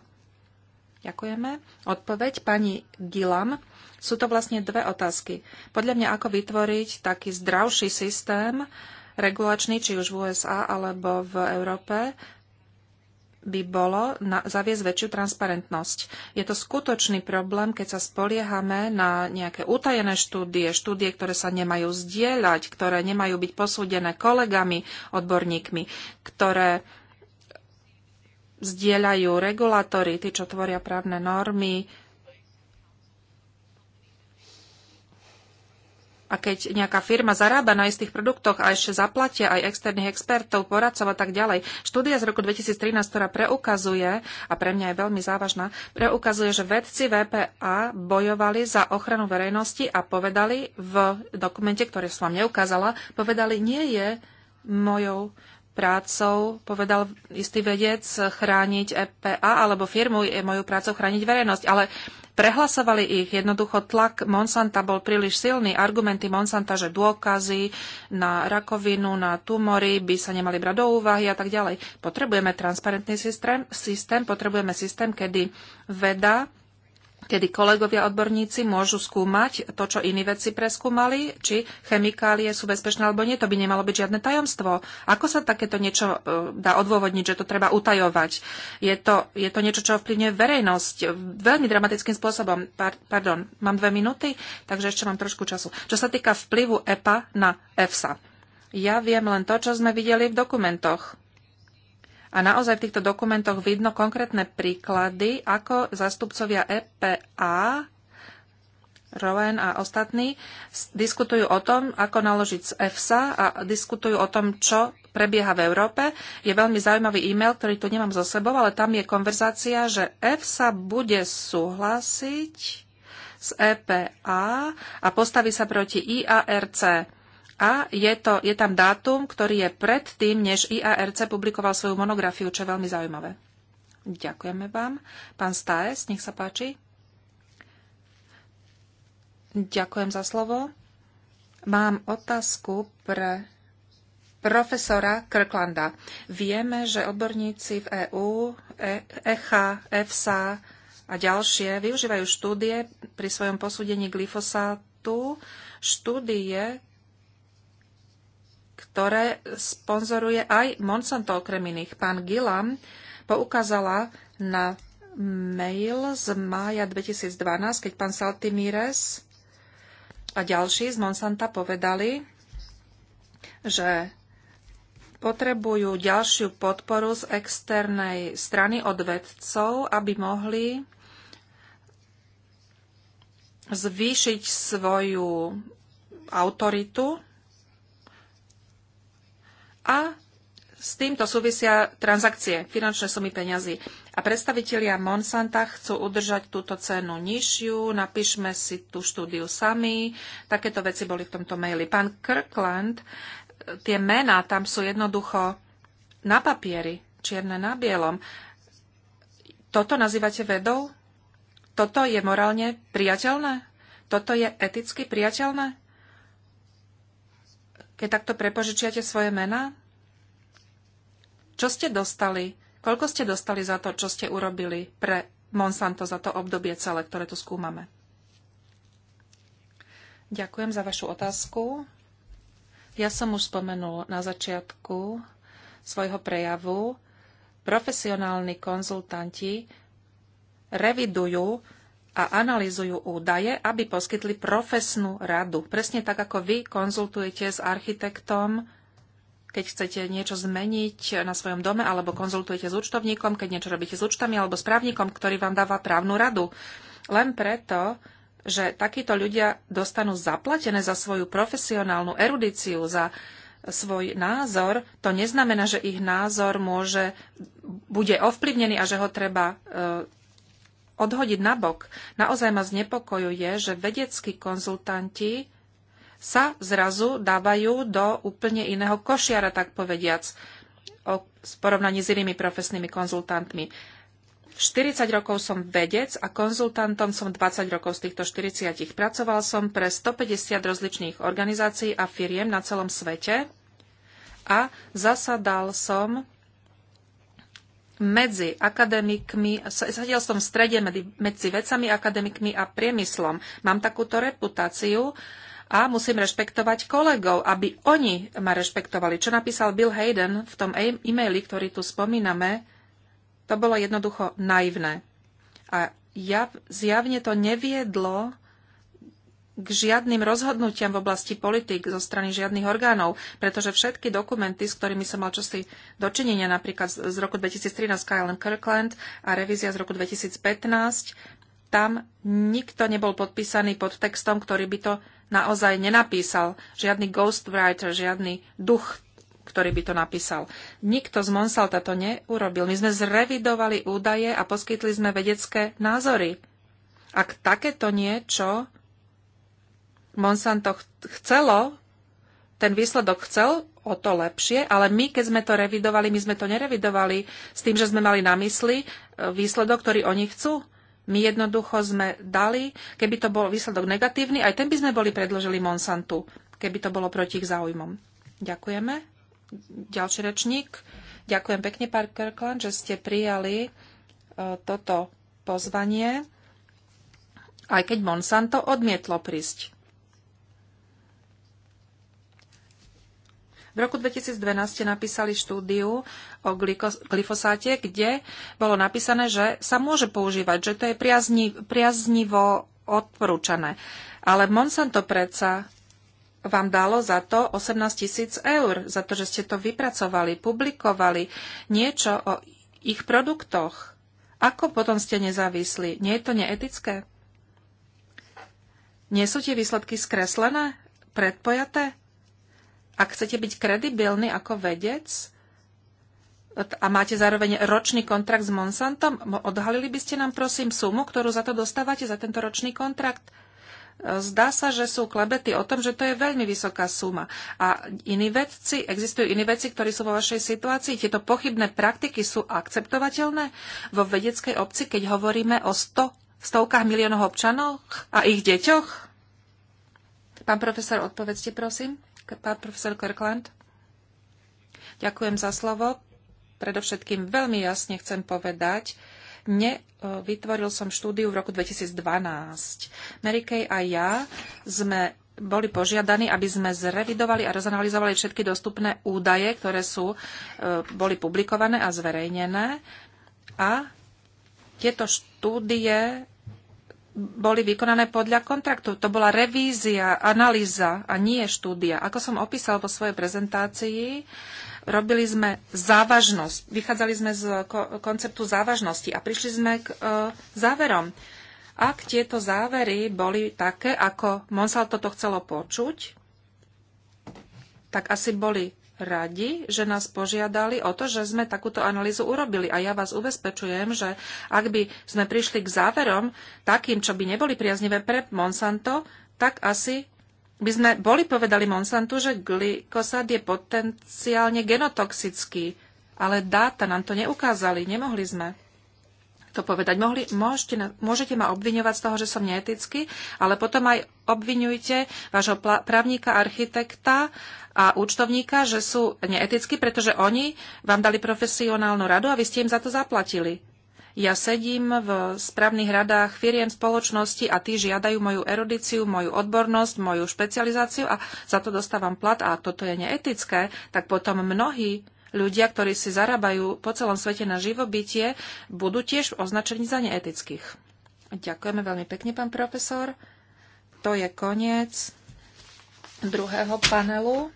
Ďakujeme. Odpoveď pani Gilam. Sú to vlastne dve otázky. Podľa mňa, ako vytvoriť taký zdravší systém, regulačný, či už v USA alebo v Európe, by bolo na, zaviesť väčšiu transparentnosť. Je to skutočný problém, keď sa spoliehame na nejaké utajené štúdie, štúdie, ktoré sa nemajú zdieľať, ktoré nemajú byť posúdené kolegami, odborníkmi, ktoré zdieľajú regulátory, tí, čo tvoria právne normy, A keď nejaká firma zarába na istých produktoch a ešte zaplatia aj externých expertov, poradcov a tak ďalej. Štúdia z roku 2013, ktorá preukazuje, a pre mňa je veľmi závažná, preukazuje, že vedci VPA bojovali za ochranu verejnosti a povedali v dokumente, ktoré som vám neukázala, povedali, nie je mojou prácou, povedal istý vedec, chrániť EPA alebo firmu je mojou prácou chrániť verejnosť. Ale prehlasovali ich. Jednoducho tlak Monsanta bol príliš silný. Argumenty Monsanta, že dôkazy na rakovinu, na tumory by sa nemali brať do úvahy a tak ďalej. Potrebujeme transparentný systém, systém potrebujeme systém, kedy veda kedy kolegovia odborníci môžu skúmať to, čo iní vedci preskúmali, či chemikálie sú bezpečné alebo nie, to by nemalo byť žiadne tajomstvo. Ako sa takéto niečo e, dá odôvodniť, že to treba utajovať? Je to, je to niečo, čo ovplyvňuje verejnosť veľmi dramatickým spôsobom. Par, pardon, mám dve minúty, takže ešte mám trošku času. Čo sa týka vplyvu EPA na EFSA. Ja viem len to, čo sme videli v dokumentoch a naozaj v týchto dokumentoch vidno konkrétne príklady, ako zastupcovia EPA, Rowan a ostatní diskutujú o tom, ako naložiť z EFSA a diskutujú o tom, čo prebieha v Európe. Je veľmi zaujímavý e-mail, ktorý tu nemám so sebou, ale tam je konverzácia, že EFSA bude súhlasiť s EPA a postaví sa proti IARC. A je, to, je tam dátum, ktorý je predtým, než IARC publikoval svoju monografiu, čo je veľmi zaujímavé. Ďakujeme vám. Pán Staes, nech sa páči. Ďakujem za slovo. Mám otázku pre profesora Kirklanda. Vieme, že odborníci v EÚ, ECHA, e e EFSA a ďalšie využívajú štúdie pri svojom posúdení glyfosátu, štúdie, ktoré sponzoruje aj Monsanto okrem iných. Pán Gillam poukázala na mail z mája 2012, keď pán Saltimírez a ďalší z Monsanta povedali, že potrebujú ďalšiu podporu z externej strany od vedcov, aby mohli zvýšiť svoju autoritu a s týmto súvisia transakcie, finančné sumy peňazí. A predstavitelia Monsanta chcú udržať túto cenu nižšiu, napíšme si tú štúdiu sami. Takéto veci boli v tomto maili. Pán Kirkland, tie mená tam sú jednoducho na papieri, čierne na bielom. Toto nazývate vedou? Toto je morálne priateľné? Toto je eticky priateľné? keď takto prepožičiate svoje mená? Čo ste dostali? Koľko ste dostali za to, čo ste urobili pre Monsanto za to obdobie celé, ktoré tu skúmame? Ďakujem za vašu otázku. Ja som už spomenul na začiatku svojho prejavu, profesionálni konzultanti revidujú a analýzujú údaje, aby poskytli profesnú radu. Presne tak, ako vy konzultujete s architektom, keď chcete niečo zmeniť na svojom dome, alebo konzultujete s účtovníkom, keď niečo robíte s účtami, alebo s právnikom, ktorý vám dáva právnu radu. Len preto, že takíto ľudia dostanú zaplatené za svoju profesionálnu erudíciu, za svoj názor, to neznamená, že ich názor môže, bude ovplyvnený a že ho treba e, odhodiť nabok. Naozaj ma znepokojuje, že vedeckí konzultanti sa zrazu dávajú do úplne iného košiara, tak povediac, o, v porovnaní s inými profesnými konzultantmi. 40 rokov som vedec a konzultantom som 20 rokov z týchto 40. Pracoval som pre 150 rozličných organizácií a firiem na celom svete a zasadal som medzi akademikmi, sedel som v strede medzi, medzi vecami, akademikmi a priemyslom. Mám takúto reputáciu a musím rešpektovať kolegov, aby oni ma rešpektovali. Čo napísal Bill Hayden v tom e- e-maili, ktorý tu spomíname, to bolo jednoducho naivné. A ja zjavne to neviedlo k žiadnym rozhodnutiam v oblasti politik zo strany žiadnych orgánov, pretože všetky dokumenty, s ktorými som mal čosi dočinenia, napríklad z roku 2013 Kylan Kirkland a revízia z roku 2015, tam nikto nebol podpísaný pod textom, ktorý by to naozaj nenapísal. Žiadny ghostwriter, žiadny duch, ktorý by to napísal. Nikto z Monsalta to neurobil. My sme zrevidovali údaje a poskytli sme vedecké názory. Ak takéto niečo Monsanto chcelo, ten výsledok chcel o to lepšie, ale my, keď sme to revidovali, my sme to nerevidovali s tým, že sme mali na mysli e, výsledok, ktorý oni chcú. My jednoducho sme dali, keby to bol výsledok negatívny, aj ten by sme boli predložili Monsantu, keby to bolo proti ich záujmom. Ďakujeme. Ďalší rečník. Ďakujem pekne, pán Kirkland, že ste prijali e, toto pozvanie, aj keď Monsanto odmietlo prísť. V roku 2012 ste napísali štúdiu o glyfosáte, kde bolo napísané, že sa môže používať, že to je priazni, priaznivo odporúčané. Ale Monsanto predsa vám dalo za to 18 tisíc eur, za to, že ste to vypracovali, publikovali niečo o ich produktoch. Ako potom ste nezávislí? Nie je to neetické? Nie sú tie výsledky skreslené? Predpojaté? ak chcete byť kredibilní ako vedec a máte zároveň ročný kontrakt s Monsantom, odhalili by ste nám prosím sumu, ktorú za to dostávate, za tento ročný kontrakt? E, zdá sa, že sú klebety o tom, že to je veľmi vysoká suma. A iní vedci, existujú iní vedci, ktorí sú vo vašej situácii. Tieto pochybné praktiky sú akceptovateľné vo vedeckej obci, keď hovoríme o sto stovkách miliónov občanov a ich deťoch? Pán profesor, odpovedzte prosím pán profesor Kirkland. Ďakujem za slovo. Predovšetkým veľmi jasne chcem povedať, ne, e, vytvoril som štúdiu v roku 2012. Mary Kay a ja sme boli požiadaní, aby sme zrevidovali a rozanalizovali všetky dostupné údaje, ktoré sú, e, boli publikované a zverejnené. A tieto štúdie boli vykonané podľa kontraktu. To bola revízia, analýza a nie štúdia. Ako som opísal vo svojej prezentácii, robili sme závažnosť, vychádzali sme z konceptu závažnosti a prišli sme k e, záverom. Ak tieto závery boli také, ako Monsalto to chcelo počuť, tak asi boli radi, že nás požiadali o to, že sme takúto analýzu urobili. A ja vás ubezpečujem, že ak by sme prišli k záverom takým, čo by neboli priaznivé pre Monsanto, tak asi by sme boli povedali Monsantu, že glykosát je potenciálne genotoxický. Ale dáta nám to neukázali, nemohli sme to povedať. Mohli, môžete, môžete ma obviňovať z toho, že som neetický, ale potom aj obviňujte vášho právnika, architekta a účtovníka, že sú neetickí, pretože oni vám dali profesionálnu radu a vy ste im za to zaplatili. Ja sedím v správnych radách firiem spoločnosti a tí žiadajú moju erudíciu, moju odbornosť, moju špecializáciu a za to dostávam plat a toto je neetické, tak potom mnohí ľudia, ktorí si zarábajú po celom svete na živobytie, budú tiež označení za neetických. Ďakujeme veľmi pekne, pán profesor. To je koniec druhého panelu.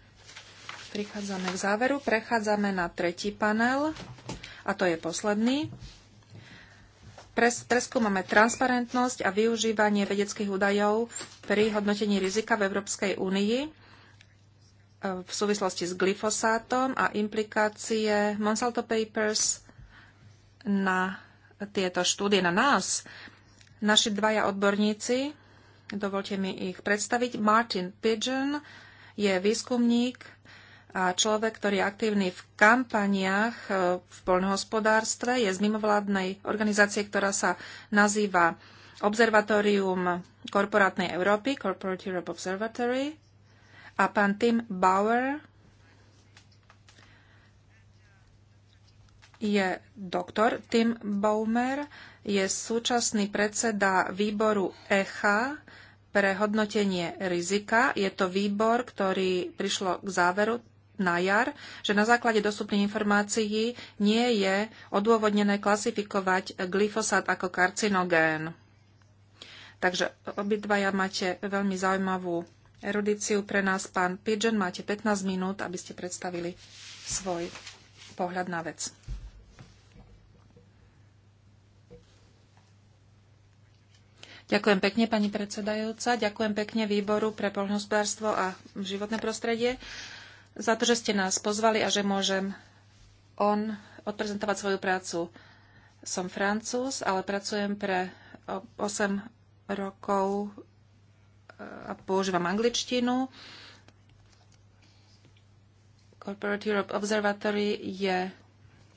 Prichádzame k záveru. Prechádzame na tretí panel a to je posledný. preskúmame transparentnosť a využívanie vedeckých údajov pri hodnotení rizika v Európskej únii v súvislosti s glyfosátom a implikácie Monsalto Papers na tieto štúdie na nás. Naši dvaja odborníci, dovolte mi ich predstaviť, Martin Pigeon je výskumník a človek, ktorý je aktívny v kampaniách e, v poľnohospodárstve, je z mimovládnej organizácie, ktorá sa nazýva Observatórium korporátnej Európy, Corporate Europe Observatory, a pán Tim Bauer je doktor. Tim Baumer je súčasný predseda výboru ECHA pre hodnotenie rizika. Je to výbor, ktorý prišlo k záveru na jar, že na základe dostupných informácií nie je odôvodnené klasifikovať glyfosát ako karcinogén. Takže obidvaja máte veľmi zaujímavú erudíciu pre nás pán Pidgeon. Máte 15 minút, aby ste predstavili svoj pohľad na vec. Ďakujem pekne, pani predsedajúca. Ďakujem pekne výboru pre poľnohospodárstvo a životné prostredie za to, že ste nás pozvali a že môžem on odprezentovať svoju prácu. Som francúz, ale pracujem pre 8 rokov a používam angličtinu. Corporate Europe Observatory je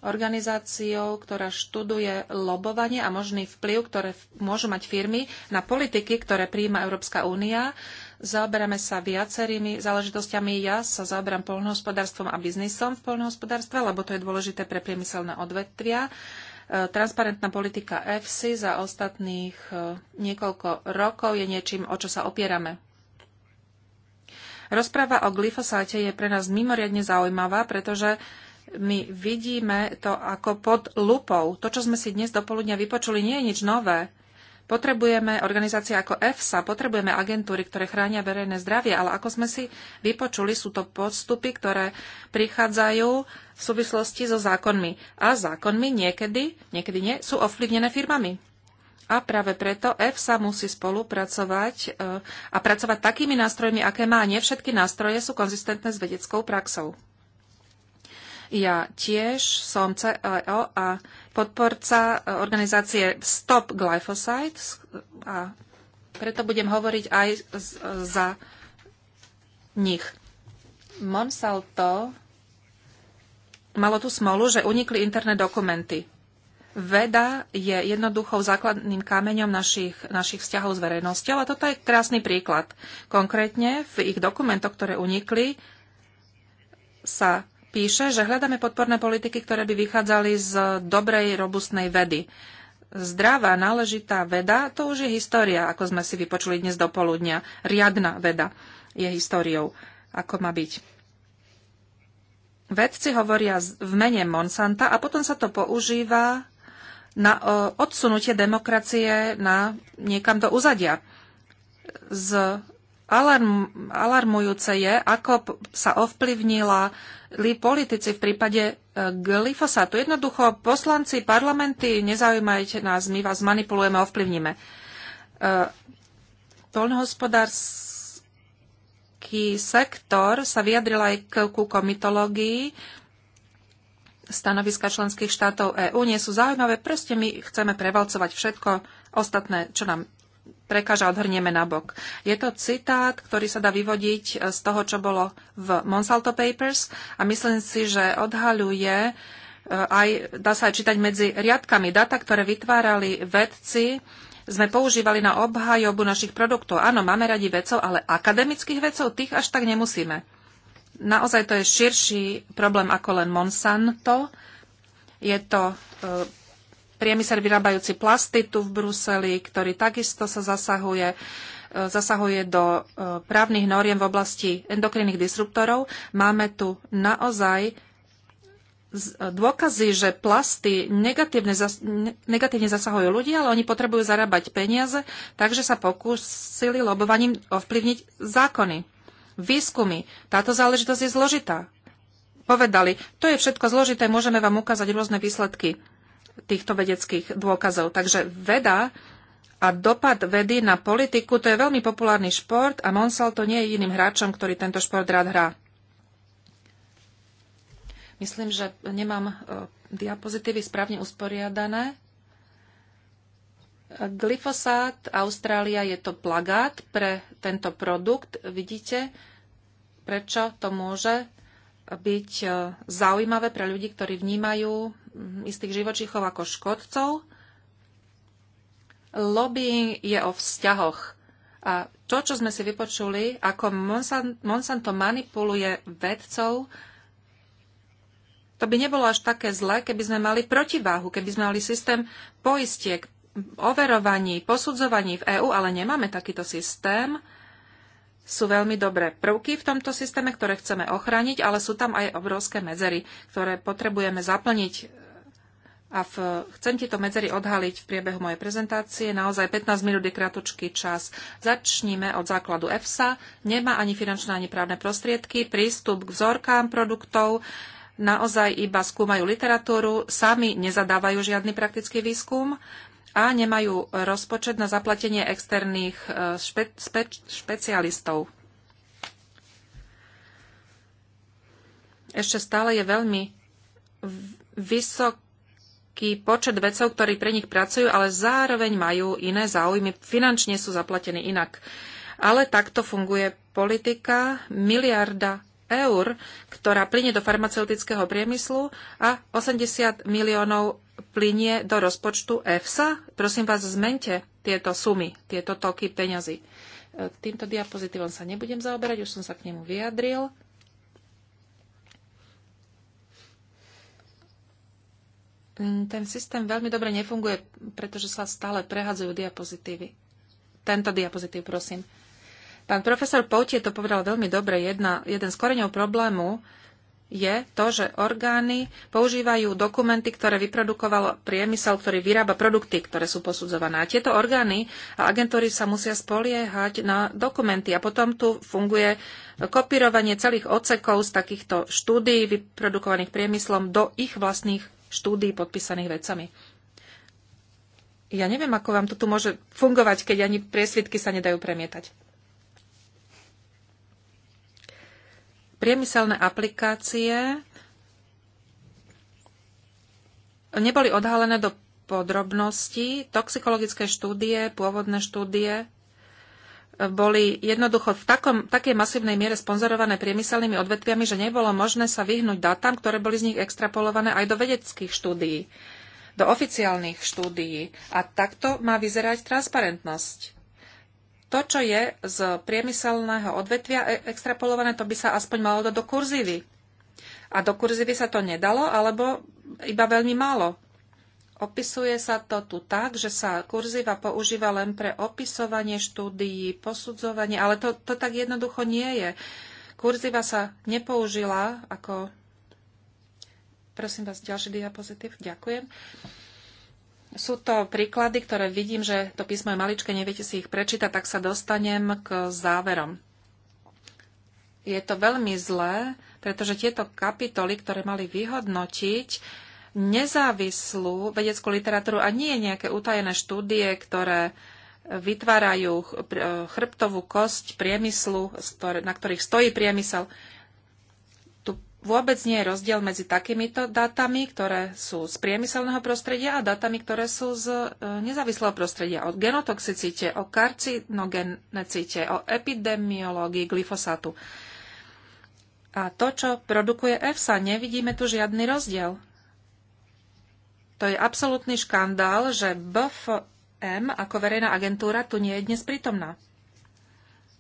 organizáciou, ktorá študuje lobovanie a možný vplyv, ktoré môžu mať firmy na politiky, ktoré príjma Európska únia. Zaoberáme sa viacerými záležitostiami. Ja sa zaoberám poľnohospodárstvom a biznisom v poľnohospodárstve, lebo to je dôležité pre priemyselné odvetvia. Transparentná politika EFSI za ostatných e, niekoľko rokov je niečím, o čo sa opierame. Rozpráva o glyfosáte je pre nás mimoriadne zaujímavá, pretože my vidíme to ako pod lupou. To, čo sme si dnes poludnia vypočuli, nie je nič nové. Potrebujeme organizácie ako EFSA, potrebujeme agentúry, ktoré chránia verejné zdravie, ale ako sme si vypočuli, sú to postupy, ktoré prichádzajú v súvislosti so zákonmi. A zákonmi niekedy, niekedy nie, sú ovplyvnené firmami. A práve preto EFSA musí spolupracovať eh, a pracovať takými nástrojmi, aké má. Nie všetky nástroje sú konzistentné s vedeckou praxou. Ja tiež som CEO a podporca e, organizácie Stop Glyphosate a preto budem hovoriť aj za nich. Monsalto malo tú smolu, že unikli interné dokumenty. Veda je jednoduchou základným kameňom našich, našich vzťahov s verejnosťou, ale toto je krásny príklad. Konkrétne v ich dokumentoch, ktoré unikli, sa píše, že hľadáme podporné politiky, ktoré by vychádzali z dobrej, robustnej vedy. Zdravá, náležitá veda, to už je história, ako sme si vypočuli dnes do poludnia. Riadna veda je históriou, ako má byť. Vedci hovoria v mene Monsanta a potom sa to používa na odsunutie demokracie na niekam do uzadia. Z Alarm, alarmujúce je, ako sa ovplyvnila li politici v prípade e, glyfosátu. Jednoducho, poslanci, parlamenty, nezaujímajte nás, my vás manipulujeme, ovplyvníme. E, Polnohospodársky sektor sa vyjadril aj ku komitológii. Stanoviska členských štátov EÚ nie sú zaujímavé, proste my chceme prevalcovať všetko ostatné, čo nám prekáža odhrnieme nabok. Je to citát, ktorý sa dá vyvodiť e, z toho, čo bolo v Monsalto Papers a myslím si, že odhaľuje e, aj, dá sa aj čítať medzi riadkami data, ktoré vytvárali vedci, sme používali na obhajobu našich produktov. Áno, máme radi vedcov, ale akademických vedcov tých až tak nemusíme. Naozaj to je širší problém ako len Monsanto. Je to e, priemysel vyrábajúci plasty tu v Bruseli, ktorý takisto sa zasahuje e, zasahuje do e, právnych noriem v oblasti endokrinných disruptorov. Máme tu naozaj e, dôkazy, že plasty negatívne, zas- negatívne zasahujú ľudí, ale oni potrebujú zarábať peniaze, takže sa pokúsili lobovaním ovplyvniť zákony, výskumy. Táto záležitosť je zložitá. Povedali, to je všetko zložité, môžeme vám ukázať rôzne výsledky týchto vedeckých dôkazov. Takže veda a dopad vedy na politiku, to je veľmi populárny šport a Monsalto nie je iným hráčom, ktorý tento šport rád hrá. Myslím, že nemám e, diapozitívy správne usporiadané. Glyfosát Austrália je to plagát pre tento produkt. Vidíte, prečo to môže byť e, zaujímavé pre ľudí, ktorí vnímajú Mm, istých živočíchov ako škodcov. Lobbying je o vzťahoch. A to, čo sme si vypočuli, ako Monsanto manipuluje vedcov, to by nebolo až také zlé, keby sme mali protiváhu, keby sme mali systém poistiek, overovaní, posudzovaní v EÚ, ale nemáme takýto systém. Sú veľmi dobré prvky v tomto systéme, ktoré chceme ochrániť, ale sú tam aj obrovské medzery, ktoré potrebujeme zaplniť a v, chcem ti to medzery odhaliť v priebehu mojej prezentácie. Naozaj 15 minút je kratučký čas. Začníme od základu EFSA. Nemá ani finančné, ani právne prostriedky, prístup k vzorkám produktov, naozaj iba skúmajú literatúru, sami nezadávajú žiadny praktický výskum a nemajú rozpočet na zaplatenie externých e, špe, spe, špecialistov. Ešte stále je veľmi vysok veľký počet vedcov, ktorí pre nich pracujú, ale zároveň majú iné záujmy. Finančne sú zaplatení inak. Ale takto funguje politika. Miliarda eur, ktorá plyne do farmaceutického priemyslu a 80 miliónov plinie do rozpočtu EFSA. Prosím vás, zmente tieto sumy, tieto toky peňazí. E, týmto diapozitívom sa nebudem zaoberať, už som sa k nemu vyjadril. Mm, ten systém veľmi dobre nefunguje, pretože sa stále prehádzajú diapozitívy. Tento diapozitív, prosím. Pán profesor Poutie to povedal veľmi dobre. Jedna, jeden z koreňov problému je to, že orgány používajú dokumenty, ktoré vyprodukoval priemysel, ktorý vyrába produkty, ktoré sú posudzované. A tieto orgány a agentúry sa musia spoliehať na dokumenty. A potom tu funguje kopírovanie celých ocekov z takýchto štúdí vyprodukovaných priemyslom do ich vlastných štúdií podpísaných vecami. Ja neviem, ako vám to tu môže fungovať, keď ani priesvitky sa nedajú premietať. Priemyselné aplikácie neboli odhalené do podrobností. Toxikologické štúdie, pôvodné štúdie boli jednoducho v takom, takej masívnej miere sponzorované priemyselnými odvetviami, že nebolo možné sa vyhnúť dátam, ktoré boli z nich extrapolované aj do vedeckých štúdií, do oficiálnych štúdií. A takto má vyzerať transparentnosť. To, čo je z priemyselného odvetvia e- extrapolované, to by sa aspoň malo do, do kurzívy. A do kurzívy sa to nedalo, alebo iba veľmi málo. Opisuje sa to tu tak, že sa kurziva používa len pre opisovanie štúdií, posudzovanie, ale to, to tak jednoducho nie je. Kurziva sa nepoužila ako... Prosím vás, ďalší diapozitív. Ďakujem. Sú to príklady, ktoré vidím, že to písmo je maličké, neviete si ich prečítať, tak sa dostanem k záverom. Je to veľmi zlé, pretože tieto kapitoly, ktoré mali vyhodnotiť, nezávislú vedeckú literatúru a nie nejaké utajené štúdie, ktoré vytvárajú e, chrbtovú kosť priemyslu, na ktorých stojí priemysel. Tu vôbec nie je rozdiel medzi takýmito dátami, ktoré sú z priemyselného prostredia a dátami, ktoré sú z e, nezávislého prostredia. O genotoxicite, o karcinogenecite, o epidemiológii glyfosátu. A to, čo produkuje EFSA, nevidíme tu žiadny rozdiel. To je absolútny škandál, že BFM ako verejná agentúra tu nie je dnes prítomná.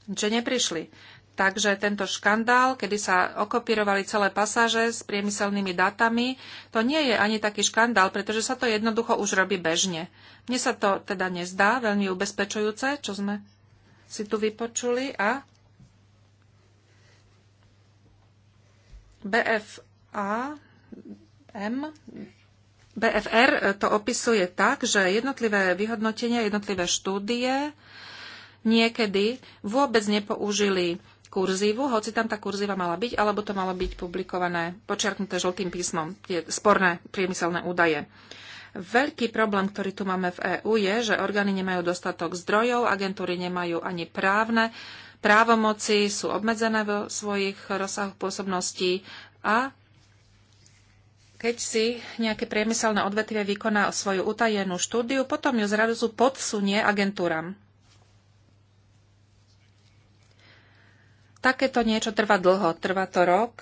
Že neprišli. Takže tento škandál, kedy sa okopírovali celé pasáže s priemyselnými dátami, to nie je ani taký škandál, pretože sa to jednoducho už robí bežne. Mne sa to teda nezdá veľmi ubezpečujúce, čo sme si tu vypočuli a BFA M BFR e, to opisuje tak, že jednotlivé vyhodnotenia, jednotlivé štúdie niekedy vôbec nepoužili kurzívu, hoci tam tá kurzíva mala byť, alebo to malo byť publikované, počiarknuté žltým písmom, tie sporné priemyselné údaje. Veľký problém, ktorý tu máme v EÚ, je, že orgány nemajú dostatok zdrojov, agentúry nemajú ani právne, právomoci sú obmedzené vo svojich rozsahoch pôsobností a keď si nejaké priemyselné odvetvie vykoná svoju utajenú štúdiu, potom ju zrazu podsunie agentúram. Takéto niečo trvá dlho, trvá to rok.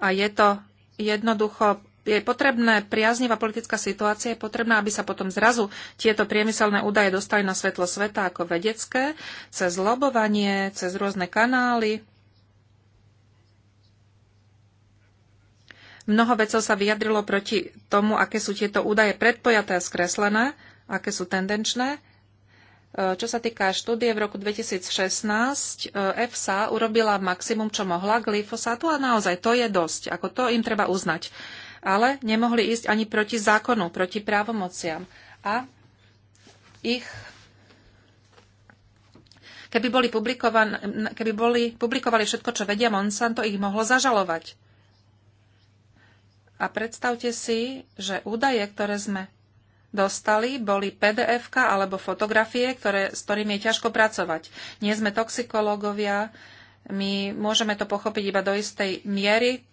A je to jednoducho je potrebné priaznivá politická situácia, je potrebná, aby sa potom zrazu tieto priemyselné údaje dostali na svetlo sveta ako vedecké, cez lobovanie, cez rôzne kanály. Mnoho vecov sa vyjadrilo proti tomu, aké sú tieto údaje predpojaté a skreslené, aké sú tendenčné. E, čo sa týka štúdie v roku 2016, EFSA urobila maximum, čo mohla glyfosátu a naozaj to je dosť, ako to im treba uznať. Ale nemohli ísť ani proti zákonu, proti právomociam. A ich keby boli, keby boli publikovali všetko, čo vedia Monsanto, ich mohlo zažalovať. A predstavte si, že údaje, ktoré sme dostali, boli pdf alebo fotografie, ktoré, s ktorými je ťažko pracovať. Nie sme toxikológovia, my môžeme to pochopiť iba do istej miery,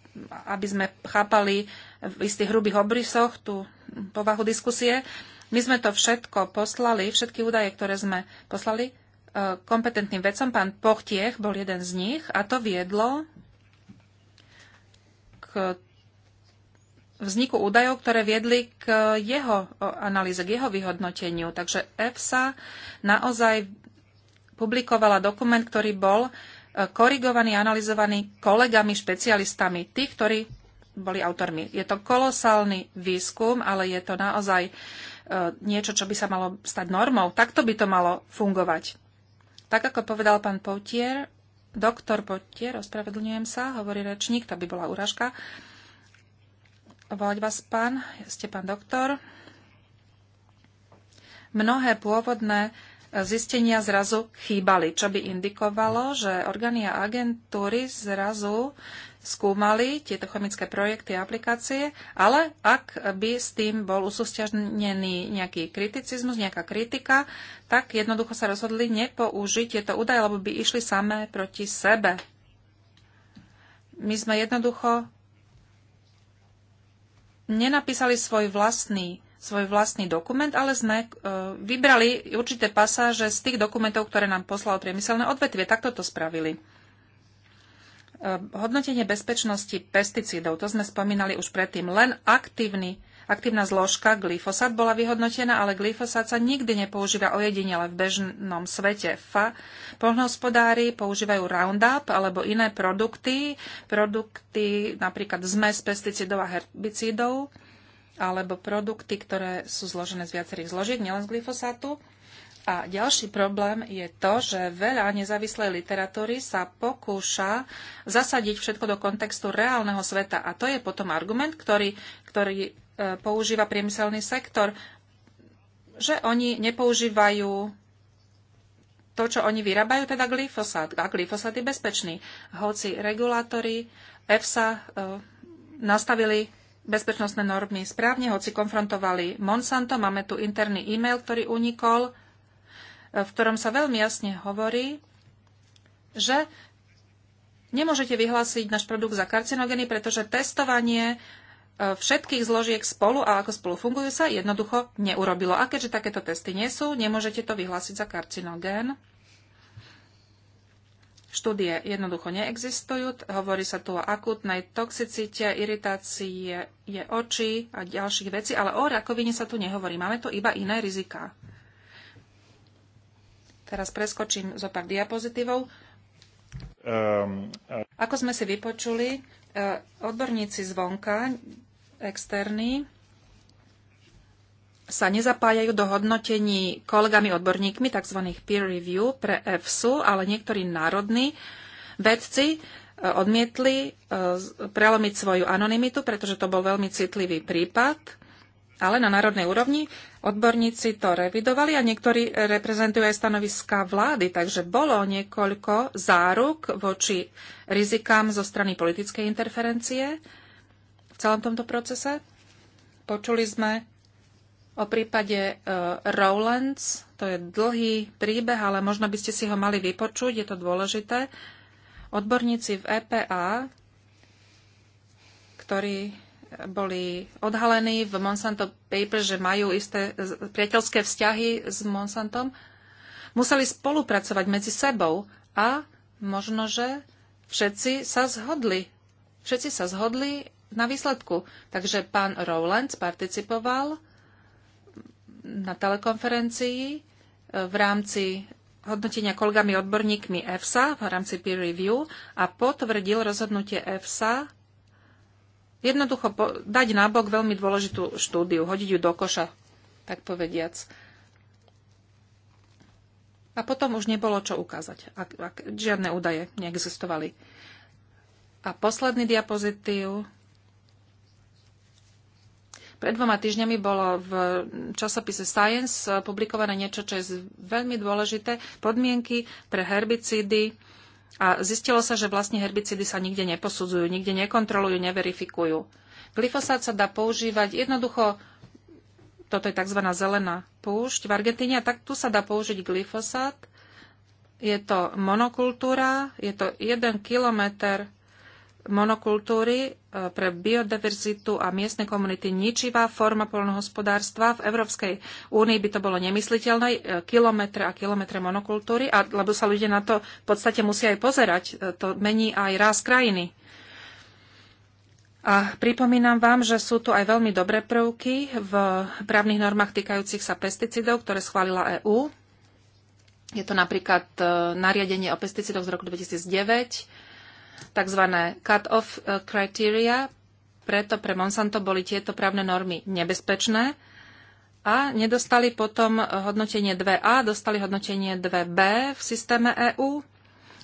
aby sme chápali v istých hrubých obrysoch tú povahu diskusie. My sme to všetko poslali, všetky údaje, ktoré sme poslali e, kompetentným vedcom. Pán Pochtiech bol jeden z nich a to viedlo k vzniku údajov, ktoré viedli k jeho analýze, k jeho vyhodnoteniu. Takže EFSA naozaj publikovala dokument, ktorý bol e, korigovaný, analyzovaný kolegami, špecialistami, tí, ktorí boli autormi. Je to kolosálny výskum, ale je to naozaj e, niečo, čo by sa malo stať normou. Takto by to malo fungovať. Tak ako povedal pán Poutier, doktor Poutier, ospravedlňujem sa, hovorí rečník, to by bola úražka, volať vás pán, ste pán doktor. Mnohé pôvodné zistenia zrazu chýbali, čo by indikovalo, že orgány a agentúry zrazu skúmali tieto chemické projekty a aplikácie, ale ak by s tým bol usústiažnený nejaký kriticizmus, nejaká kritika, tak jednoducho sa rozhodli nepoužiť tieto údaje, lebo by išli samé proti sebe. My sme jednoducho nenapísali svoj vlastný, svoj vlastný dokument, ale sme e, vybrali určité pasáže z tých dokumentov, ktoré nám poslalo priemyselné odvetvie. Takto to spravili. E, hodnotenie bezpečnosti pesticídov, to sme spomínali už predtým, len aktívny aktívna zložka glyfosát bola vyhodnotená, ale glyfosát sa nikdy nepoužíva ojedinele v bežnom svete. Fa, polnohospodári používajú Roundup alebo iné produkty, produkty napríklad zmes pesticidov a herbicídov, alebo produkty, ktoré sú zložené z viacerých zložiek, nielen z glyfosátu. A ďalší problém je to, že veľa nezávislej literatúry sa pokúša zasadiť všetko do kontextu reálneho sveta. A to je potom argument, ktorý, ktorý používa priemyselný sektor, že oni nepoužívajú to, čo oni vyrábajú, teda glyfosát. A glyfosát je bezpečný. Hoci regulátory EFSA e, nastavili bezpečnostné normy správne, hoci konfrontovali Monsanto. Máme tu interný e-mail, ktorý unikol, e, v ktorom sa veľmi jasne hovorí, že nemôžete vyhlásiť náš produkt za karcinogény, pretože testovanie E, všetkých zložiek spolu a ako spolu fungujú sa jednoducho neurobilo. A keďže takéto testy nie sú, nemôžete to vyhlásiť za karcinogén. Štúdie jednoducho neexistujú. Hovorí sa tu o akútnej toxicite, iritácie je oči a ďalších vecí, ale o rakovine sa tu nehovorí. Máme tu iba iné riziká. Teraz preskočím zo pár diapozitívov. Um, ehm, e- Ako sme si vypočuli, e, odborníci zvonka externí sa nezapájajú do hodnotení kolegami odborníkmi, tzv. peer review pre EFSU, ale niektorí národní vedci e, odmietli e, prelomiť svoju anonymitu, pretože to bol veľmi citlivý prípad. Ale na národnej úrovni odborníci to revidovali a niektorí reprezentujú aj stanoviska vlády, takže bolo niekoľko záruk voči rizikám zo strany politickej interferencie celom tomto procese. Počuli sme o prípade e, Rowlands. To je dlhý príbeh, ale možno by ste si ho mali vypočuť, je to dôležité. Odborníci v EPA, ktorí boli odhalení v Monsanto Papers, že majú isté e, priateľské vzťahy s Monsantom, museli spolupracovať medzi sebou a možno, že všetci sa zhodli. Všetci sa zhodli na výsledku. Takže pán Rowlands participoval na telekonferencii e, v rámci hodnotenia kolegami odborníkmi EFSA v rámci peer review a potvrdil rozhodnutie EFSA jednoducho po- dať nabok veľmi dôležitú štúdiu, hodiť ju do koša, tak povediac. A potom už nebolo čo ukázať, ak, ak žiadne údaje neexistovali. A posledný diapozitív pred dvoma týždňami bolo v časopise Science eh, publikované niečo, čo je veľmi dôležité. Podmienky pre herbicídy a zistilo sa, že vlastne herbicídy sa nikde neposudzujú, nikde nekontrolujú, neverifikujú. Glyfosát sa dá používať jednoducho, toto je tzv. zelená púšť v Argentíne, a tak tu sa dá použiť glyfosát. Je to monokultúra, je to 1 kilometr monokultúry e, pre biodiverzitu a miestne komunity ničivá forma polnohospodárstva. V Európskej únii by to bolo nemysliteľné, e, kilometre a kilometre monokultúry, a, lebo sa ľudia na to v podstate musia aj pozerať. E, to mení aj ráz krajiny. A pripomínam vám, že sú tu aj veľmi dobré prvky v právnych normách týkajúcich sa pesticidov, ktoré schválila EÚ. Je to napríklad nariadenie o pesticidoch z roku 2009, tzv. cut-off eh, criteria, preto pre Monsanto boli tieto právne normy nebezpečné a nedostali potom eh, hodnotenie 2A, dostali hodnotenie 2B v systéme EÚ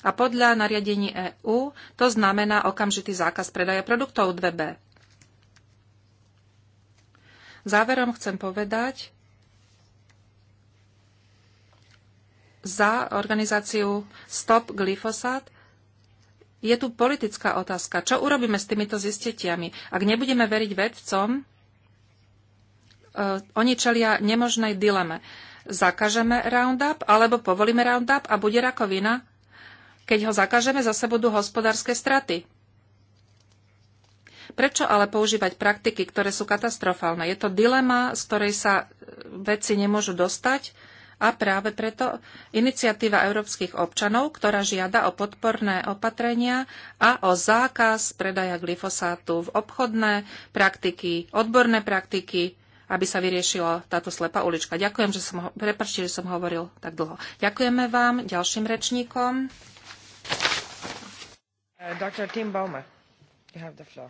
a podľa nariadení EÚ to znamená okamžitý zákaz predaja produktov 2B. Záverom chcem povedať, za organizáciu Stop glyfosat je tu politická otázka. Čo urobíme s týmito zistetiami? Ak nebudeme veriť vedcom, e, oni čelia nemožnej dileme. Zakažeme Roundup alebo povolíme Roundup a bude rakovina? Keď ho zakažeme, zase budú hospodárske straty. Prečo ale používať praktiky, ktoré sú katastrofálne? Je to dilema, z ktorej sa vedci nemôžu dostať a práve preto iniciatíva európskych občanov, ktorá žiada o podporné opatrenia a o zákaz predaja glyfosátu v obchodné praktiky, odborné praktiky, aby sa vyriešila táto slepá ulička. Ďakujem, že som, ho... prepačte, že som hovoril tak dlho. Ďakujeme vám, ďalším rečníkom. Uh, Dr. Tim Baumer, you have the floor.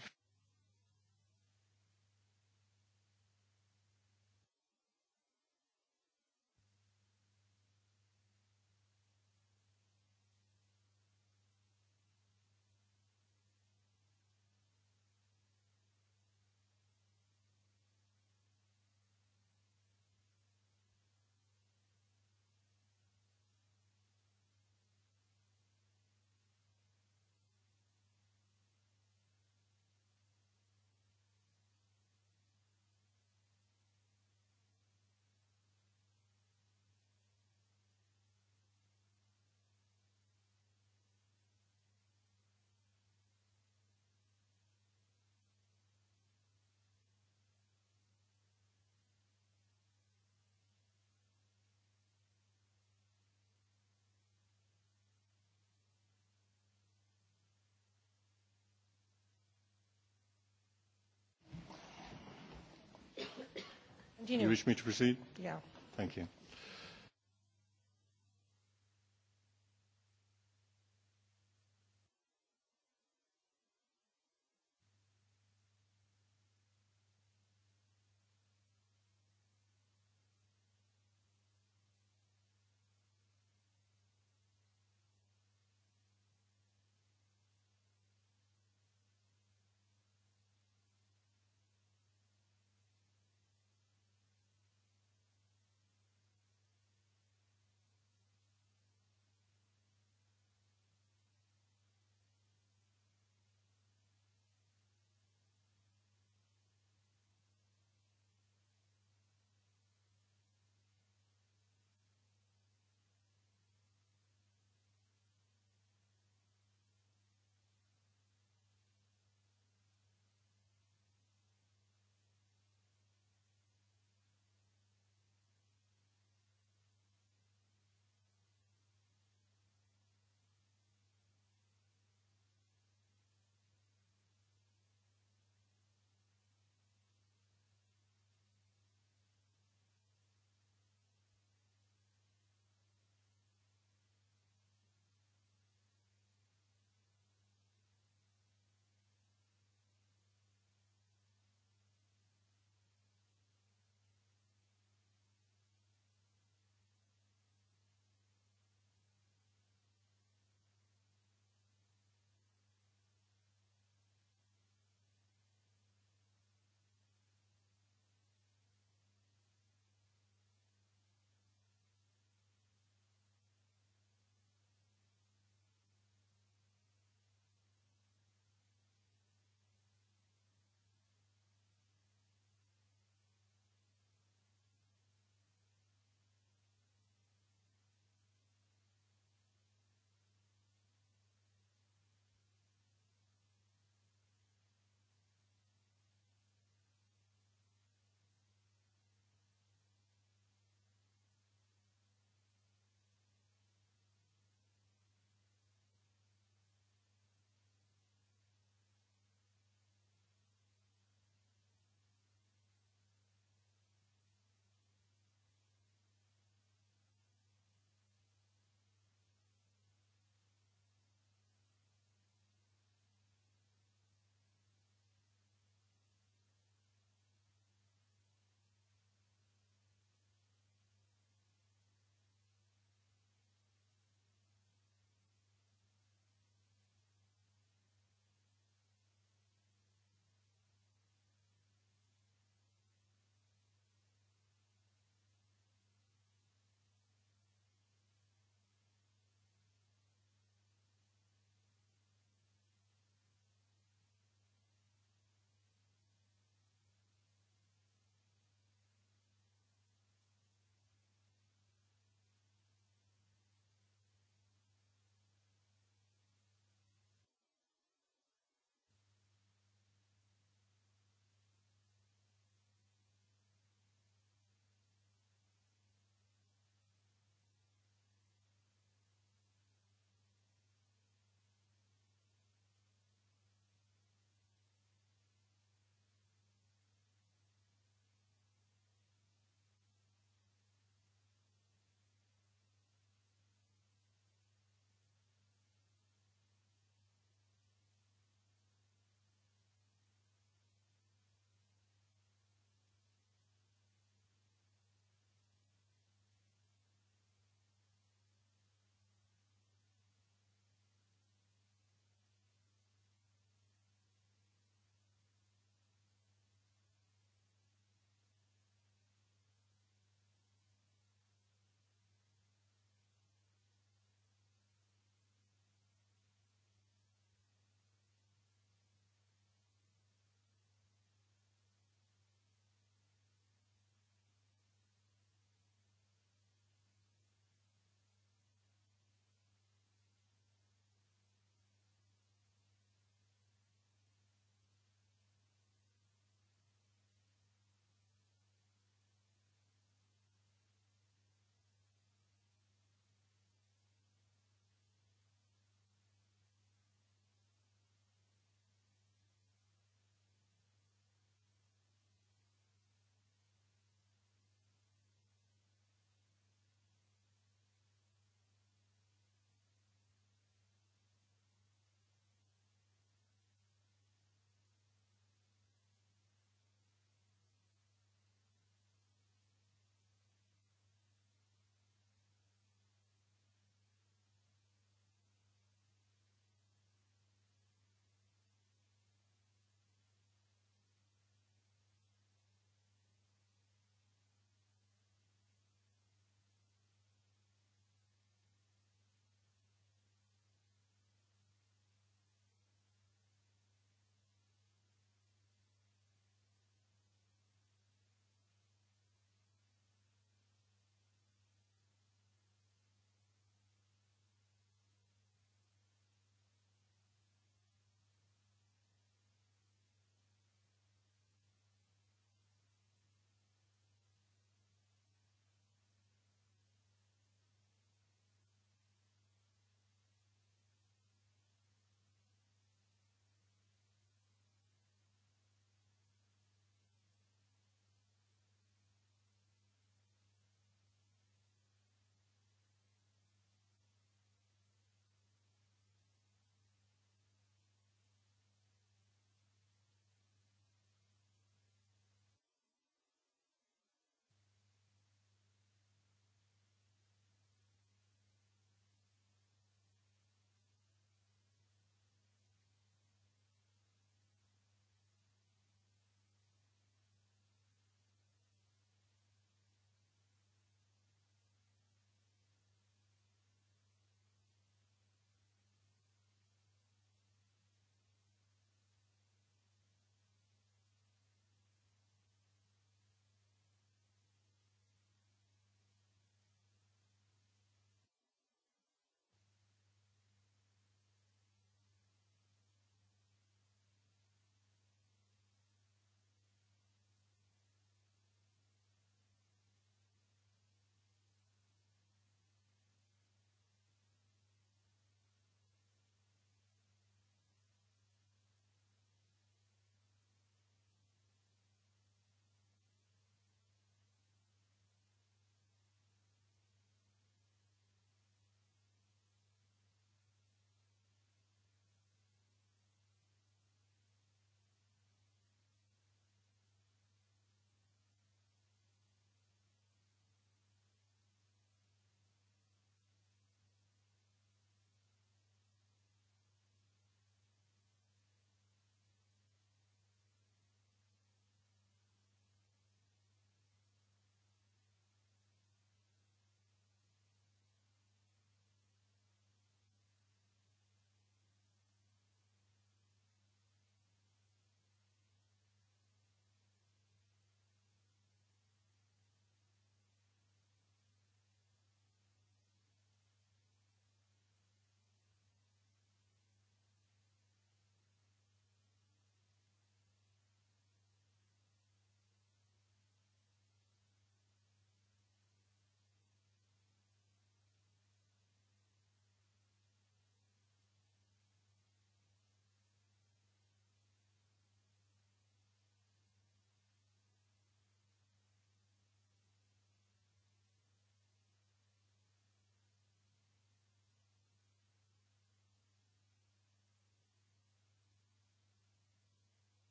Continue. You wish me to proceed? Yeah. Thank you.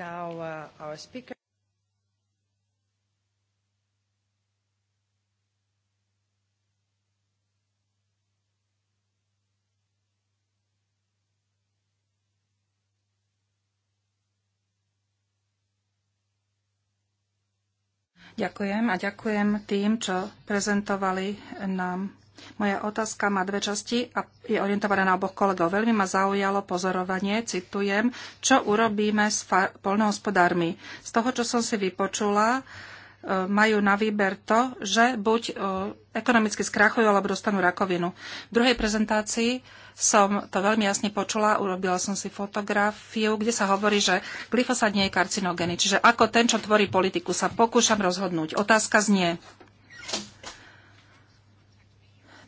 now uh, our speaker. Ďakujem a ďakujem tým, čo prezentovali nám moja otázka má dve časti a je orientovaná na oboch kolegov. Veľmi ma zaujalo pozorovanie, citujem, čo urobíme s polnohospodármi. Z toho, čo som si vypočula, e, majú na výber to, že buď e, ekonomicky skrachujú alebo dostanú rakovinu. V druhej prezentácii som to veľmi jasne počula, urobila som si fotografiu, kde sa hovorí, že glyfosát nie je karcinogény. Čiže ako ten, čo tvorí politiku, sa pokúšam rozhodnúť. Otázka znie,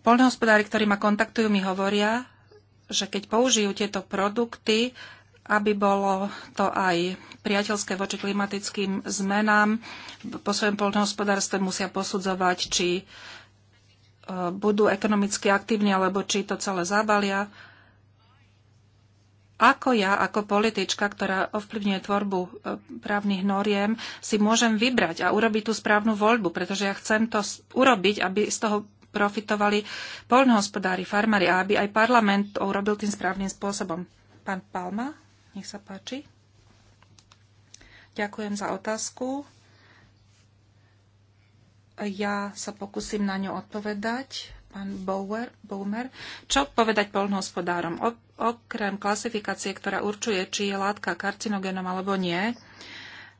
Polnohospodári, ktorí ma kontaktujú, mi hovoria, že keď použijú tieto produkty, aby bolo to aj priateľské voči klimatickým zmenám, po svojom poľnohospodárstve musia posudzovať, či e, budú ekonomicky aktívni, alebo či to celé zabalia. Ako ja, ako politička, ktorá ovplyvňuje tvorbu e, právnych noriem, si môžem vybrať a urobiť tú správnu voľbu, pretože ja chcem to urobiť, aby z toho profitovali poľnohospodári, farmári a aby aj parlament to urobil tým správnym spôsobom. Pán Palma, nech sa páči. Ďakujem za otázku. Ja sa pokúsim na ňu odpovedať. Pán Bower, Boomer, čo povedať poľnohospodárom? okrem klasifikácie, ktorá určuje, či je látka karcinogénom alebo nie,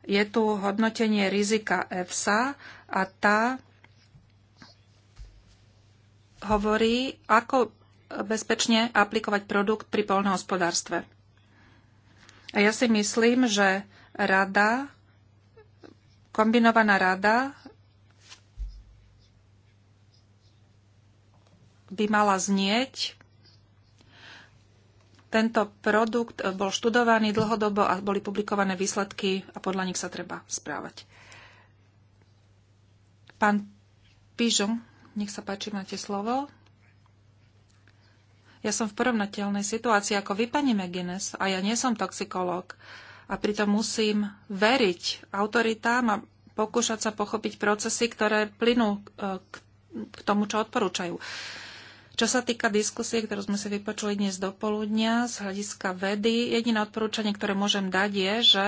je tu hodnotenie rizika EFSA a tá hovorí, ako bezpečne aplikovať produkt pri polnohospodárstve. A ja si myslím, že rada, kombinovaná rada by mala znieť. Tento produkt bol študovaný dlhodobo a boli publikované výsledky a podľa nich sa treba správať. Pán Pižon nech sa páči, máte slovo. Ja som v porovnateľnej situácii ako vy, pani McGuinness, a ja nie som toxikológ. A pritom musím veriť autoritám a pokúšať sa pochopiť procesy, ktoré plynú e, k tomu, čo odporúčajú. Čo sa týka diskusie, ktorú sme si vypočuli dnes do poludnia z hľadiska vedy, jediné odporúčanie, ktoré môžem dať, je, že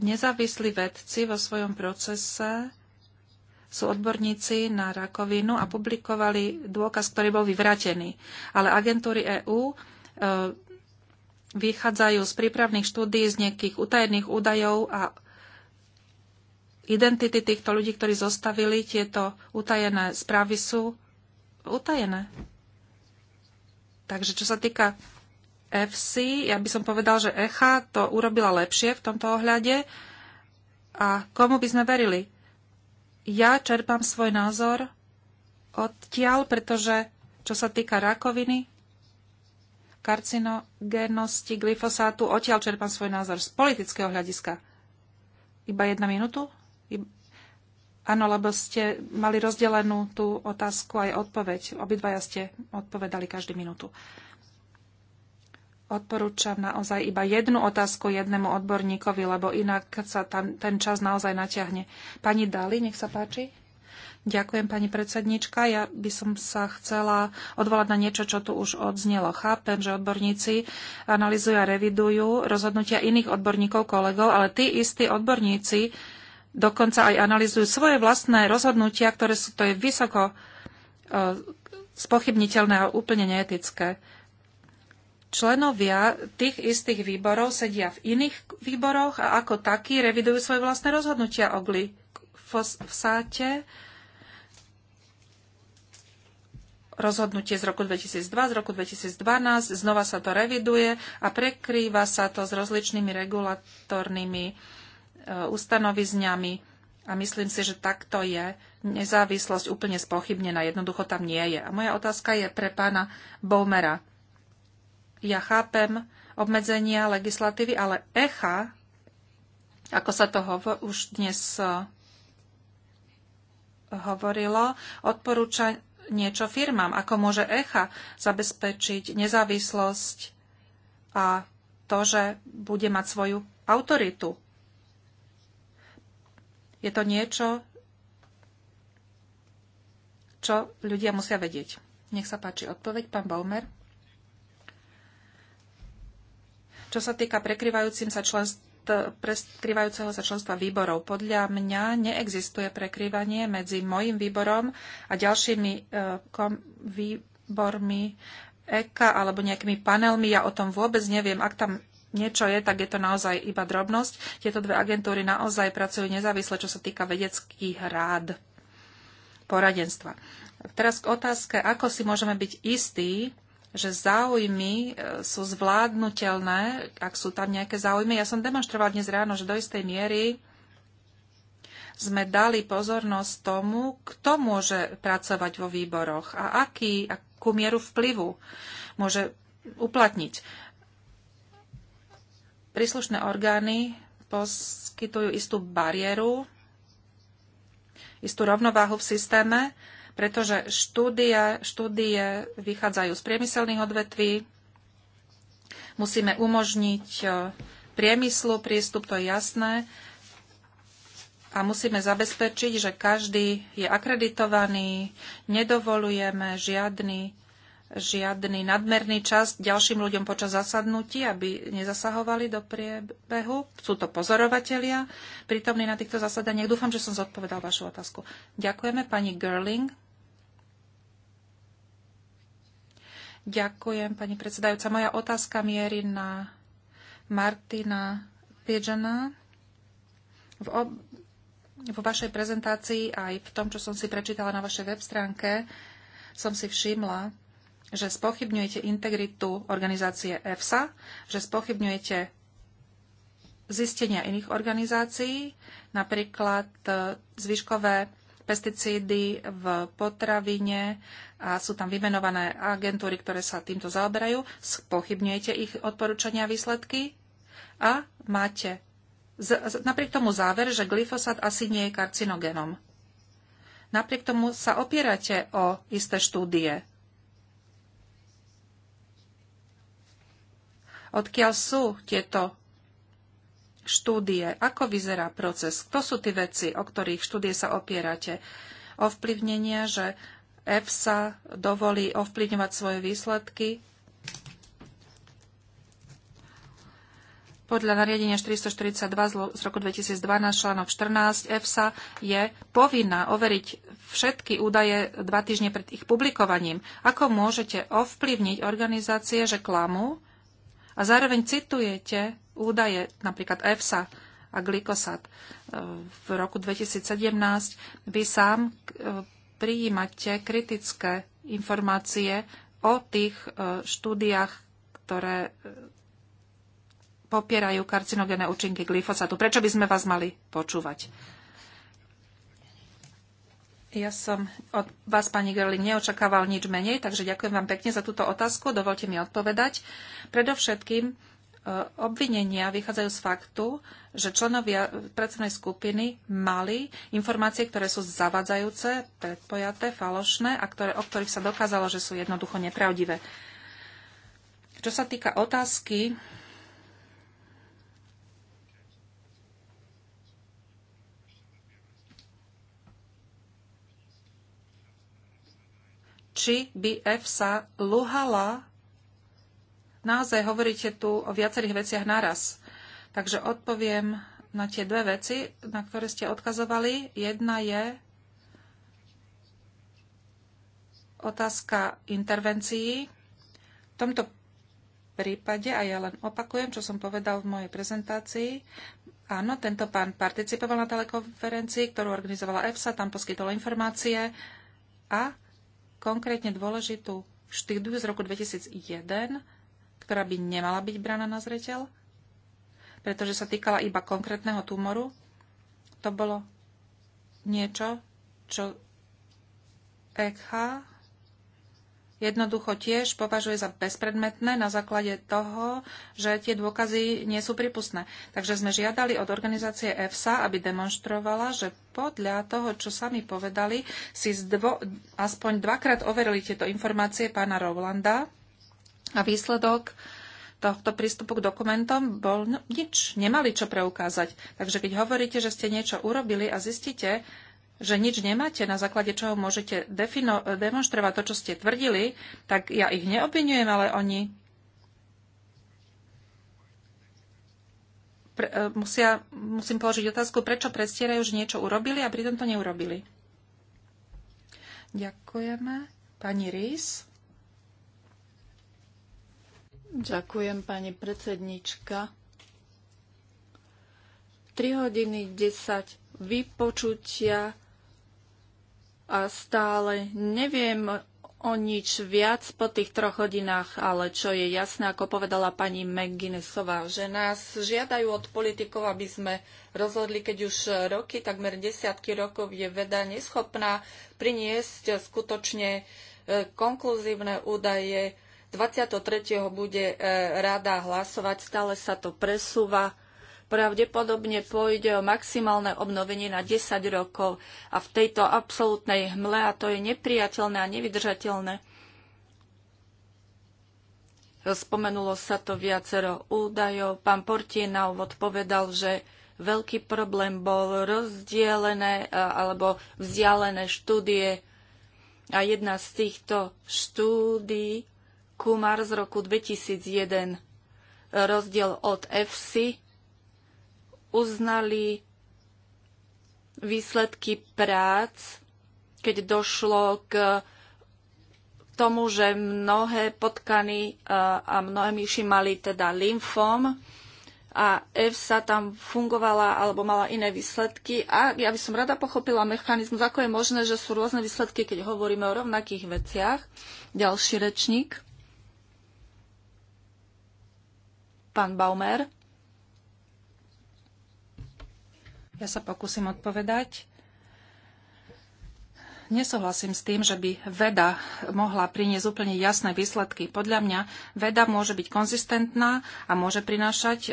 nezávislí vedci vo svojom procese sú odborníci na rakovinu a publikovali dôkaz, ktorý bol vyvratený. Ale agentúry EÚ e, vychádzajú z prípravných štúdí, z nejakých utajených údajov a identity týchto ľudí, ktorí zostavili tieto utajené správy, sú utajené. Takže čo sa týka FC, ja by som povedal, že ECHA to urobila lepšie v tomto ohľade. A komu by sme verili? ja čerpám svoj názor odtiaľ, pretože čo sa týka rakoviny, karcinogénnosti, glyfosátu, odtiaľ čerpám svoj názor z politického hľadiska. Iba jedna minútu? Áno, lebo ste mali rozdelenú tú otázku aj odpoveď. Obidvaja ste odpovedali každý minútu. Uh, Odporúčam naozaj iba jednu otázku jednému odborníkovi, lebo inak sa tam ten čas naozaj natiahne. Pani Dali, nech sa páči. Ďakujem, pani predsednička. Ja by som sa chcela odvolať na niečo, čo tu už odznelo. Chápem, že odborníci analizujú a revidujú rozhodnutia iných odborníkov, kolegov, ale tí istí odborníci dokonca aj analizujú svoje vlastné rozhodnutia, ktoré sú, to je vysoko e, spochybniteľné a úplne neetické členovia tých istých výborov sedia v iných výboroch a ako takí revidujú svoje vlastné rozhodnutia o glyfosáte. Rozhodnutie z roku 2002, z roku 2012, znova sa to reviduje a prekrýva sa to s rozličnými regulatornými e, ustanovizňami a myslím si, že takto je nezávislosť úplne spochybnená. Jednoducho tam nie je. A moja otázka je pre pána Boumera ja chápem obmedzenia legislatívy, ale echa, ako sa to hov- už dnes e, hovorilo, odporúča niečo firmám, ako môže echa zabezpečiť nezávislosť a to, že bude mať svoju autoritu. Je to niečo, čo ľudia musia vedieť. Nech sa páči odpoveď, pán Baumer. Čo sa týka prekryvajúcim sa členstvom, preskrývajúceho sa členstva výborov. Podľa mňa neexistuje prekrývanie medzi môjim výborom a ďalšími e, výbormi EKA alebo nejakými panelmi. Ja o tom vôbec neviem. Ak tam niečo je, tak je to naozaj iba drobnosť. Tieto dve agentúry naozaj pracujú nezávisle, čo sa týka vedeckých rád poradenstva. Teraz k otázke, ako si môžeme byť istí, že záujmy e, sú zvládnutelné, ak sú tam nejaké záujmy. Ja som demonstroval dnes ráno, že do istej miery sme dali pozornosť tomu, kto môže pracovať vo výboroch a aký, akú mieru vplyvu môže uplatniť. Príslušné orgány poskytujú istú bariéru, istú rovnováhu v systéme, pretože štúdie, štúdie vychádzajú z priemyselných odvetví. Musíme umožniť e, priemyslu prístup, to je jasné. A musíme zabezpečiť, že každý je akreditovaný, nedovolujeme žiadny, žiadny nadmerný čas ďalším ľuďom počas zasadnutí, aby nezasahovali do priebehu. Sú to pozorovatelia prítomní na týchto zasadaniach. Dúfam, že som zodpovedal vašu otázku. Ďakujeme pani Gerling. Ďakujem, pani predsedajúca. Moja otázka mierí na Martina Piedžana. V ob- vo vašej prezentácii aj v tom, čo som si prečítala na vašej web stránke, som si všimla, že spochybňujete integritu organizácie EFSA, že spochybňujete zistenia iných organizácií, napríklad e, zvyškové pesticídy v potravine a sú tam vymenované agentúry, ktoré sa týmto zaoberajú. Spochybňujete ich odporúčania a výsledky a máte z, z, napriek tomu záver, že glyfosát asi nie je karcinogenom. Napriek tomu sa opierate o isté štúdie. Odkiaľ sú tieto štúdie, ako vyzerá proces, kto sú tie veci, o ktorých štúdie sa opierate, ovplyvnenia, že EFSA dovolí ovplyvňovať svoje výsledky, Podľa nariadenia 442 z roku 2012 článok 14 EFSA je povinná overiť všetky údaje dva týždne pred ich publikovaním. Ako môžete ovplyvniť organizácie, že klamú a zároveň citujete údaje, napríklad EFSA a glykosat. V roku 2017 vy sám e, prijímate kritické informácie o tých e, štúdiách, ktoré e, popierajú karcinogénne účinky glyfosatu. Prečo by sme vás mali počúvať? Ja som od vás, pani Gerling, neočakával nič menej, takže ďakujem vám pekne za túto otázku. Dovolte mi odpovedať. Predovšetkým Obvinenia vychádzajú z faktu, že členovia pracovnej skupiny mali informácie, ktoré sú zavadzajúce, predpojaté, falošné a ktoré, o ktorých sa dokázalo, že sú jednoducho nepravdivé. Čo sa týka otázky, či by EFSA luhala naozaj hovoríte tu o viacerých veciach naraz. Takže odpoviem na tie dve veci, na ktoré ste odkazovali. Jedna je otázka intervencií. V tomto prípade, a ja len opakujem, čo som povedal v mojej prezentácii, áno, tento pán participoval na telekonferencii, ktorú organizovala EFSA, tam poskytol informácie a konkrétne dôležitú štýdu z roku 2001 ktorá by nemala byť braná na zreteľ, pretože sa týkala iba konkrétneho tumoru. To bolo niečo, čo EKH jednoducho tiež považuje za bezpredmetné na základe toho, že tie dôkazy nie sú prípustné. Takže sme žiadali od organizácie EFSA, aby demonstrovala, že podľa toho, čo sami povedali, si zdvo, aspoň dvakrát overili tieto informácie pána Rowlanda, a výsledok tohto prístupu k dokumentom bol no, nič. Nemali čo preukázať. Takže keď hovoríte, že ste niečo urobili a zistíte, že nič nemáte, na základe čoho môžete defino- demonstrovať to, čo ste tvrdili, tak ja ich neobvinujem, ale oni pre- e, musia, musím položiť otázku, prečo prestierajú, že niečo urobili a pritom to neurobili. Ďakujeme. Pani Rís. Ďakujem, pani predsednička. 3 hodiny 10 vypočutia a stále neviem o nič viac po tých troch hodinách, ale čo je jasné, ako povedala pani McGuinnessová, že nás žiadajú od politikov, aby sme rozhodli, keď už roky, takmer desiatky rokov je veda neschopná priniesť skutočne e, konkluzívne údaje 23. bude e, rada hlasovať, stále sa to presúva. Pravdepodobne pôjde o maximálne obnovenie na 10 rokov a v tejto absolútnej hmle, a to je nepriateľné a nevydržateľné. Spomenulo sa to viacero údajov. Pán Portie na úvod povedal, že veľký problém bol rozdielené e, alebo vzdialené štúdie a jedna z týchto štúdí Kumar z roku 2001 rozdiel od FC, uznali výsledky prác, keď došlo k tomu, že mnohé potkany a mnohé myši mali teda lymfom, a EFSA tam fungovala alebo mala iné výsledky. A ja by som rada pochopila mechanizmus, ako je možné, že sú rôzne výsledky, keď hovoríme o rovnakých veciach. Ďalší rečník. Pán Baumer. Ja sa pokúsim odpovedať. Nesúhlasím s tým, že by veda mohla priniesť úplne jasné výsledky. Podľa mňa veda môže byť konzistentná a môže prinášať e,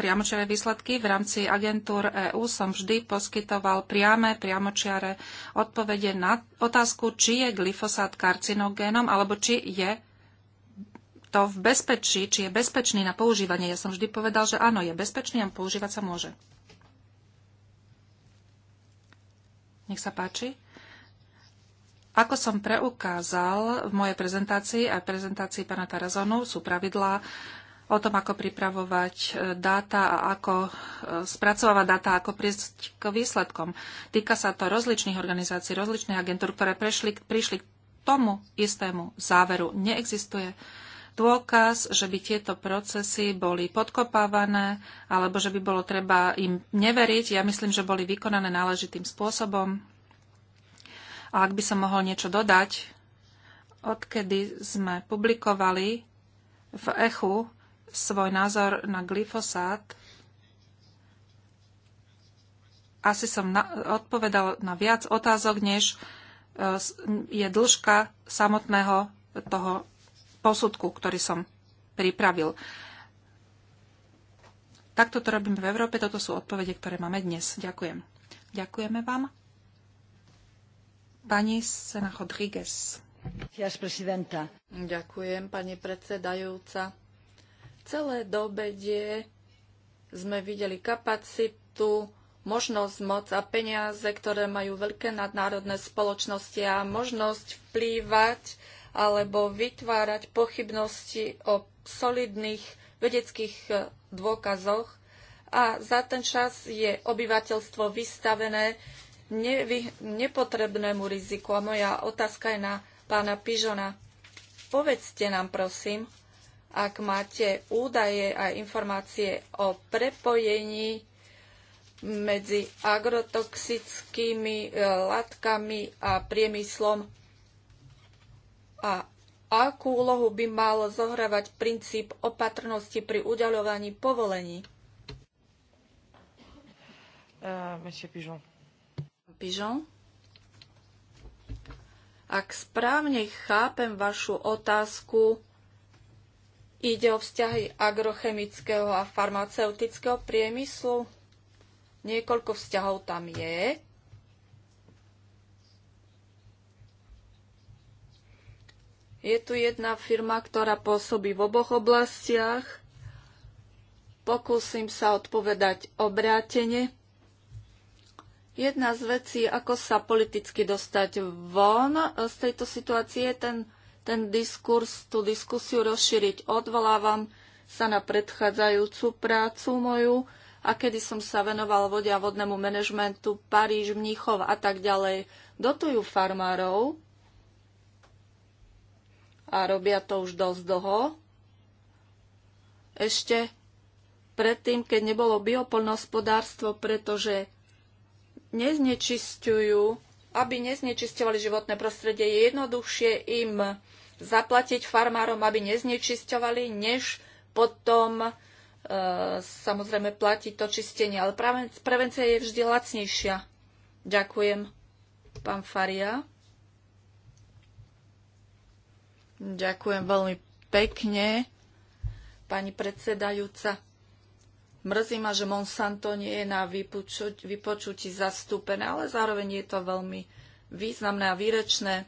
priamočiare výsledky. V rámci agentúr EÚ som vždy poskytoval priame, priamočiare odpovede na otázku, či je glyfosát karcinogénom alebo či je to v bezpečí, či je bezpečný na používanie. Ja som vždy povedal, že áno, je bezpečný a používať sa môže. Nech sa páči. Ako som preukázal v mojej prezentácii a prezentácii pána Tarazonu, sú pravidlá o tom, ako pripravovať e, dáta a ako e, spracovávať dáta, ako prísť k výsledkom. Týka sa to rozličných organizácií, rozličných agentúr, ktoré prešli, prišli k tomu istému záveru. Neexistuje uh, dôkaz, že by tieto procesy boli podkopávané alebo že by bolo treba im neveriť. Ja myslím, že boli vykonané náležitým spôsobom. A ak by som mohol niečo dodať, odkedy sme publikovali v Echu svoj názor na glyfosát, asi som na, odpovedal na viac otázok, než e, je dĺžka samotného toho posudku, ktorý som pripravil. Takto to robíme v Európe, toto sú odpovede, ktoré máme dnes. Ďakujem. Ďakujeme vám. Pani Sena Rodriguez. Ďakujem, pani predsedajúca. Celé dobedie sme videli kapacitu, možnosť, moc a peniaze, ktoré majú veľké nadnárodné spoločnosti a možnosť vplývať alebo vytvárať pochybnosti o solidných vedeckých e, dôkazoch a za ten čas je obyvateľstvo vystavené nevy, nepotrebnému riziku. A moja otázka je na pána Pižona. Povedzte nám, prosím, ak máte údaje a informácie o prepojení medzi agrotoxickými e, látkami a priemyslom a akú úlohu by mal zohrávať princíp opatrnosti pri udaľovaní povolení? Uh, Pigeon. Pigeon? Ak správne chápem vašu otázku, ide o vzťahy agrochemického a farmaceutického priemyslu. Niekoľko vzťahov tam je Je tu jedna firma, ktorá pôsobí v oboch oblastiach. Pokúsim sa odpovedať obrátene. Jedna z vecí, ako sa politicky dostať von z tejto situácie, je ten, ten diskurs, tú diskusiu rozšíriť. Odvolávam sa na predchádzajúcu prácu moju a kedy som sa venoval vode a vodnému manažmentu, Paríž, Mníchov a tak ďalej. Dotujú farmárov, a robia to už dosť dlho. Ešte predtým, keď nebolo biopolnohospodárstvo, pretože neznečisťujú, aby neznečisťovali životné prostredie. Je jednoduchšie im zaplatiť farmárom, aby neznečisťovali, než potom e, samozrejme platiť to čistenie. Ale prevencia je vždy lacnejšia. Ďakujem, pán Faria. Ďakujem veľmi pekne, pani predsedajúca. Mrzí ma, že Monsanto nie je na vypočuť, vypočutí zastúpené, ale zároveň je to veľmi významné a výrečné.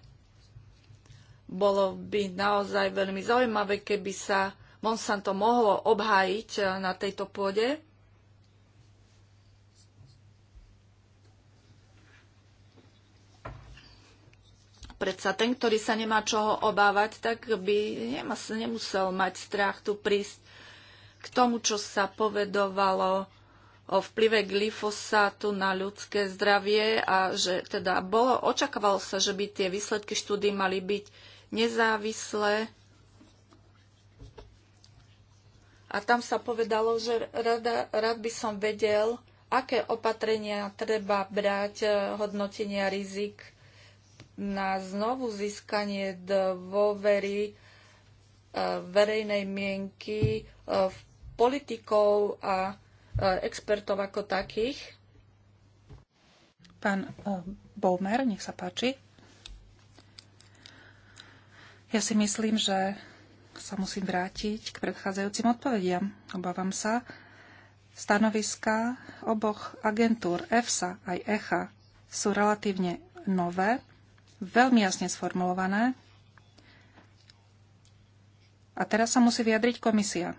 Bolo by naozaj veľmi zaujímavé, keby sa Monsanto mohlo obhájiť eh, na tejto pôde. predsa ten, ktorý sa nemá čoho obávať, tak by nemusel mať strach tu prísť k tomu, čo sa povedovalo o vplyve glyfosátu na ľudské zdravie a že teda bolo, očakávalo sa, že by tie výsledky štúdy mali byť nezávislé. A tam sa povedalo, že rada, rád by som vedel, aké opatrenia treba brať, eh, hodnotenia rizik na znovu získanie dôvery e, verejnej mienky e, v politikov a e, expertov ako takých. Pán Boumer, nech sa páči. Ja si myslím, že sa musím vrátiť k predchádzajúcim odpovediam. Obávam sa. Stanoviska oboch agentúr EFSA aj ECHA sú relatívne nové veľmi jasne sformulované. A teraz sa musí vyjadriť komisia.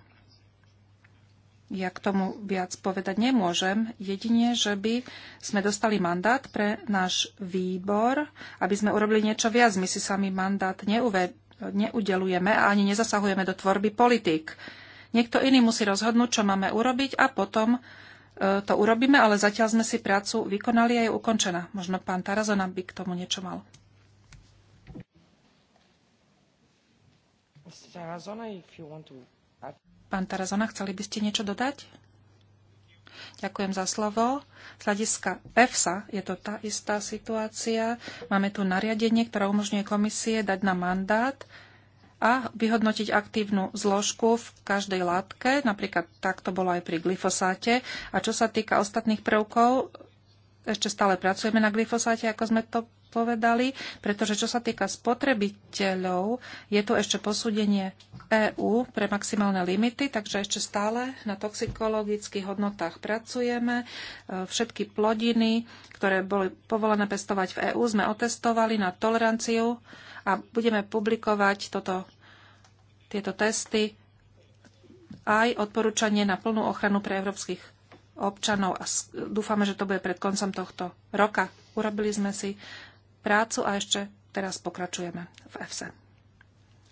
Ja k tomu viac povedať nemôžem, jedine, že by sme dostali mandát pre náš výbor, aby sme urobili niečo viac. My si sami mandát neuve- neudelujeme a ani nezasahujeme do tvorby politik. Niekto iný musí rozhodnúť, čo máme urobiť a potom e, to urobíme, ale zatiaľ sme si prácu vykonali a je ukončená. Možno pán Tarazona by k tomu niečo mal. Pán Tarazona, chceli by ste niečo dodať? Ďakujem za slovo. Z hľadiska EFSA je to tá istá situácia. Máme tu nariadenie, ktoré umožňuje komisie dať na mandát a vyhodnotiť aktívnu zložku v každej látke. Napríklad tak to bolo aj pri glyfosáte. A čo sa týka ostatných prvkov, ešte stále pracujeme na glyfosáte, ako sme to odpovedali, pretože čo sa týka spotrebiteľov, je tu ešte posúdenie EÚ pre maximálne limity, takže ešte stále na toxikologických hodnotách pracujeme. E, všetky plodiny, ktoré boli povolené pestovať v EÚ, sme otestovali na toleranciu a budeme publikovať toto, tieto testy aj odporúčanie na plnú ochranu pre európskych občanov a dúfame, že to bude pred koncom tohto roka. Urobili sme si prácu a ešte teraz pokračujeme v EFSE.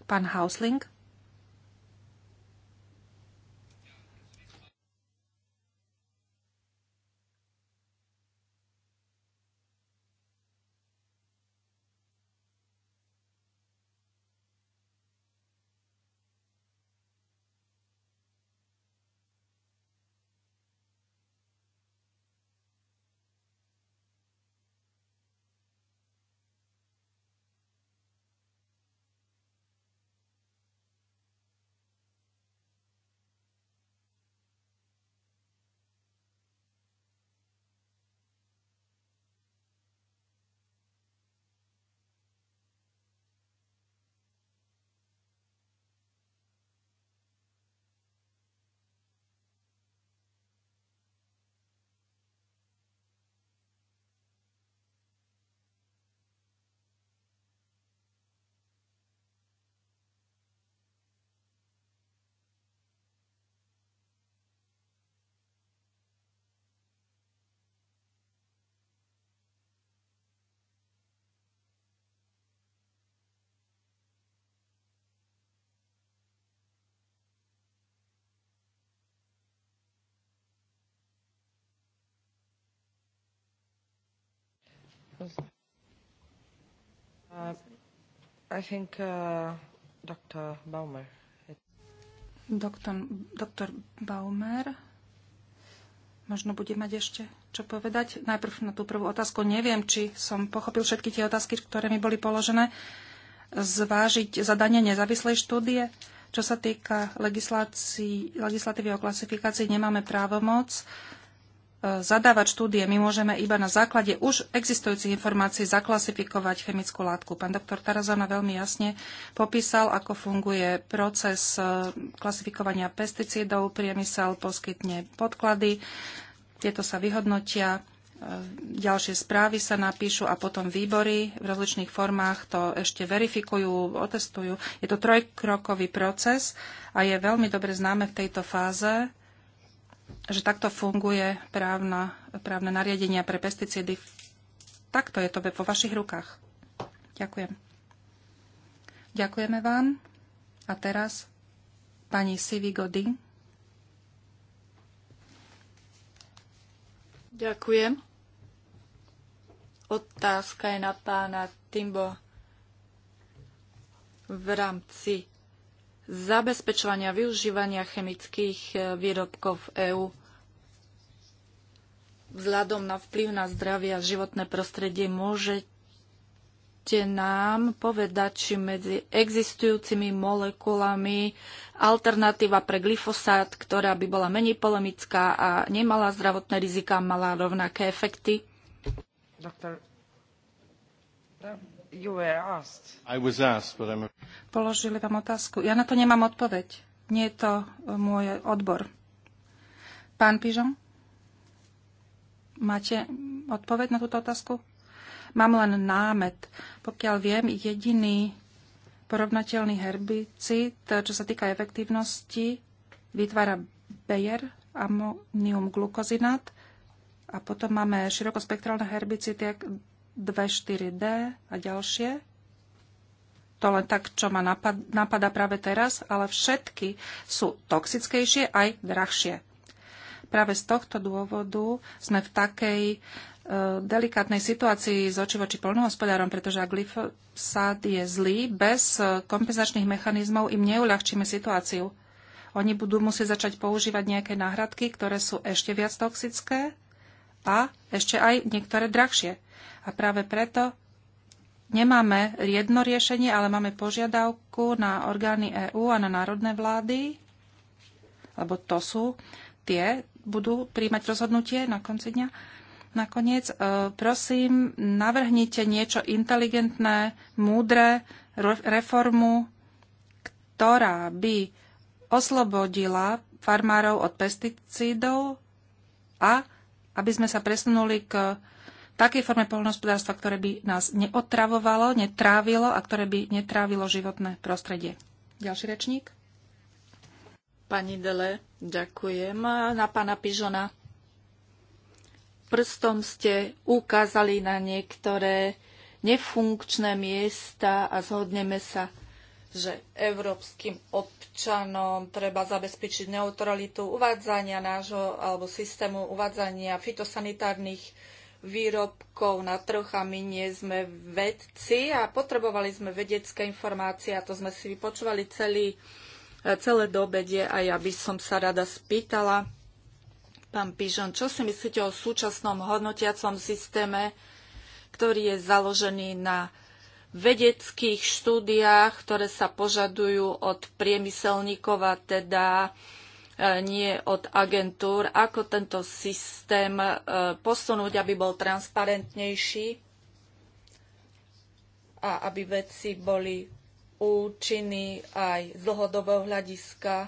Pán Hausling. Uh, I think uh, Dr. Baumer. Doktor, doktor Baumer možno bude mať ešte čo povedať. Najprv na tú prvú otázku. Neviem, či som pochopil všetky tie otázky, ktoré mi boli položené. Zvážiť zadanie nezávislej štúdie. Čo sa týka legislatívy o klasifikácii, nemáme právomoc zadávať štúdie. My môžeme iba na základe už existujúcich informácií zaklasifikovať chemickú látku. Pán doktor Tarazana veľmi jasne popísal, ako funguje proces e, klasifikovania pesticídov. Priemysel poskytne podklady, tieto sa vyhodnotia, e, ďalšie správy sa napíšu a potom výbory v rozličných formách to ešte verifikujú, otestujú. Je to trojkrokový proces a je veľmi dobre známe v tejto fáze, že takto funguje právna, právne nariadenia pre pesticídy. Takto je to vo vašich rukách. Ďakujem. Ďakujeme vám. A teraz pani Sivy Godin. Ďakujem. Otázka je na pána Timbo v rámci zabezpečovania využívania chemických eh, výrobkov v EÚ vzhľadom na vplyv na zdravie a životné prostredie môžete nám povedať, či medzi existujúcimi molekulami alternatíva pre glyfosát, ktorá by bola menej polemická a nemala zdravotné rizika, mala rovnaké efekty? Doktor. You were asked. I was asked, but I'm... Položili vám otázku. Ja na to nemám odpoveď. Nie je to e, môj odbor. Pán Pižon, máte odpoveď na túto otázku? Mám len námet. Pokiaľ viem, jediný porovnateľný herbicid, čo sa týka efektívnosti, vytvára Bayer amonium glukozinát a potom máme širokospektrálne herbicidy 4 d a ďalšie. To len tak, čo ma napad, napadá práve teraz, ale všetky sú toxickejšie aj drahšie. Práve z tohto dôvodu sme v takej e, delikátnej situácii z oči voči polnohospodárom, pretože ak glyfosát je zlý, bez e, kompenzačných mechanizmov im neuľahčíme situáciu. Oni budú musieť začať používať nejaké náhradky, ktoré sú ešte viac toxické a ešte aj niektoré drahšie. A práve preto nemáme jedno riešenie, ale máme požiadavku na orgány EÚ a na národné vlády, lebo to sú tie, budú príjmať rozhodnutie na konci dňa. Nakoniec, e, prosím, navrhnite niečo inteligentné, múdre, reformu, ktorá by oslobodila farmárov od pesticídov a aby sme sa presunuli k takej forme poľnohospodárstva, ktoré by nás neotravovalo, netrávilo a ktoré by netrávilo životné prostredie. Ďalší rečník. Pani Dele, ďakujem. Na pána Pižona. Prstom ste ukázali na niektoré nefunkčné miesta a zhodneme sa že európskym občanom treba zabezpečiť neutralitu uvádzania nášho alebo systému uvádzania fitosanitárnych výrobkov na trh a my nie sme vedci a potrebovali sme vedecké informácie a to sme si vypočúvali celý, celé do obede a ja by som sa rada spýtala, pán Pižon, čo si myslíte o súčasnom hodnotiacom systéme, ktorý je založený na vedeckých štúdiách, ktoré sa požadujú od priemyselníkov a teda e, nie od agentúr, ako tento systém e, posunúť, aby bol transparentnejší a aby veci boli účinní aj z dlhodobého hľadiska.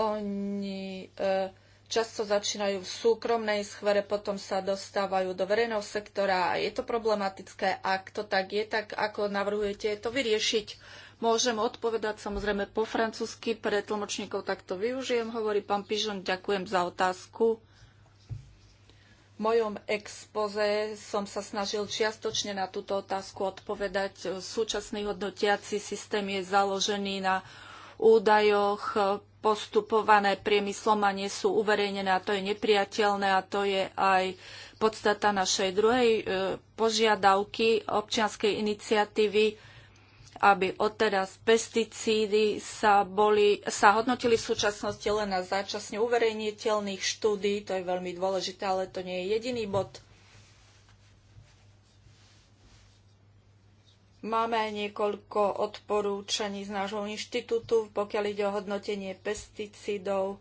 Oni e, často začínajú v súkromnej sfere, potom sa dostávajú do verejného sektora a je to problematické. Ak to tak je, tak ako navrhujete to vyriešiť? Môžem odpovedať samozrejme po francúzsky, pre tlmočníkov takto využijem, hovorí pán Pižon, ďakujem za otázku. V mojom expoze som sa snažil čiastočne na túto otázku odpovedať. Súčasný hodnotiaci systém je založený na údajoch postupované priemyslom a nie sú uverejnené a to je nepriateľné a to je aj podstata našej druhej e, požiadavky občianskej iniciatívy, aby odteraz pesticídy sa, boli, sa hodnotili v súčasnosti len na záčasne uverejniteľných štúdí, to je veľmi dôležité, ale to nie je jediný bod Máme aj niekoľko odporúčaní z nášho inštitútu, pokiaľ ide o hodnotenie pesticídov.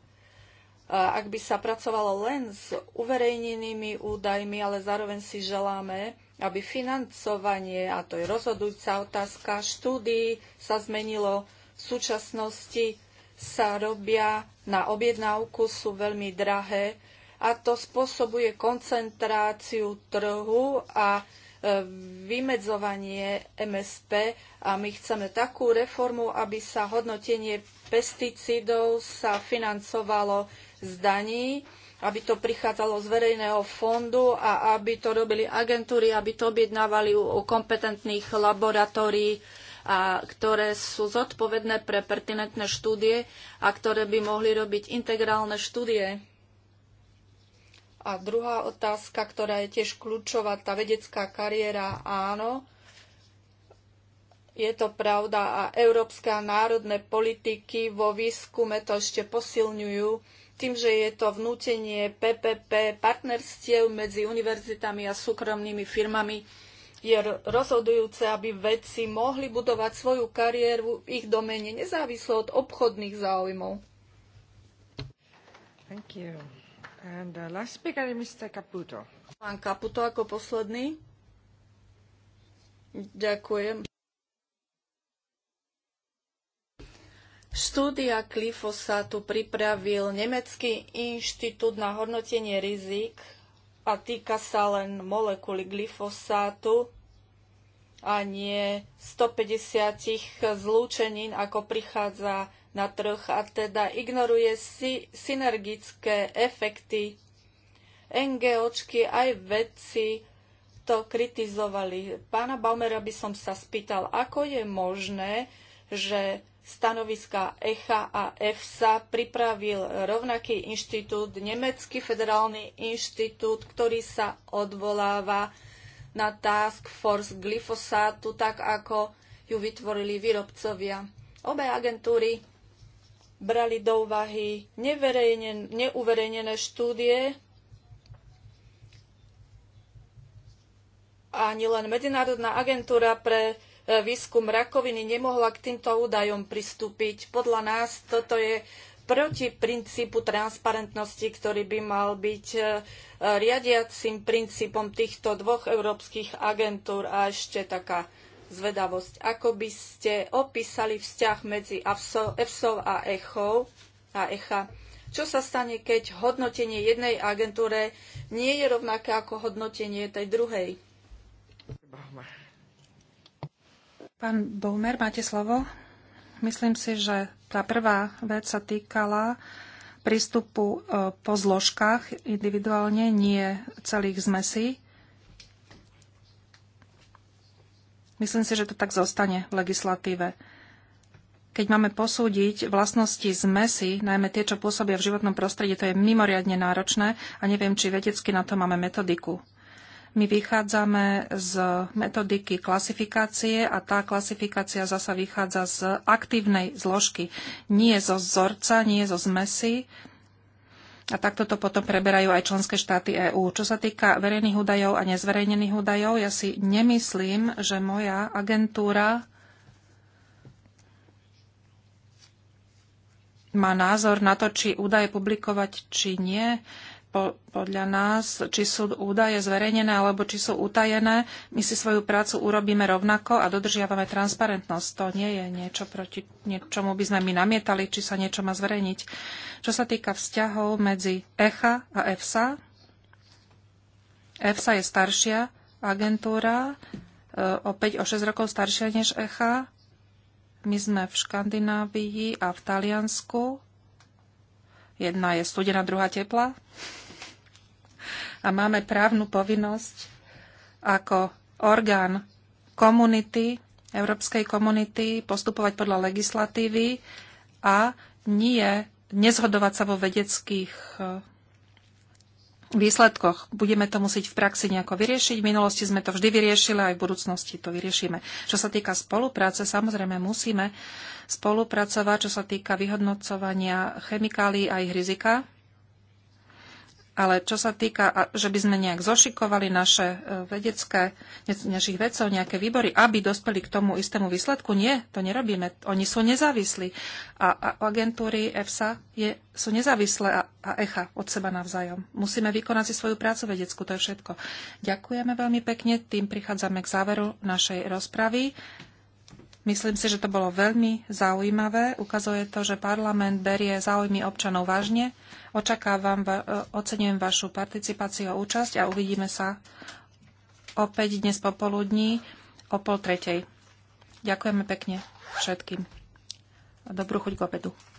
Ak by sa pracovalo len s uverejnenými údajmi, ale zároveň si želáme, aby financovanie, a to je rozhodujúca otázka, štúdí sa zmenilo. V súčasnosti sa robia na objednávku, sú veľmi drahé a to spôsobuje koncentráciu trhu a vymedzovanie MSP a my chceme takú reformu, aby sa hodnotenie pesticídov sa financovalo z daní, aby to prichádzalo z verejného fondu a aby to robili agentúry, aby to objednávali u kompetentných laboratórií, a ktoré sú zodpovedné pre pertinentné štúdie a ktoré by mohli robiť integrálne štúdie a druhá otázka, ktorá je tiež kľúčová, tá vedecká kariéra, áno, je to pravda a európske a národné politiky vo výskume to ešte posilňujú tým, že je to vnútenie PPP partnerstiev medzi univerzitami a súkromnými firmami. Je rozhodujúce, aby vedci mohli budovať svoju kariéru v ich domene nezávisle od obchodných záujmov. Thank you. And the uh, last speaker is Mr. Caputo. Pán Caputo ako posledný. Ďakujem. Štúdia glyfosátu pripravil Nemecký inštitút na hodnotenie rizik a týka sa len molekuly glyfosátu a nie 150 zlúčenín, ako prichádza na trh a teda ignoruje si synergické efekty. NGOčky aj vedci to kritizovali. Pána Baumera by som sa spýtal, ako je možné, že stanoviska ECHA a EFSA pripravil rovnaký inštitút, Nemecký federálny inštitút, ktorý sa odvoláva na Task Force glyfosátu, tak ako ju vytvorili výrobcovia. Obe agentúry brali do úvahy neuverejnené štúdie ani len Medzinárodná agentúra pre e, výskum rakoviny nemohla k týmto údajom pristúpiť. Podľa nás toto je proti princípu transparentnosti, ktorý by mal byť e, riadiacim princípom týchto dvoch európskych agentúr. A ešte taká zvedavosť. Ako by ste opísali vzťah medzi EFSOV a ECHO a ECHA? Čo sa stane, keď hodnotenie jednej agentúre nie je rovnaké ako hodnotenie tej druhej? Pán Boumer, máte slovo. Myslím si, že tá prvá vec sa týkala prístupu e, po zložkách individuálne, nie celých zmesí. Myslím si, že to tak zostane v legislatíve. Keď máme posúdiť vlastnosti zmesi, najmä tie, čo pôsobia v životnom prostredí, to je mimoriadne náročné a neviem, či vedecky na to máme metodiku. My vychádzame z metodiky klasifikácie a tá klasifikácia zasa vychádza z aktívnej zložky. Nie zo vzorca, nie zo zmesi, a takto to potom preberajú aj členské štáty EÚ. Čo sa týka verejných údajov a nezverejnených údajov, ja si nemyslím, že moja agentúra má názor na to, či údaje publikovať, či nie po, podľa nás, či sú údaje zverejnené alebo či sú utajené, my si svoju prácu urobíme rovnako a dodržiavame transparentnosť. To nie je niečo, proti niečomu by sme my namietali, či sa niečo má zverejniť. Čo sa týka vzťahov medzi ECHA a EFSA, EFSA e je staršia agentúra, e, opäť o 6 rokov staršia než ECHA. My sme v Škandinávii a v Taliansku. Jedna je studená, druhá teplá a máme právnu povinnosť ako orgán komunity, európskej komunity postupovať podľa legislatívy a nie nezhodovať sa vo vedeckých e, výsledkoch. Budeme to musieť v praxi nejako vyriešiť. V minulosti sme to vždy vyriešili, aj v budúcnosti to vyriešime. Čo sa týka spolupráce, samozrejme musíme spolupracovať, čo sa týka vyhodnocovania chemikálií a ich rizika. Ale čo sa týka, že by sme nejak zošikovali naše e, vedecké, našich vedcov, nejaké výbory, aby dospeli k tomu istému výsledku, nie, to nerobíme. Oni sú nezávislí. A, a agentúry EFSA je, sú nezávislé a, a ECHA od seba navzájom. Musíme vykonať si svoju prácu vedeckú, to je všetko. Ďakujeme veľmi pekne, tým prichádzame k záveru našej rozpravy. Myslím si, že to bolo veľmi zaujímavé. Ukazuje to, že parlament berie záujmy občanov vážne. Očakávam, e, ocenujem vašu participáciu a účasť a uvidíme sa opäť dnes popoludní o pol tretej. Ďakujeme pekne všetkým. Dobrú chuť k obedu.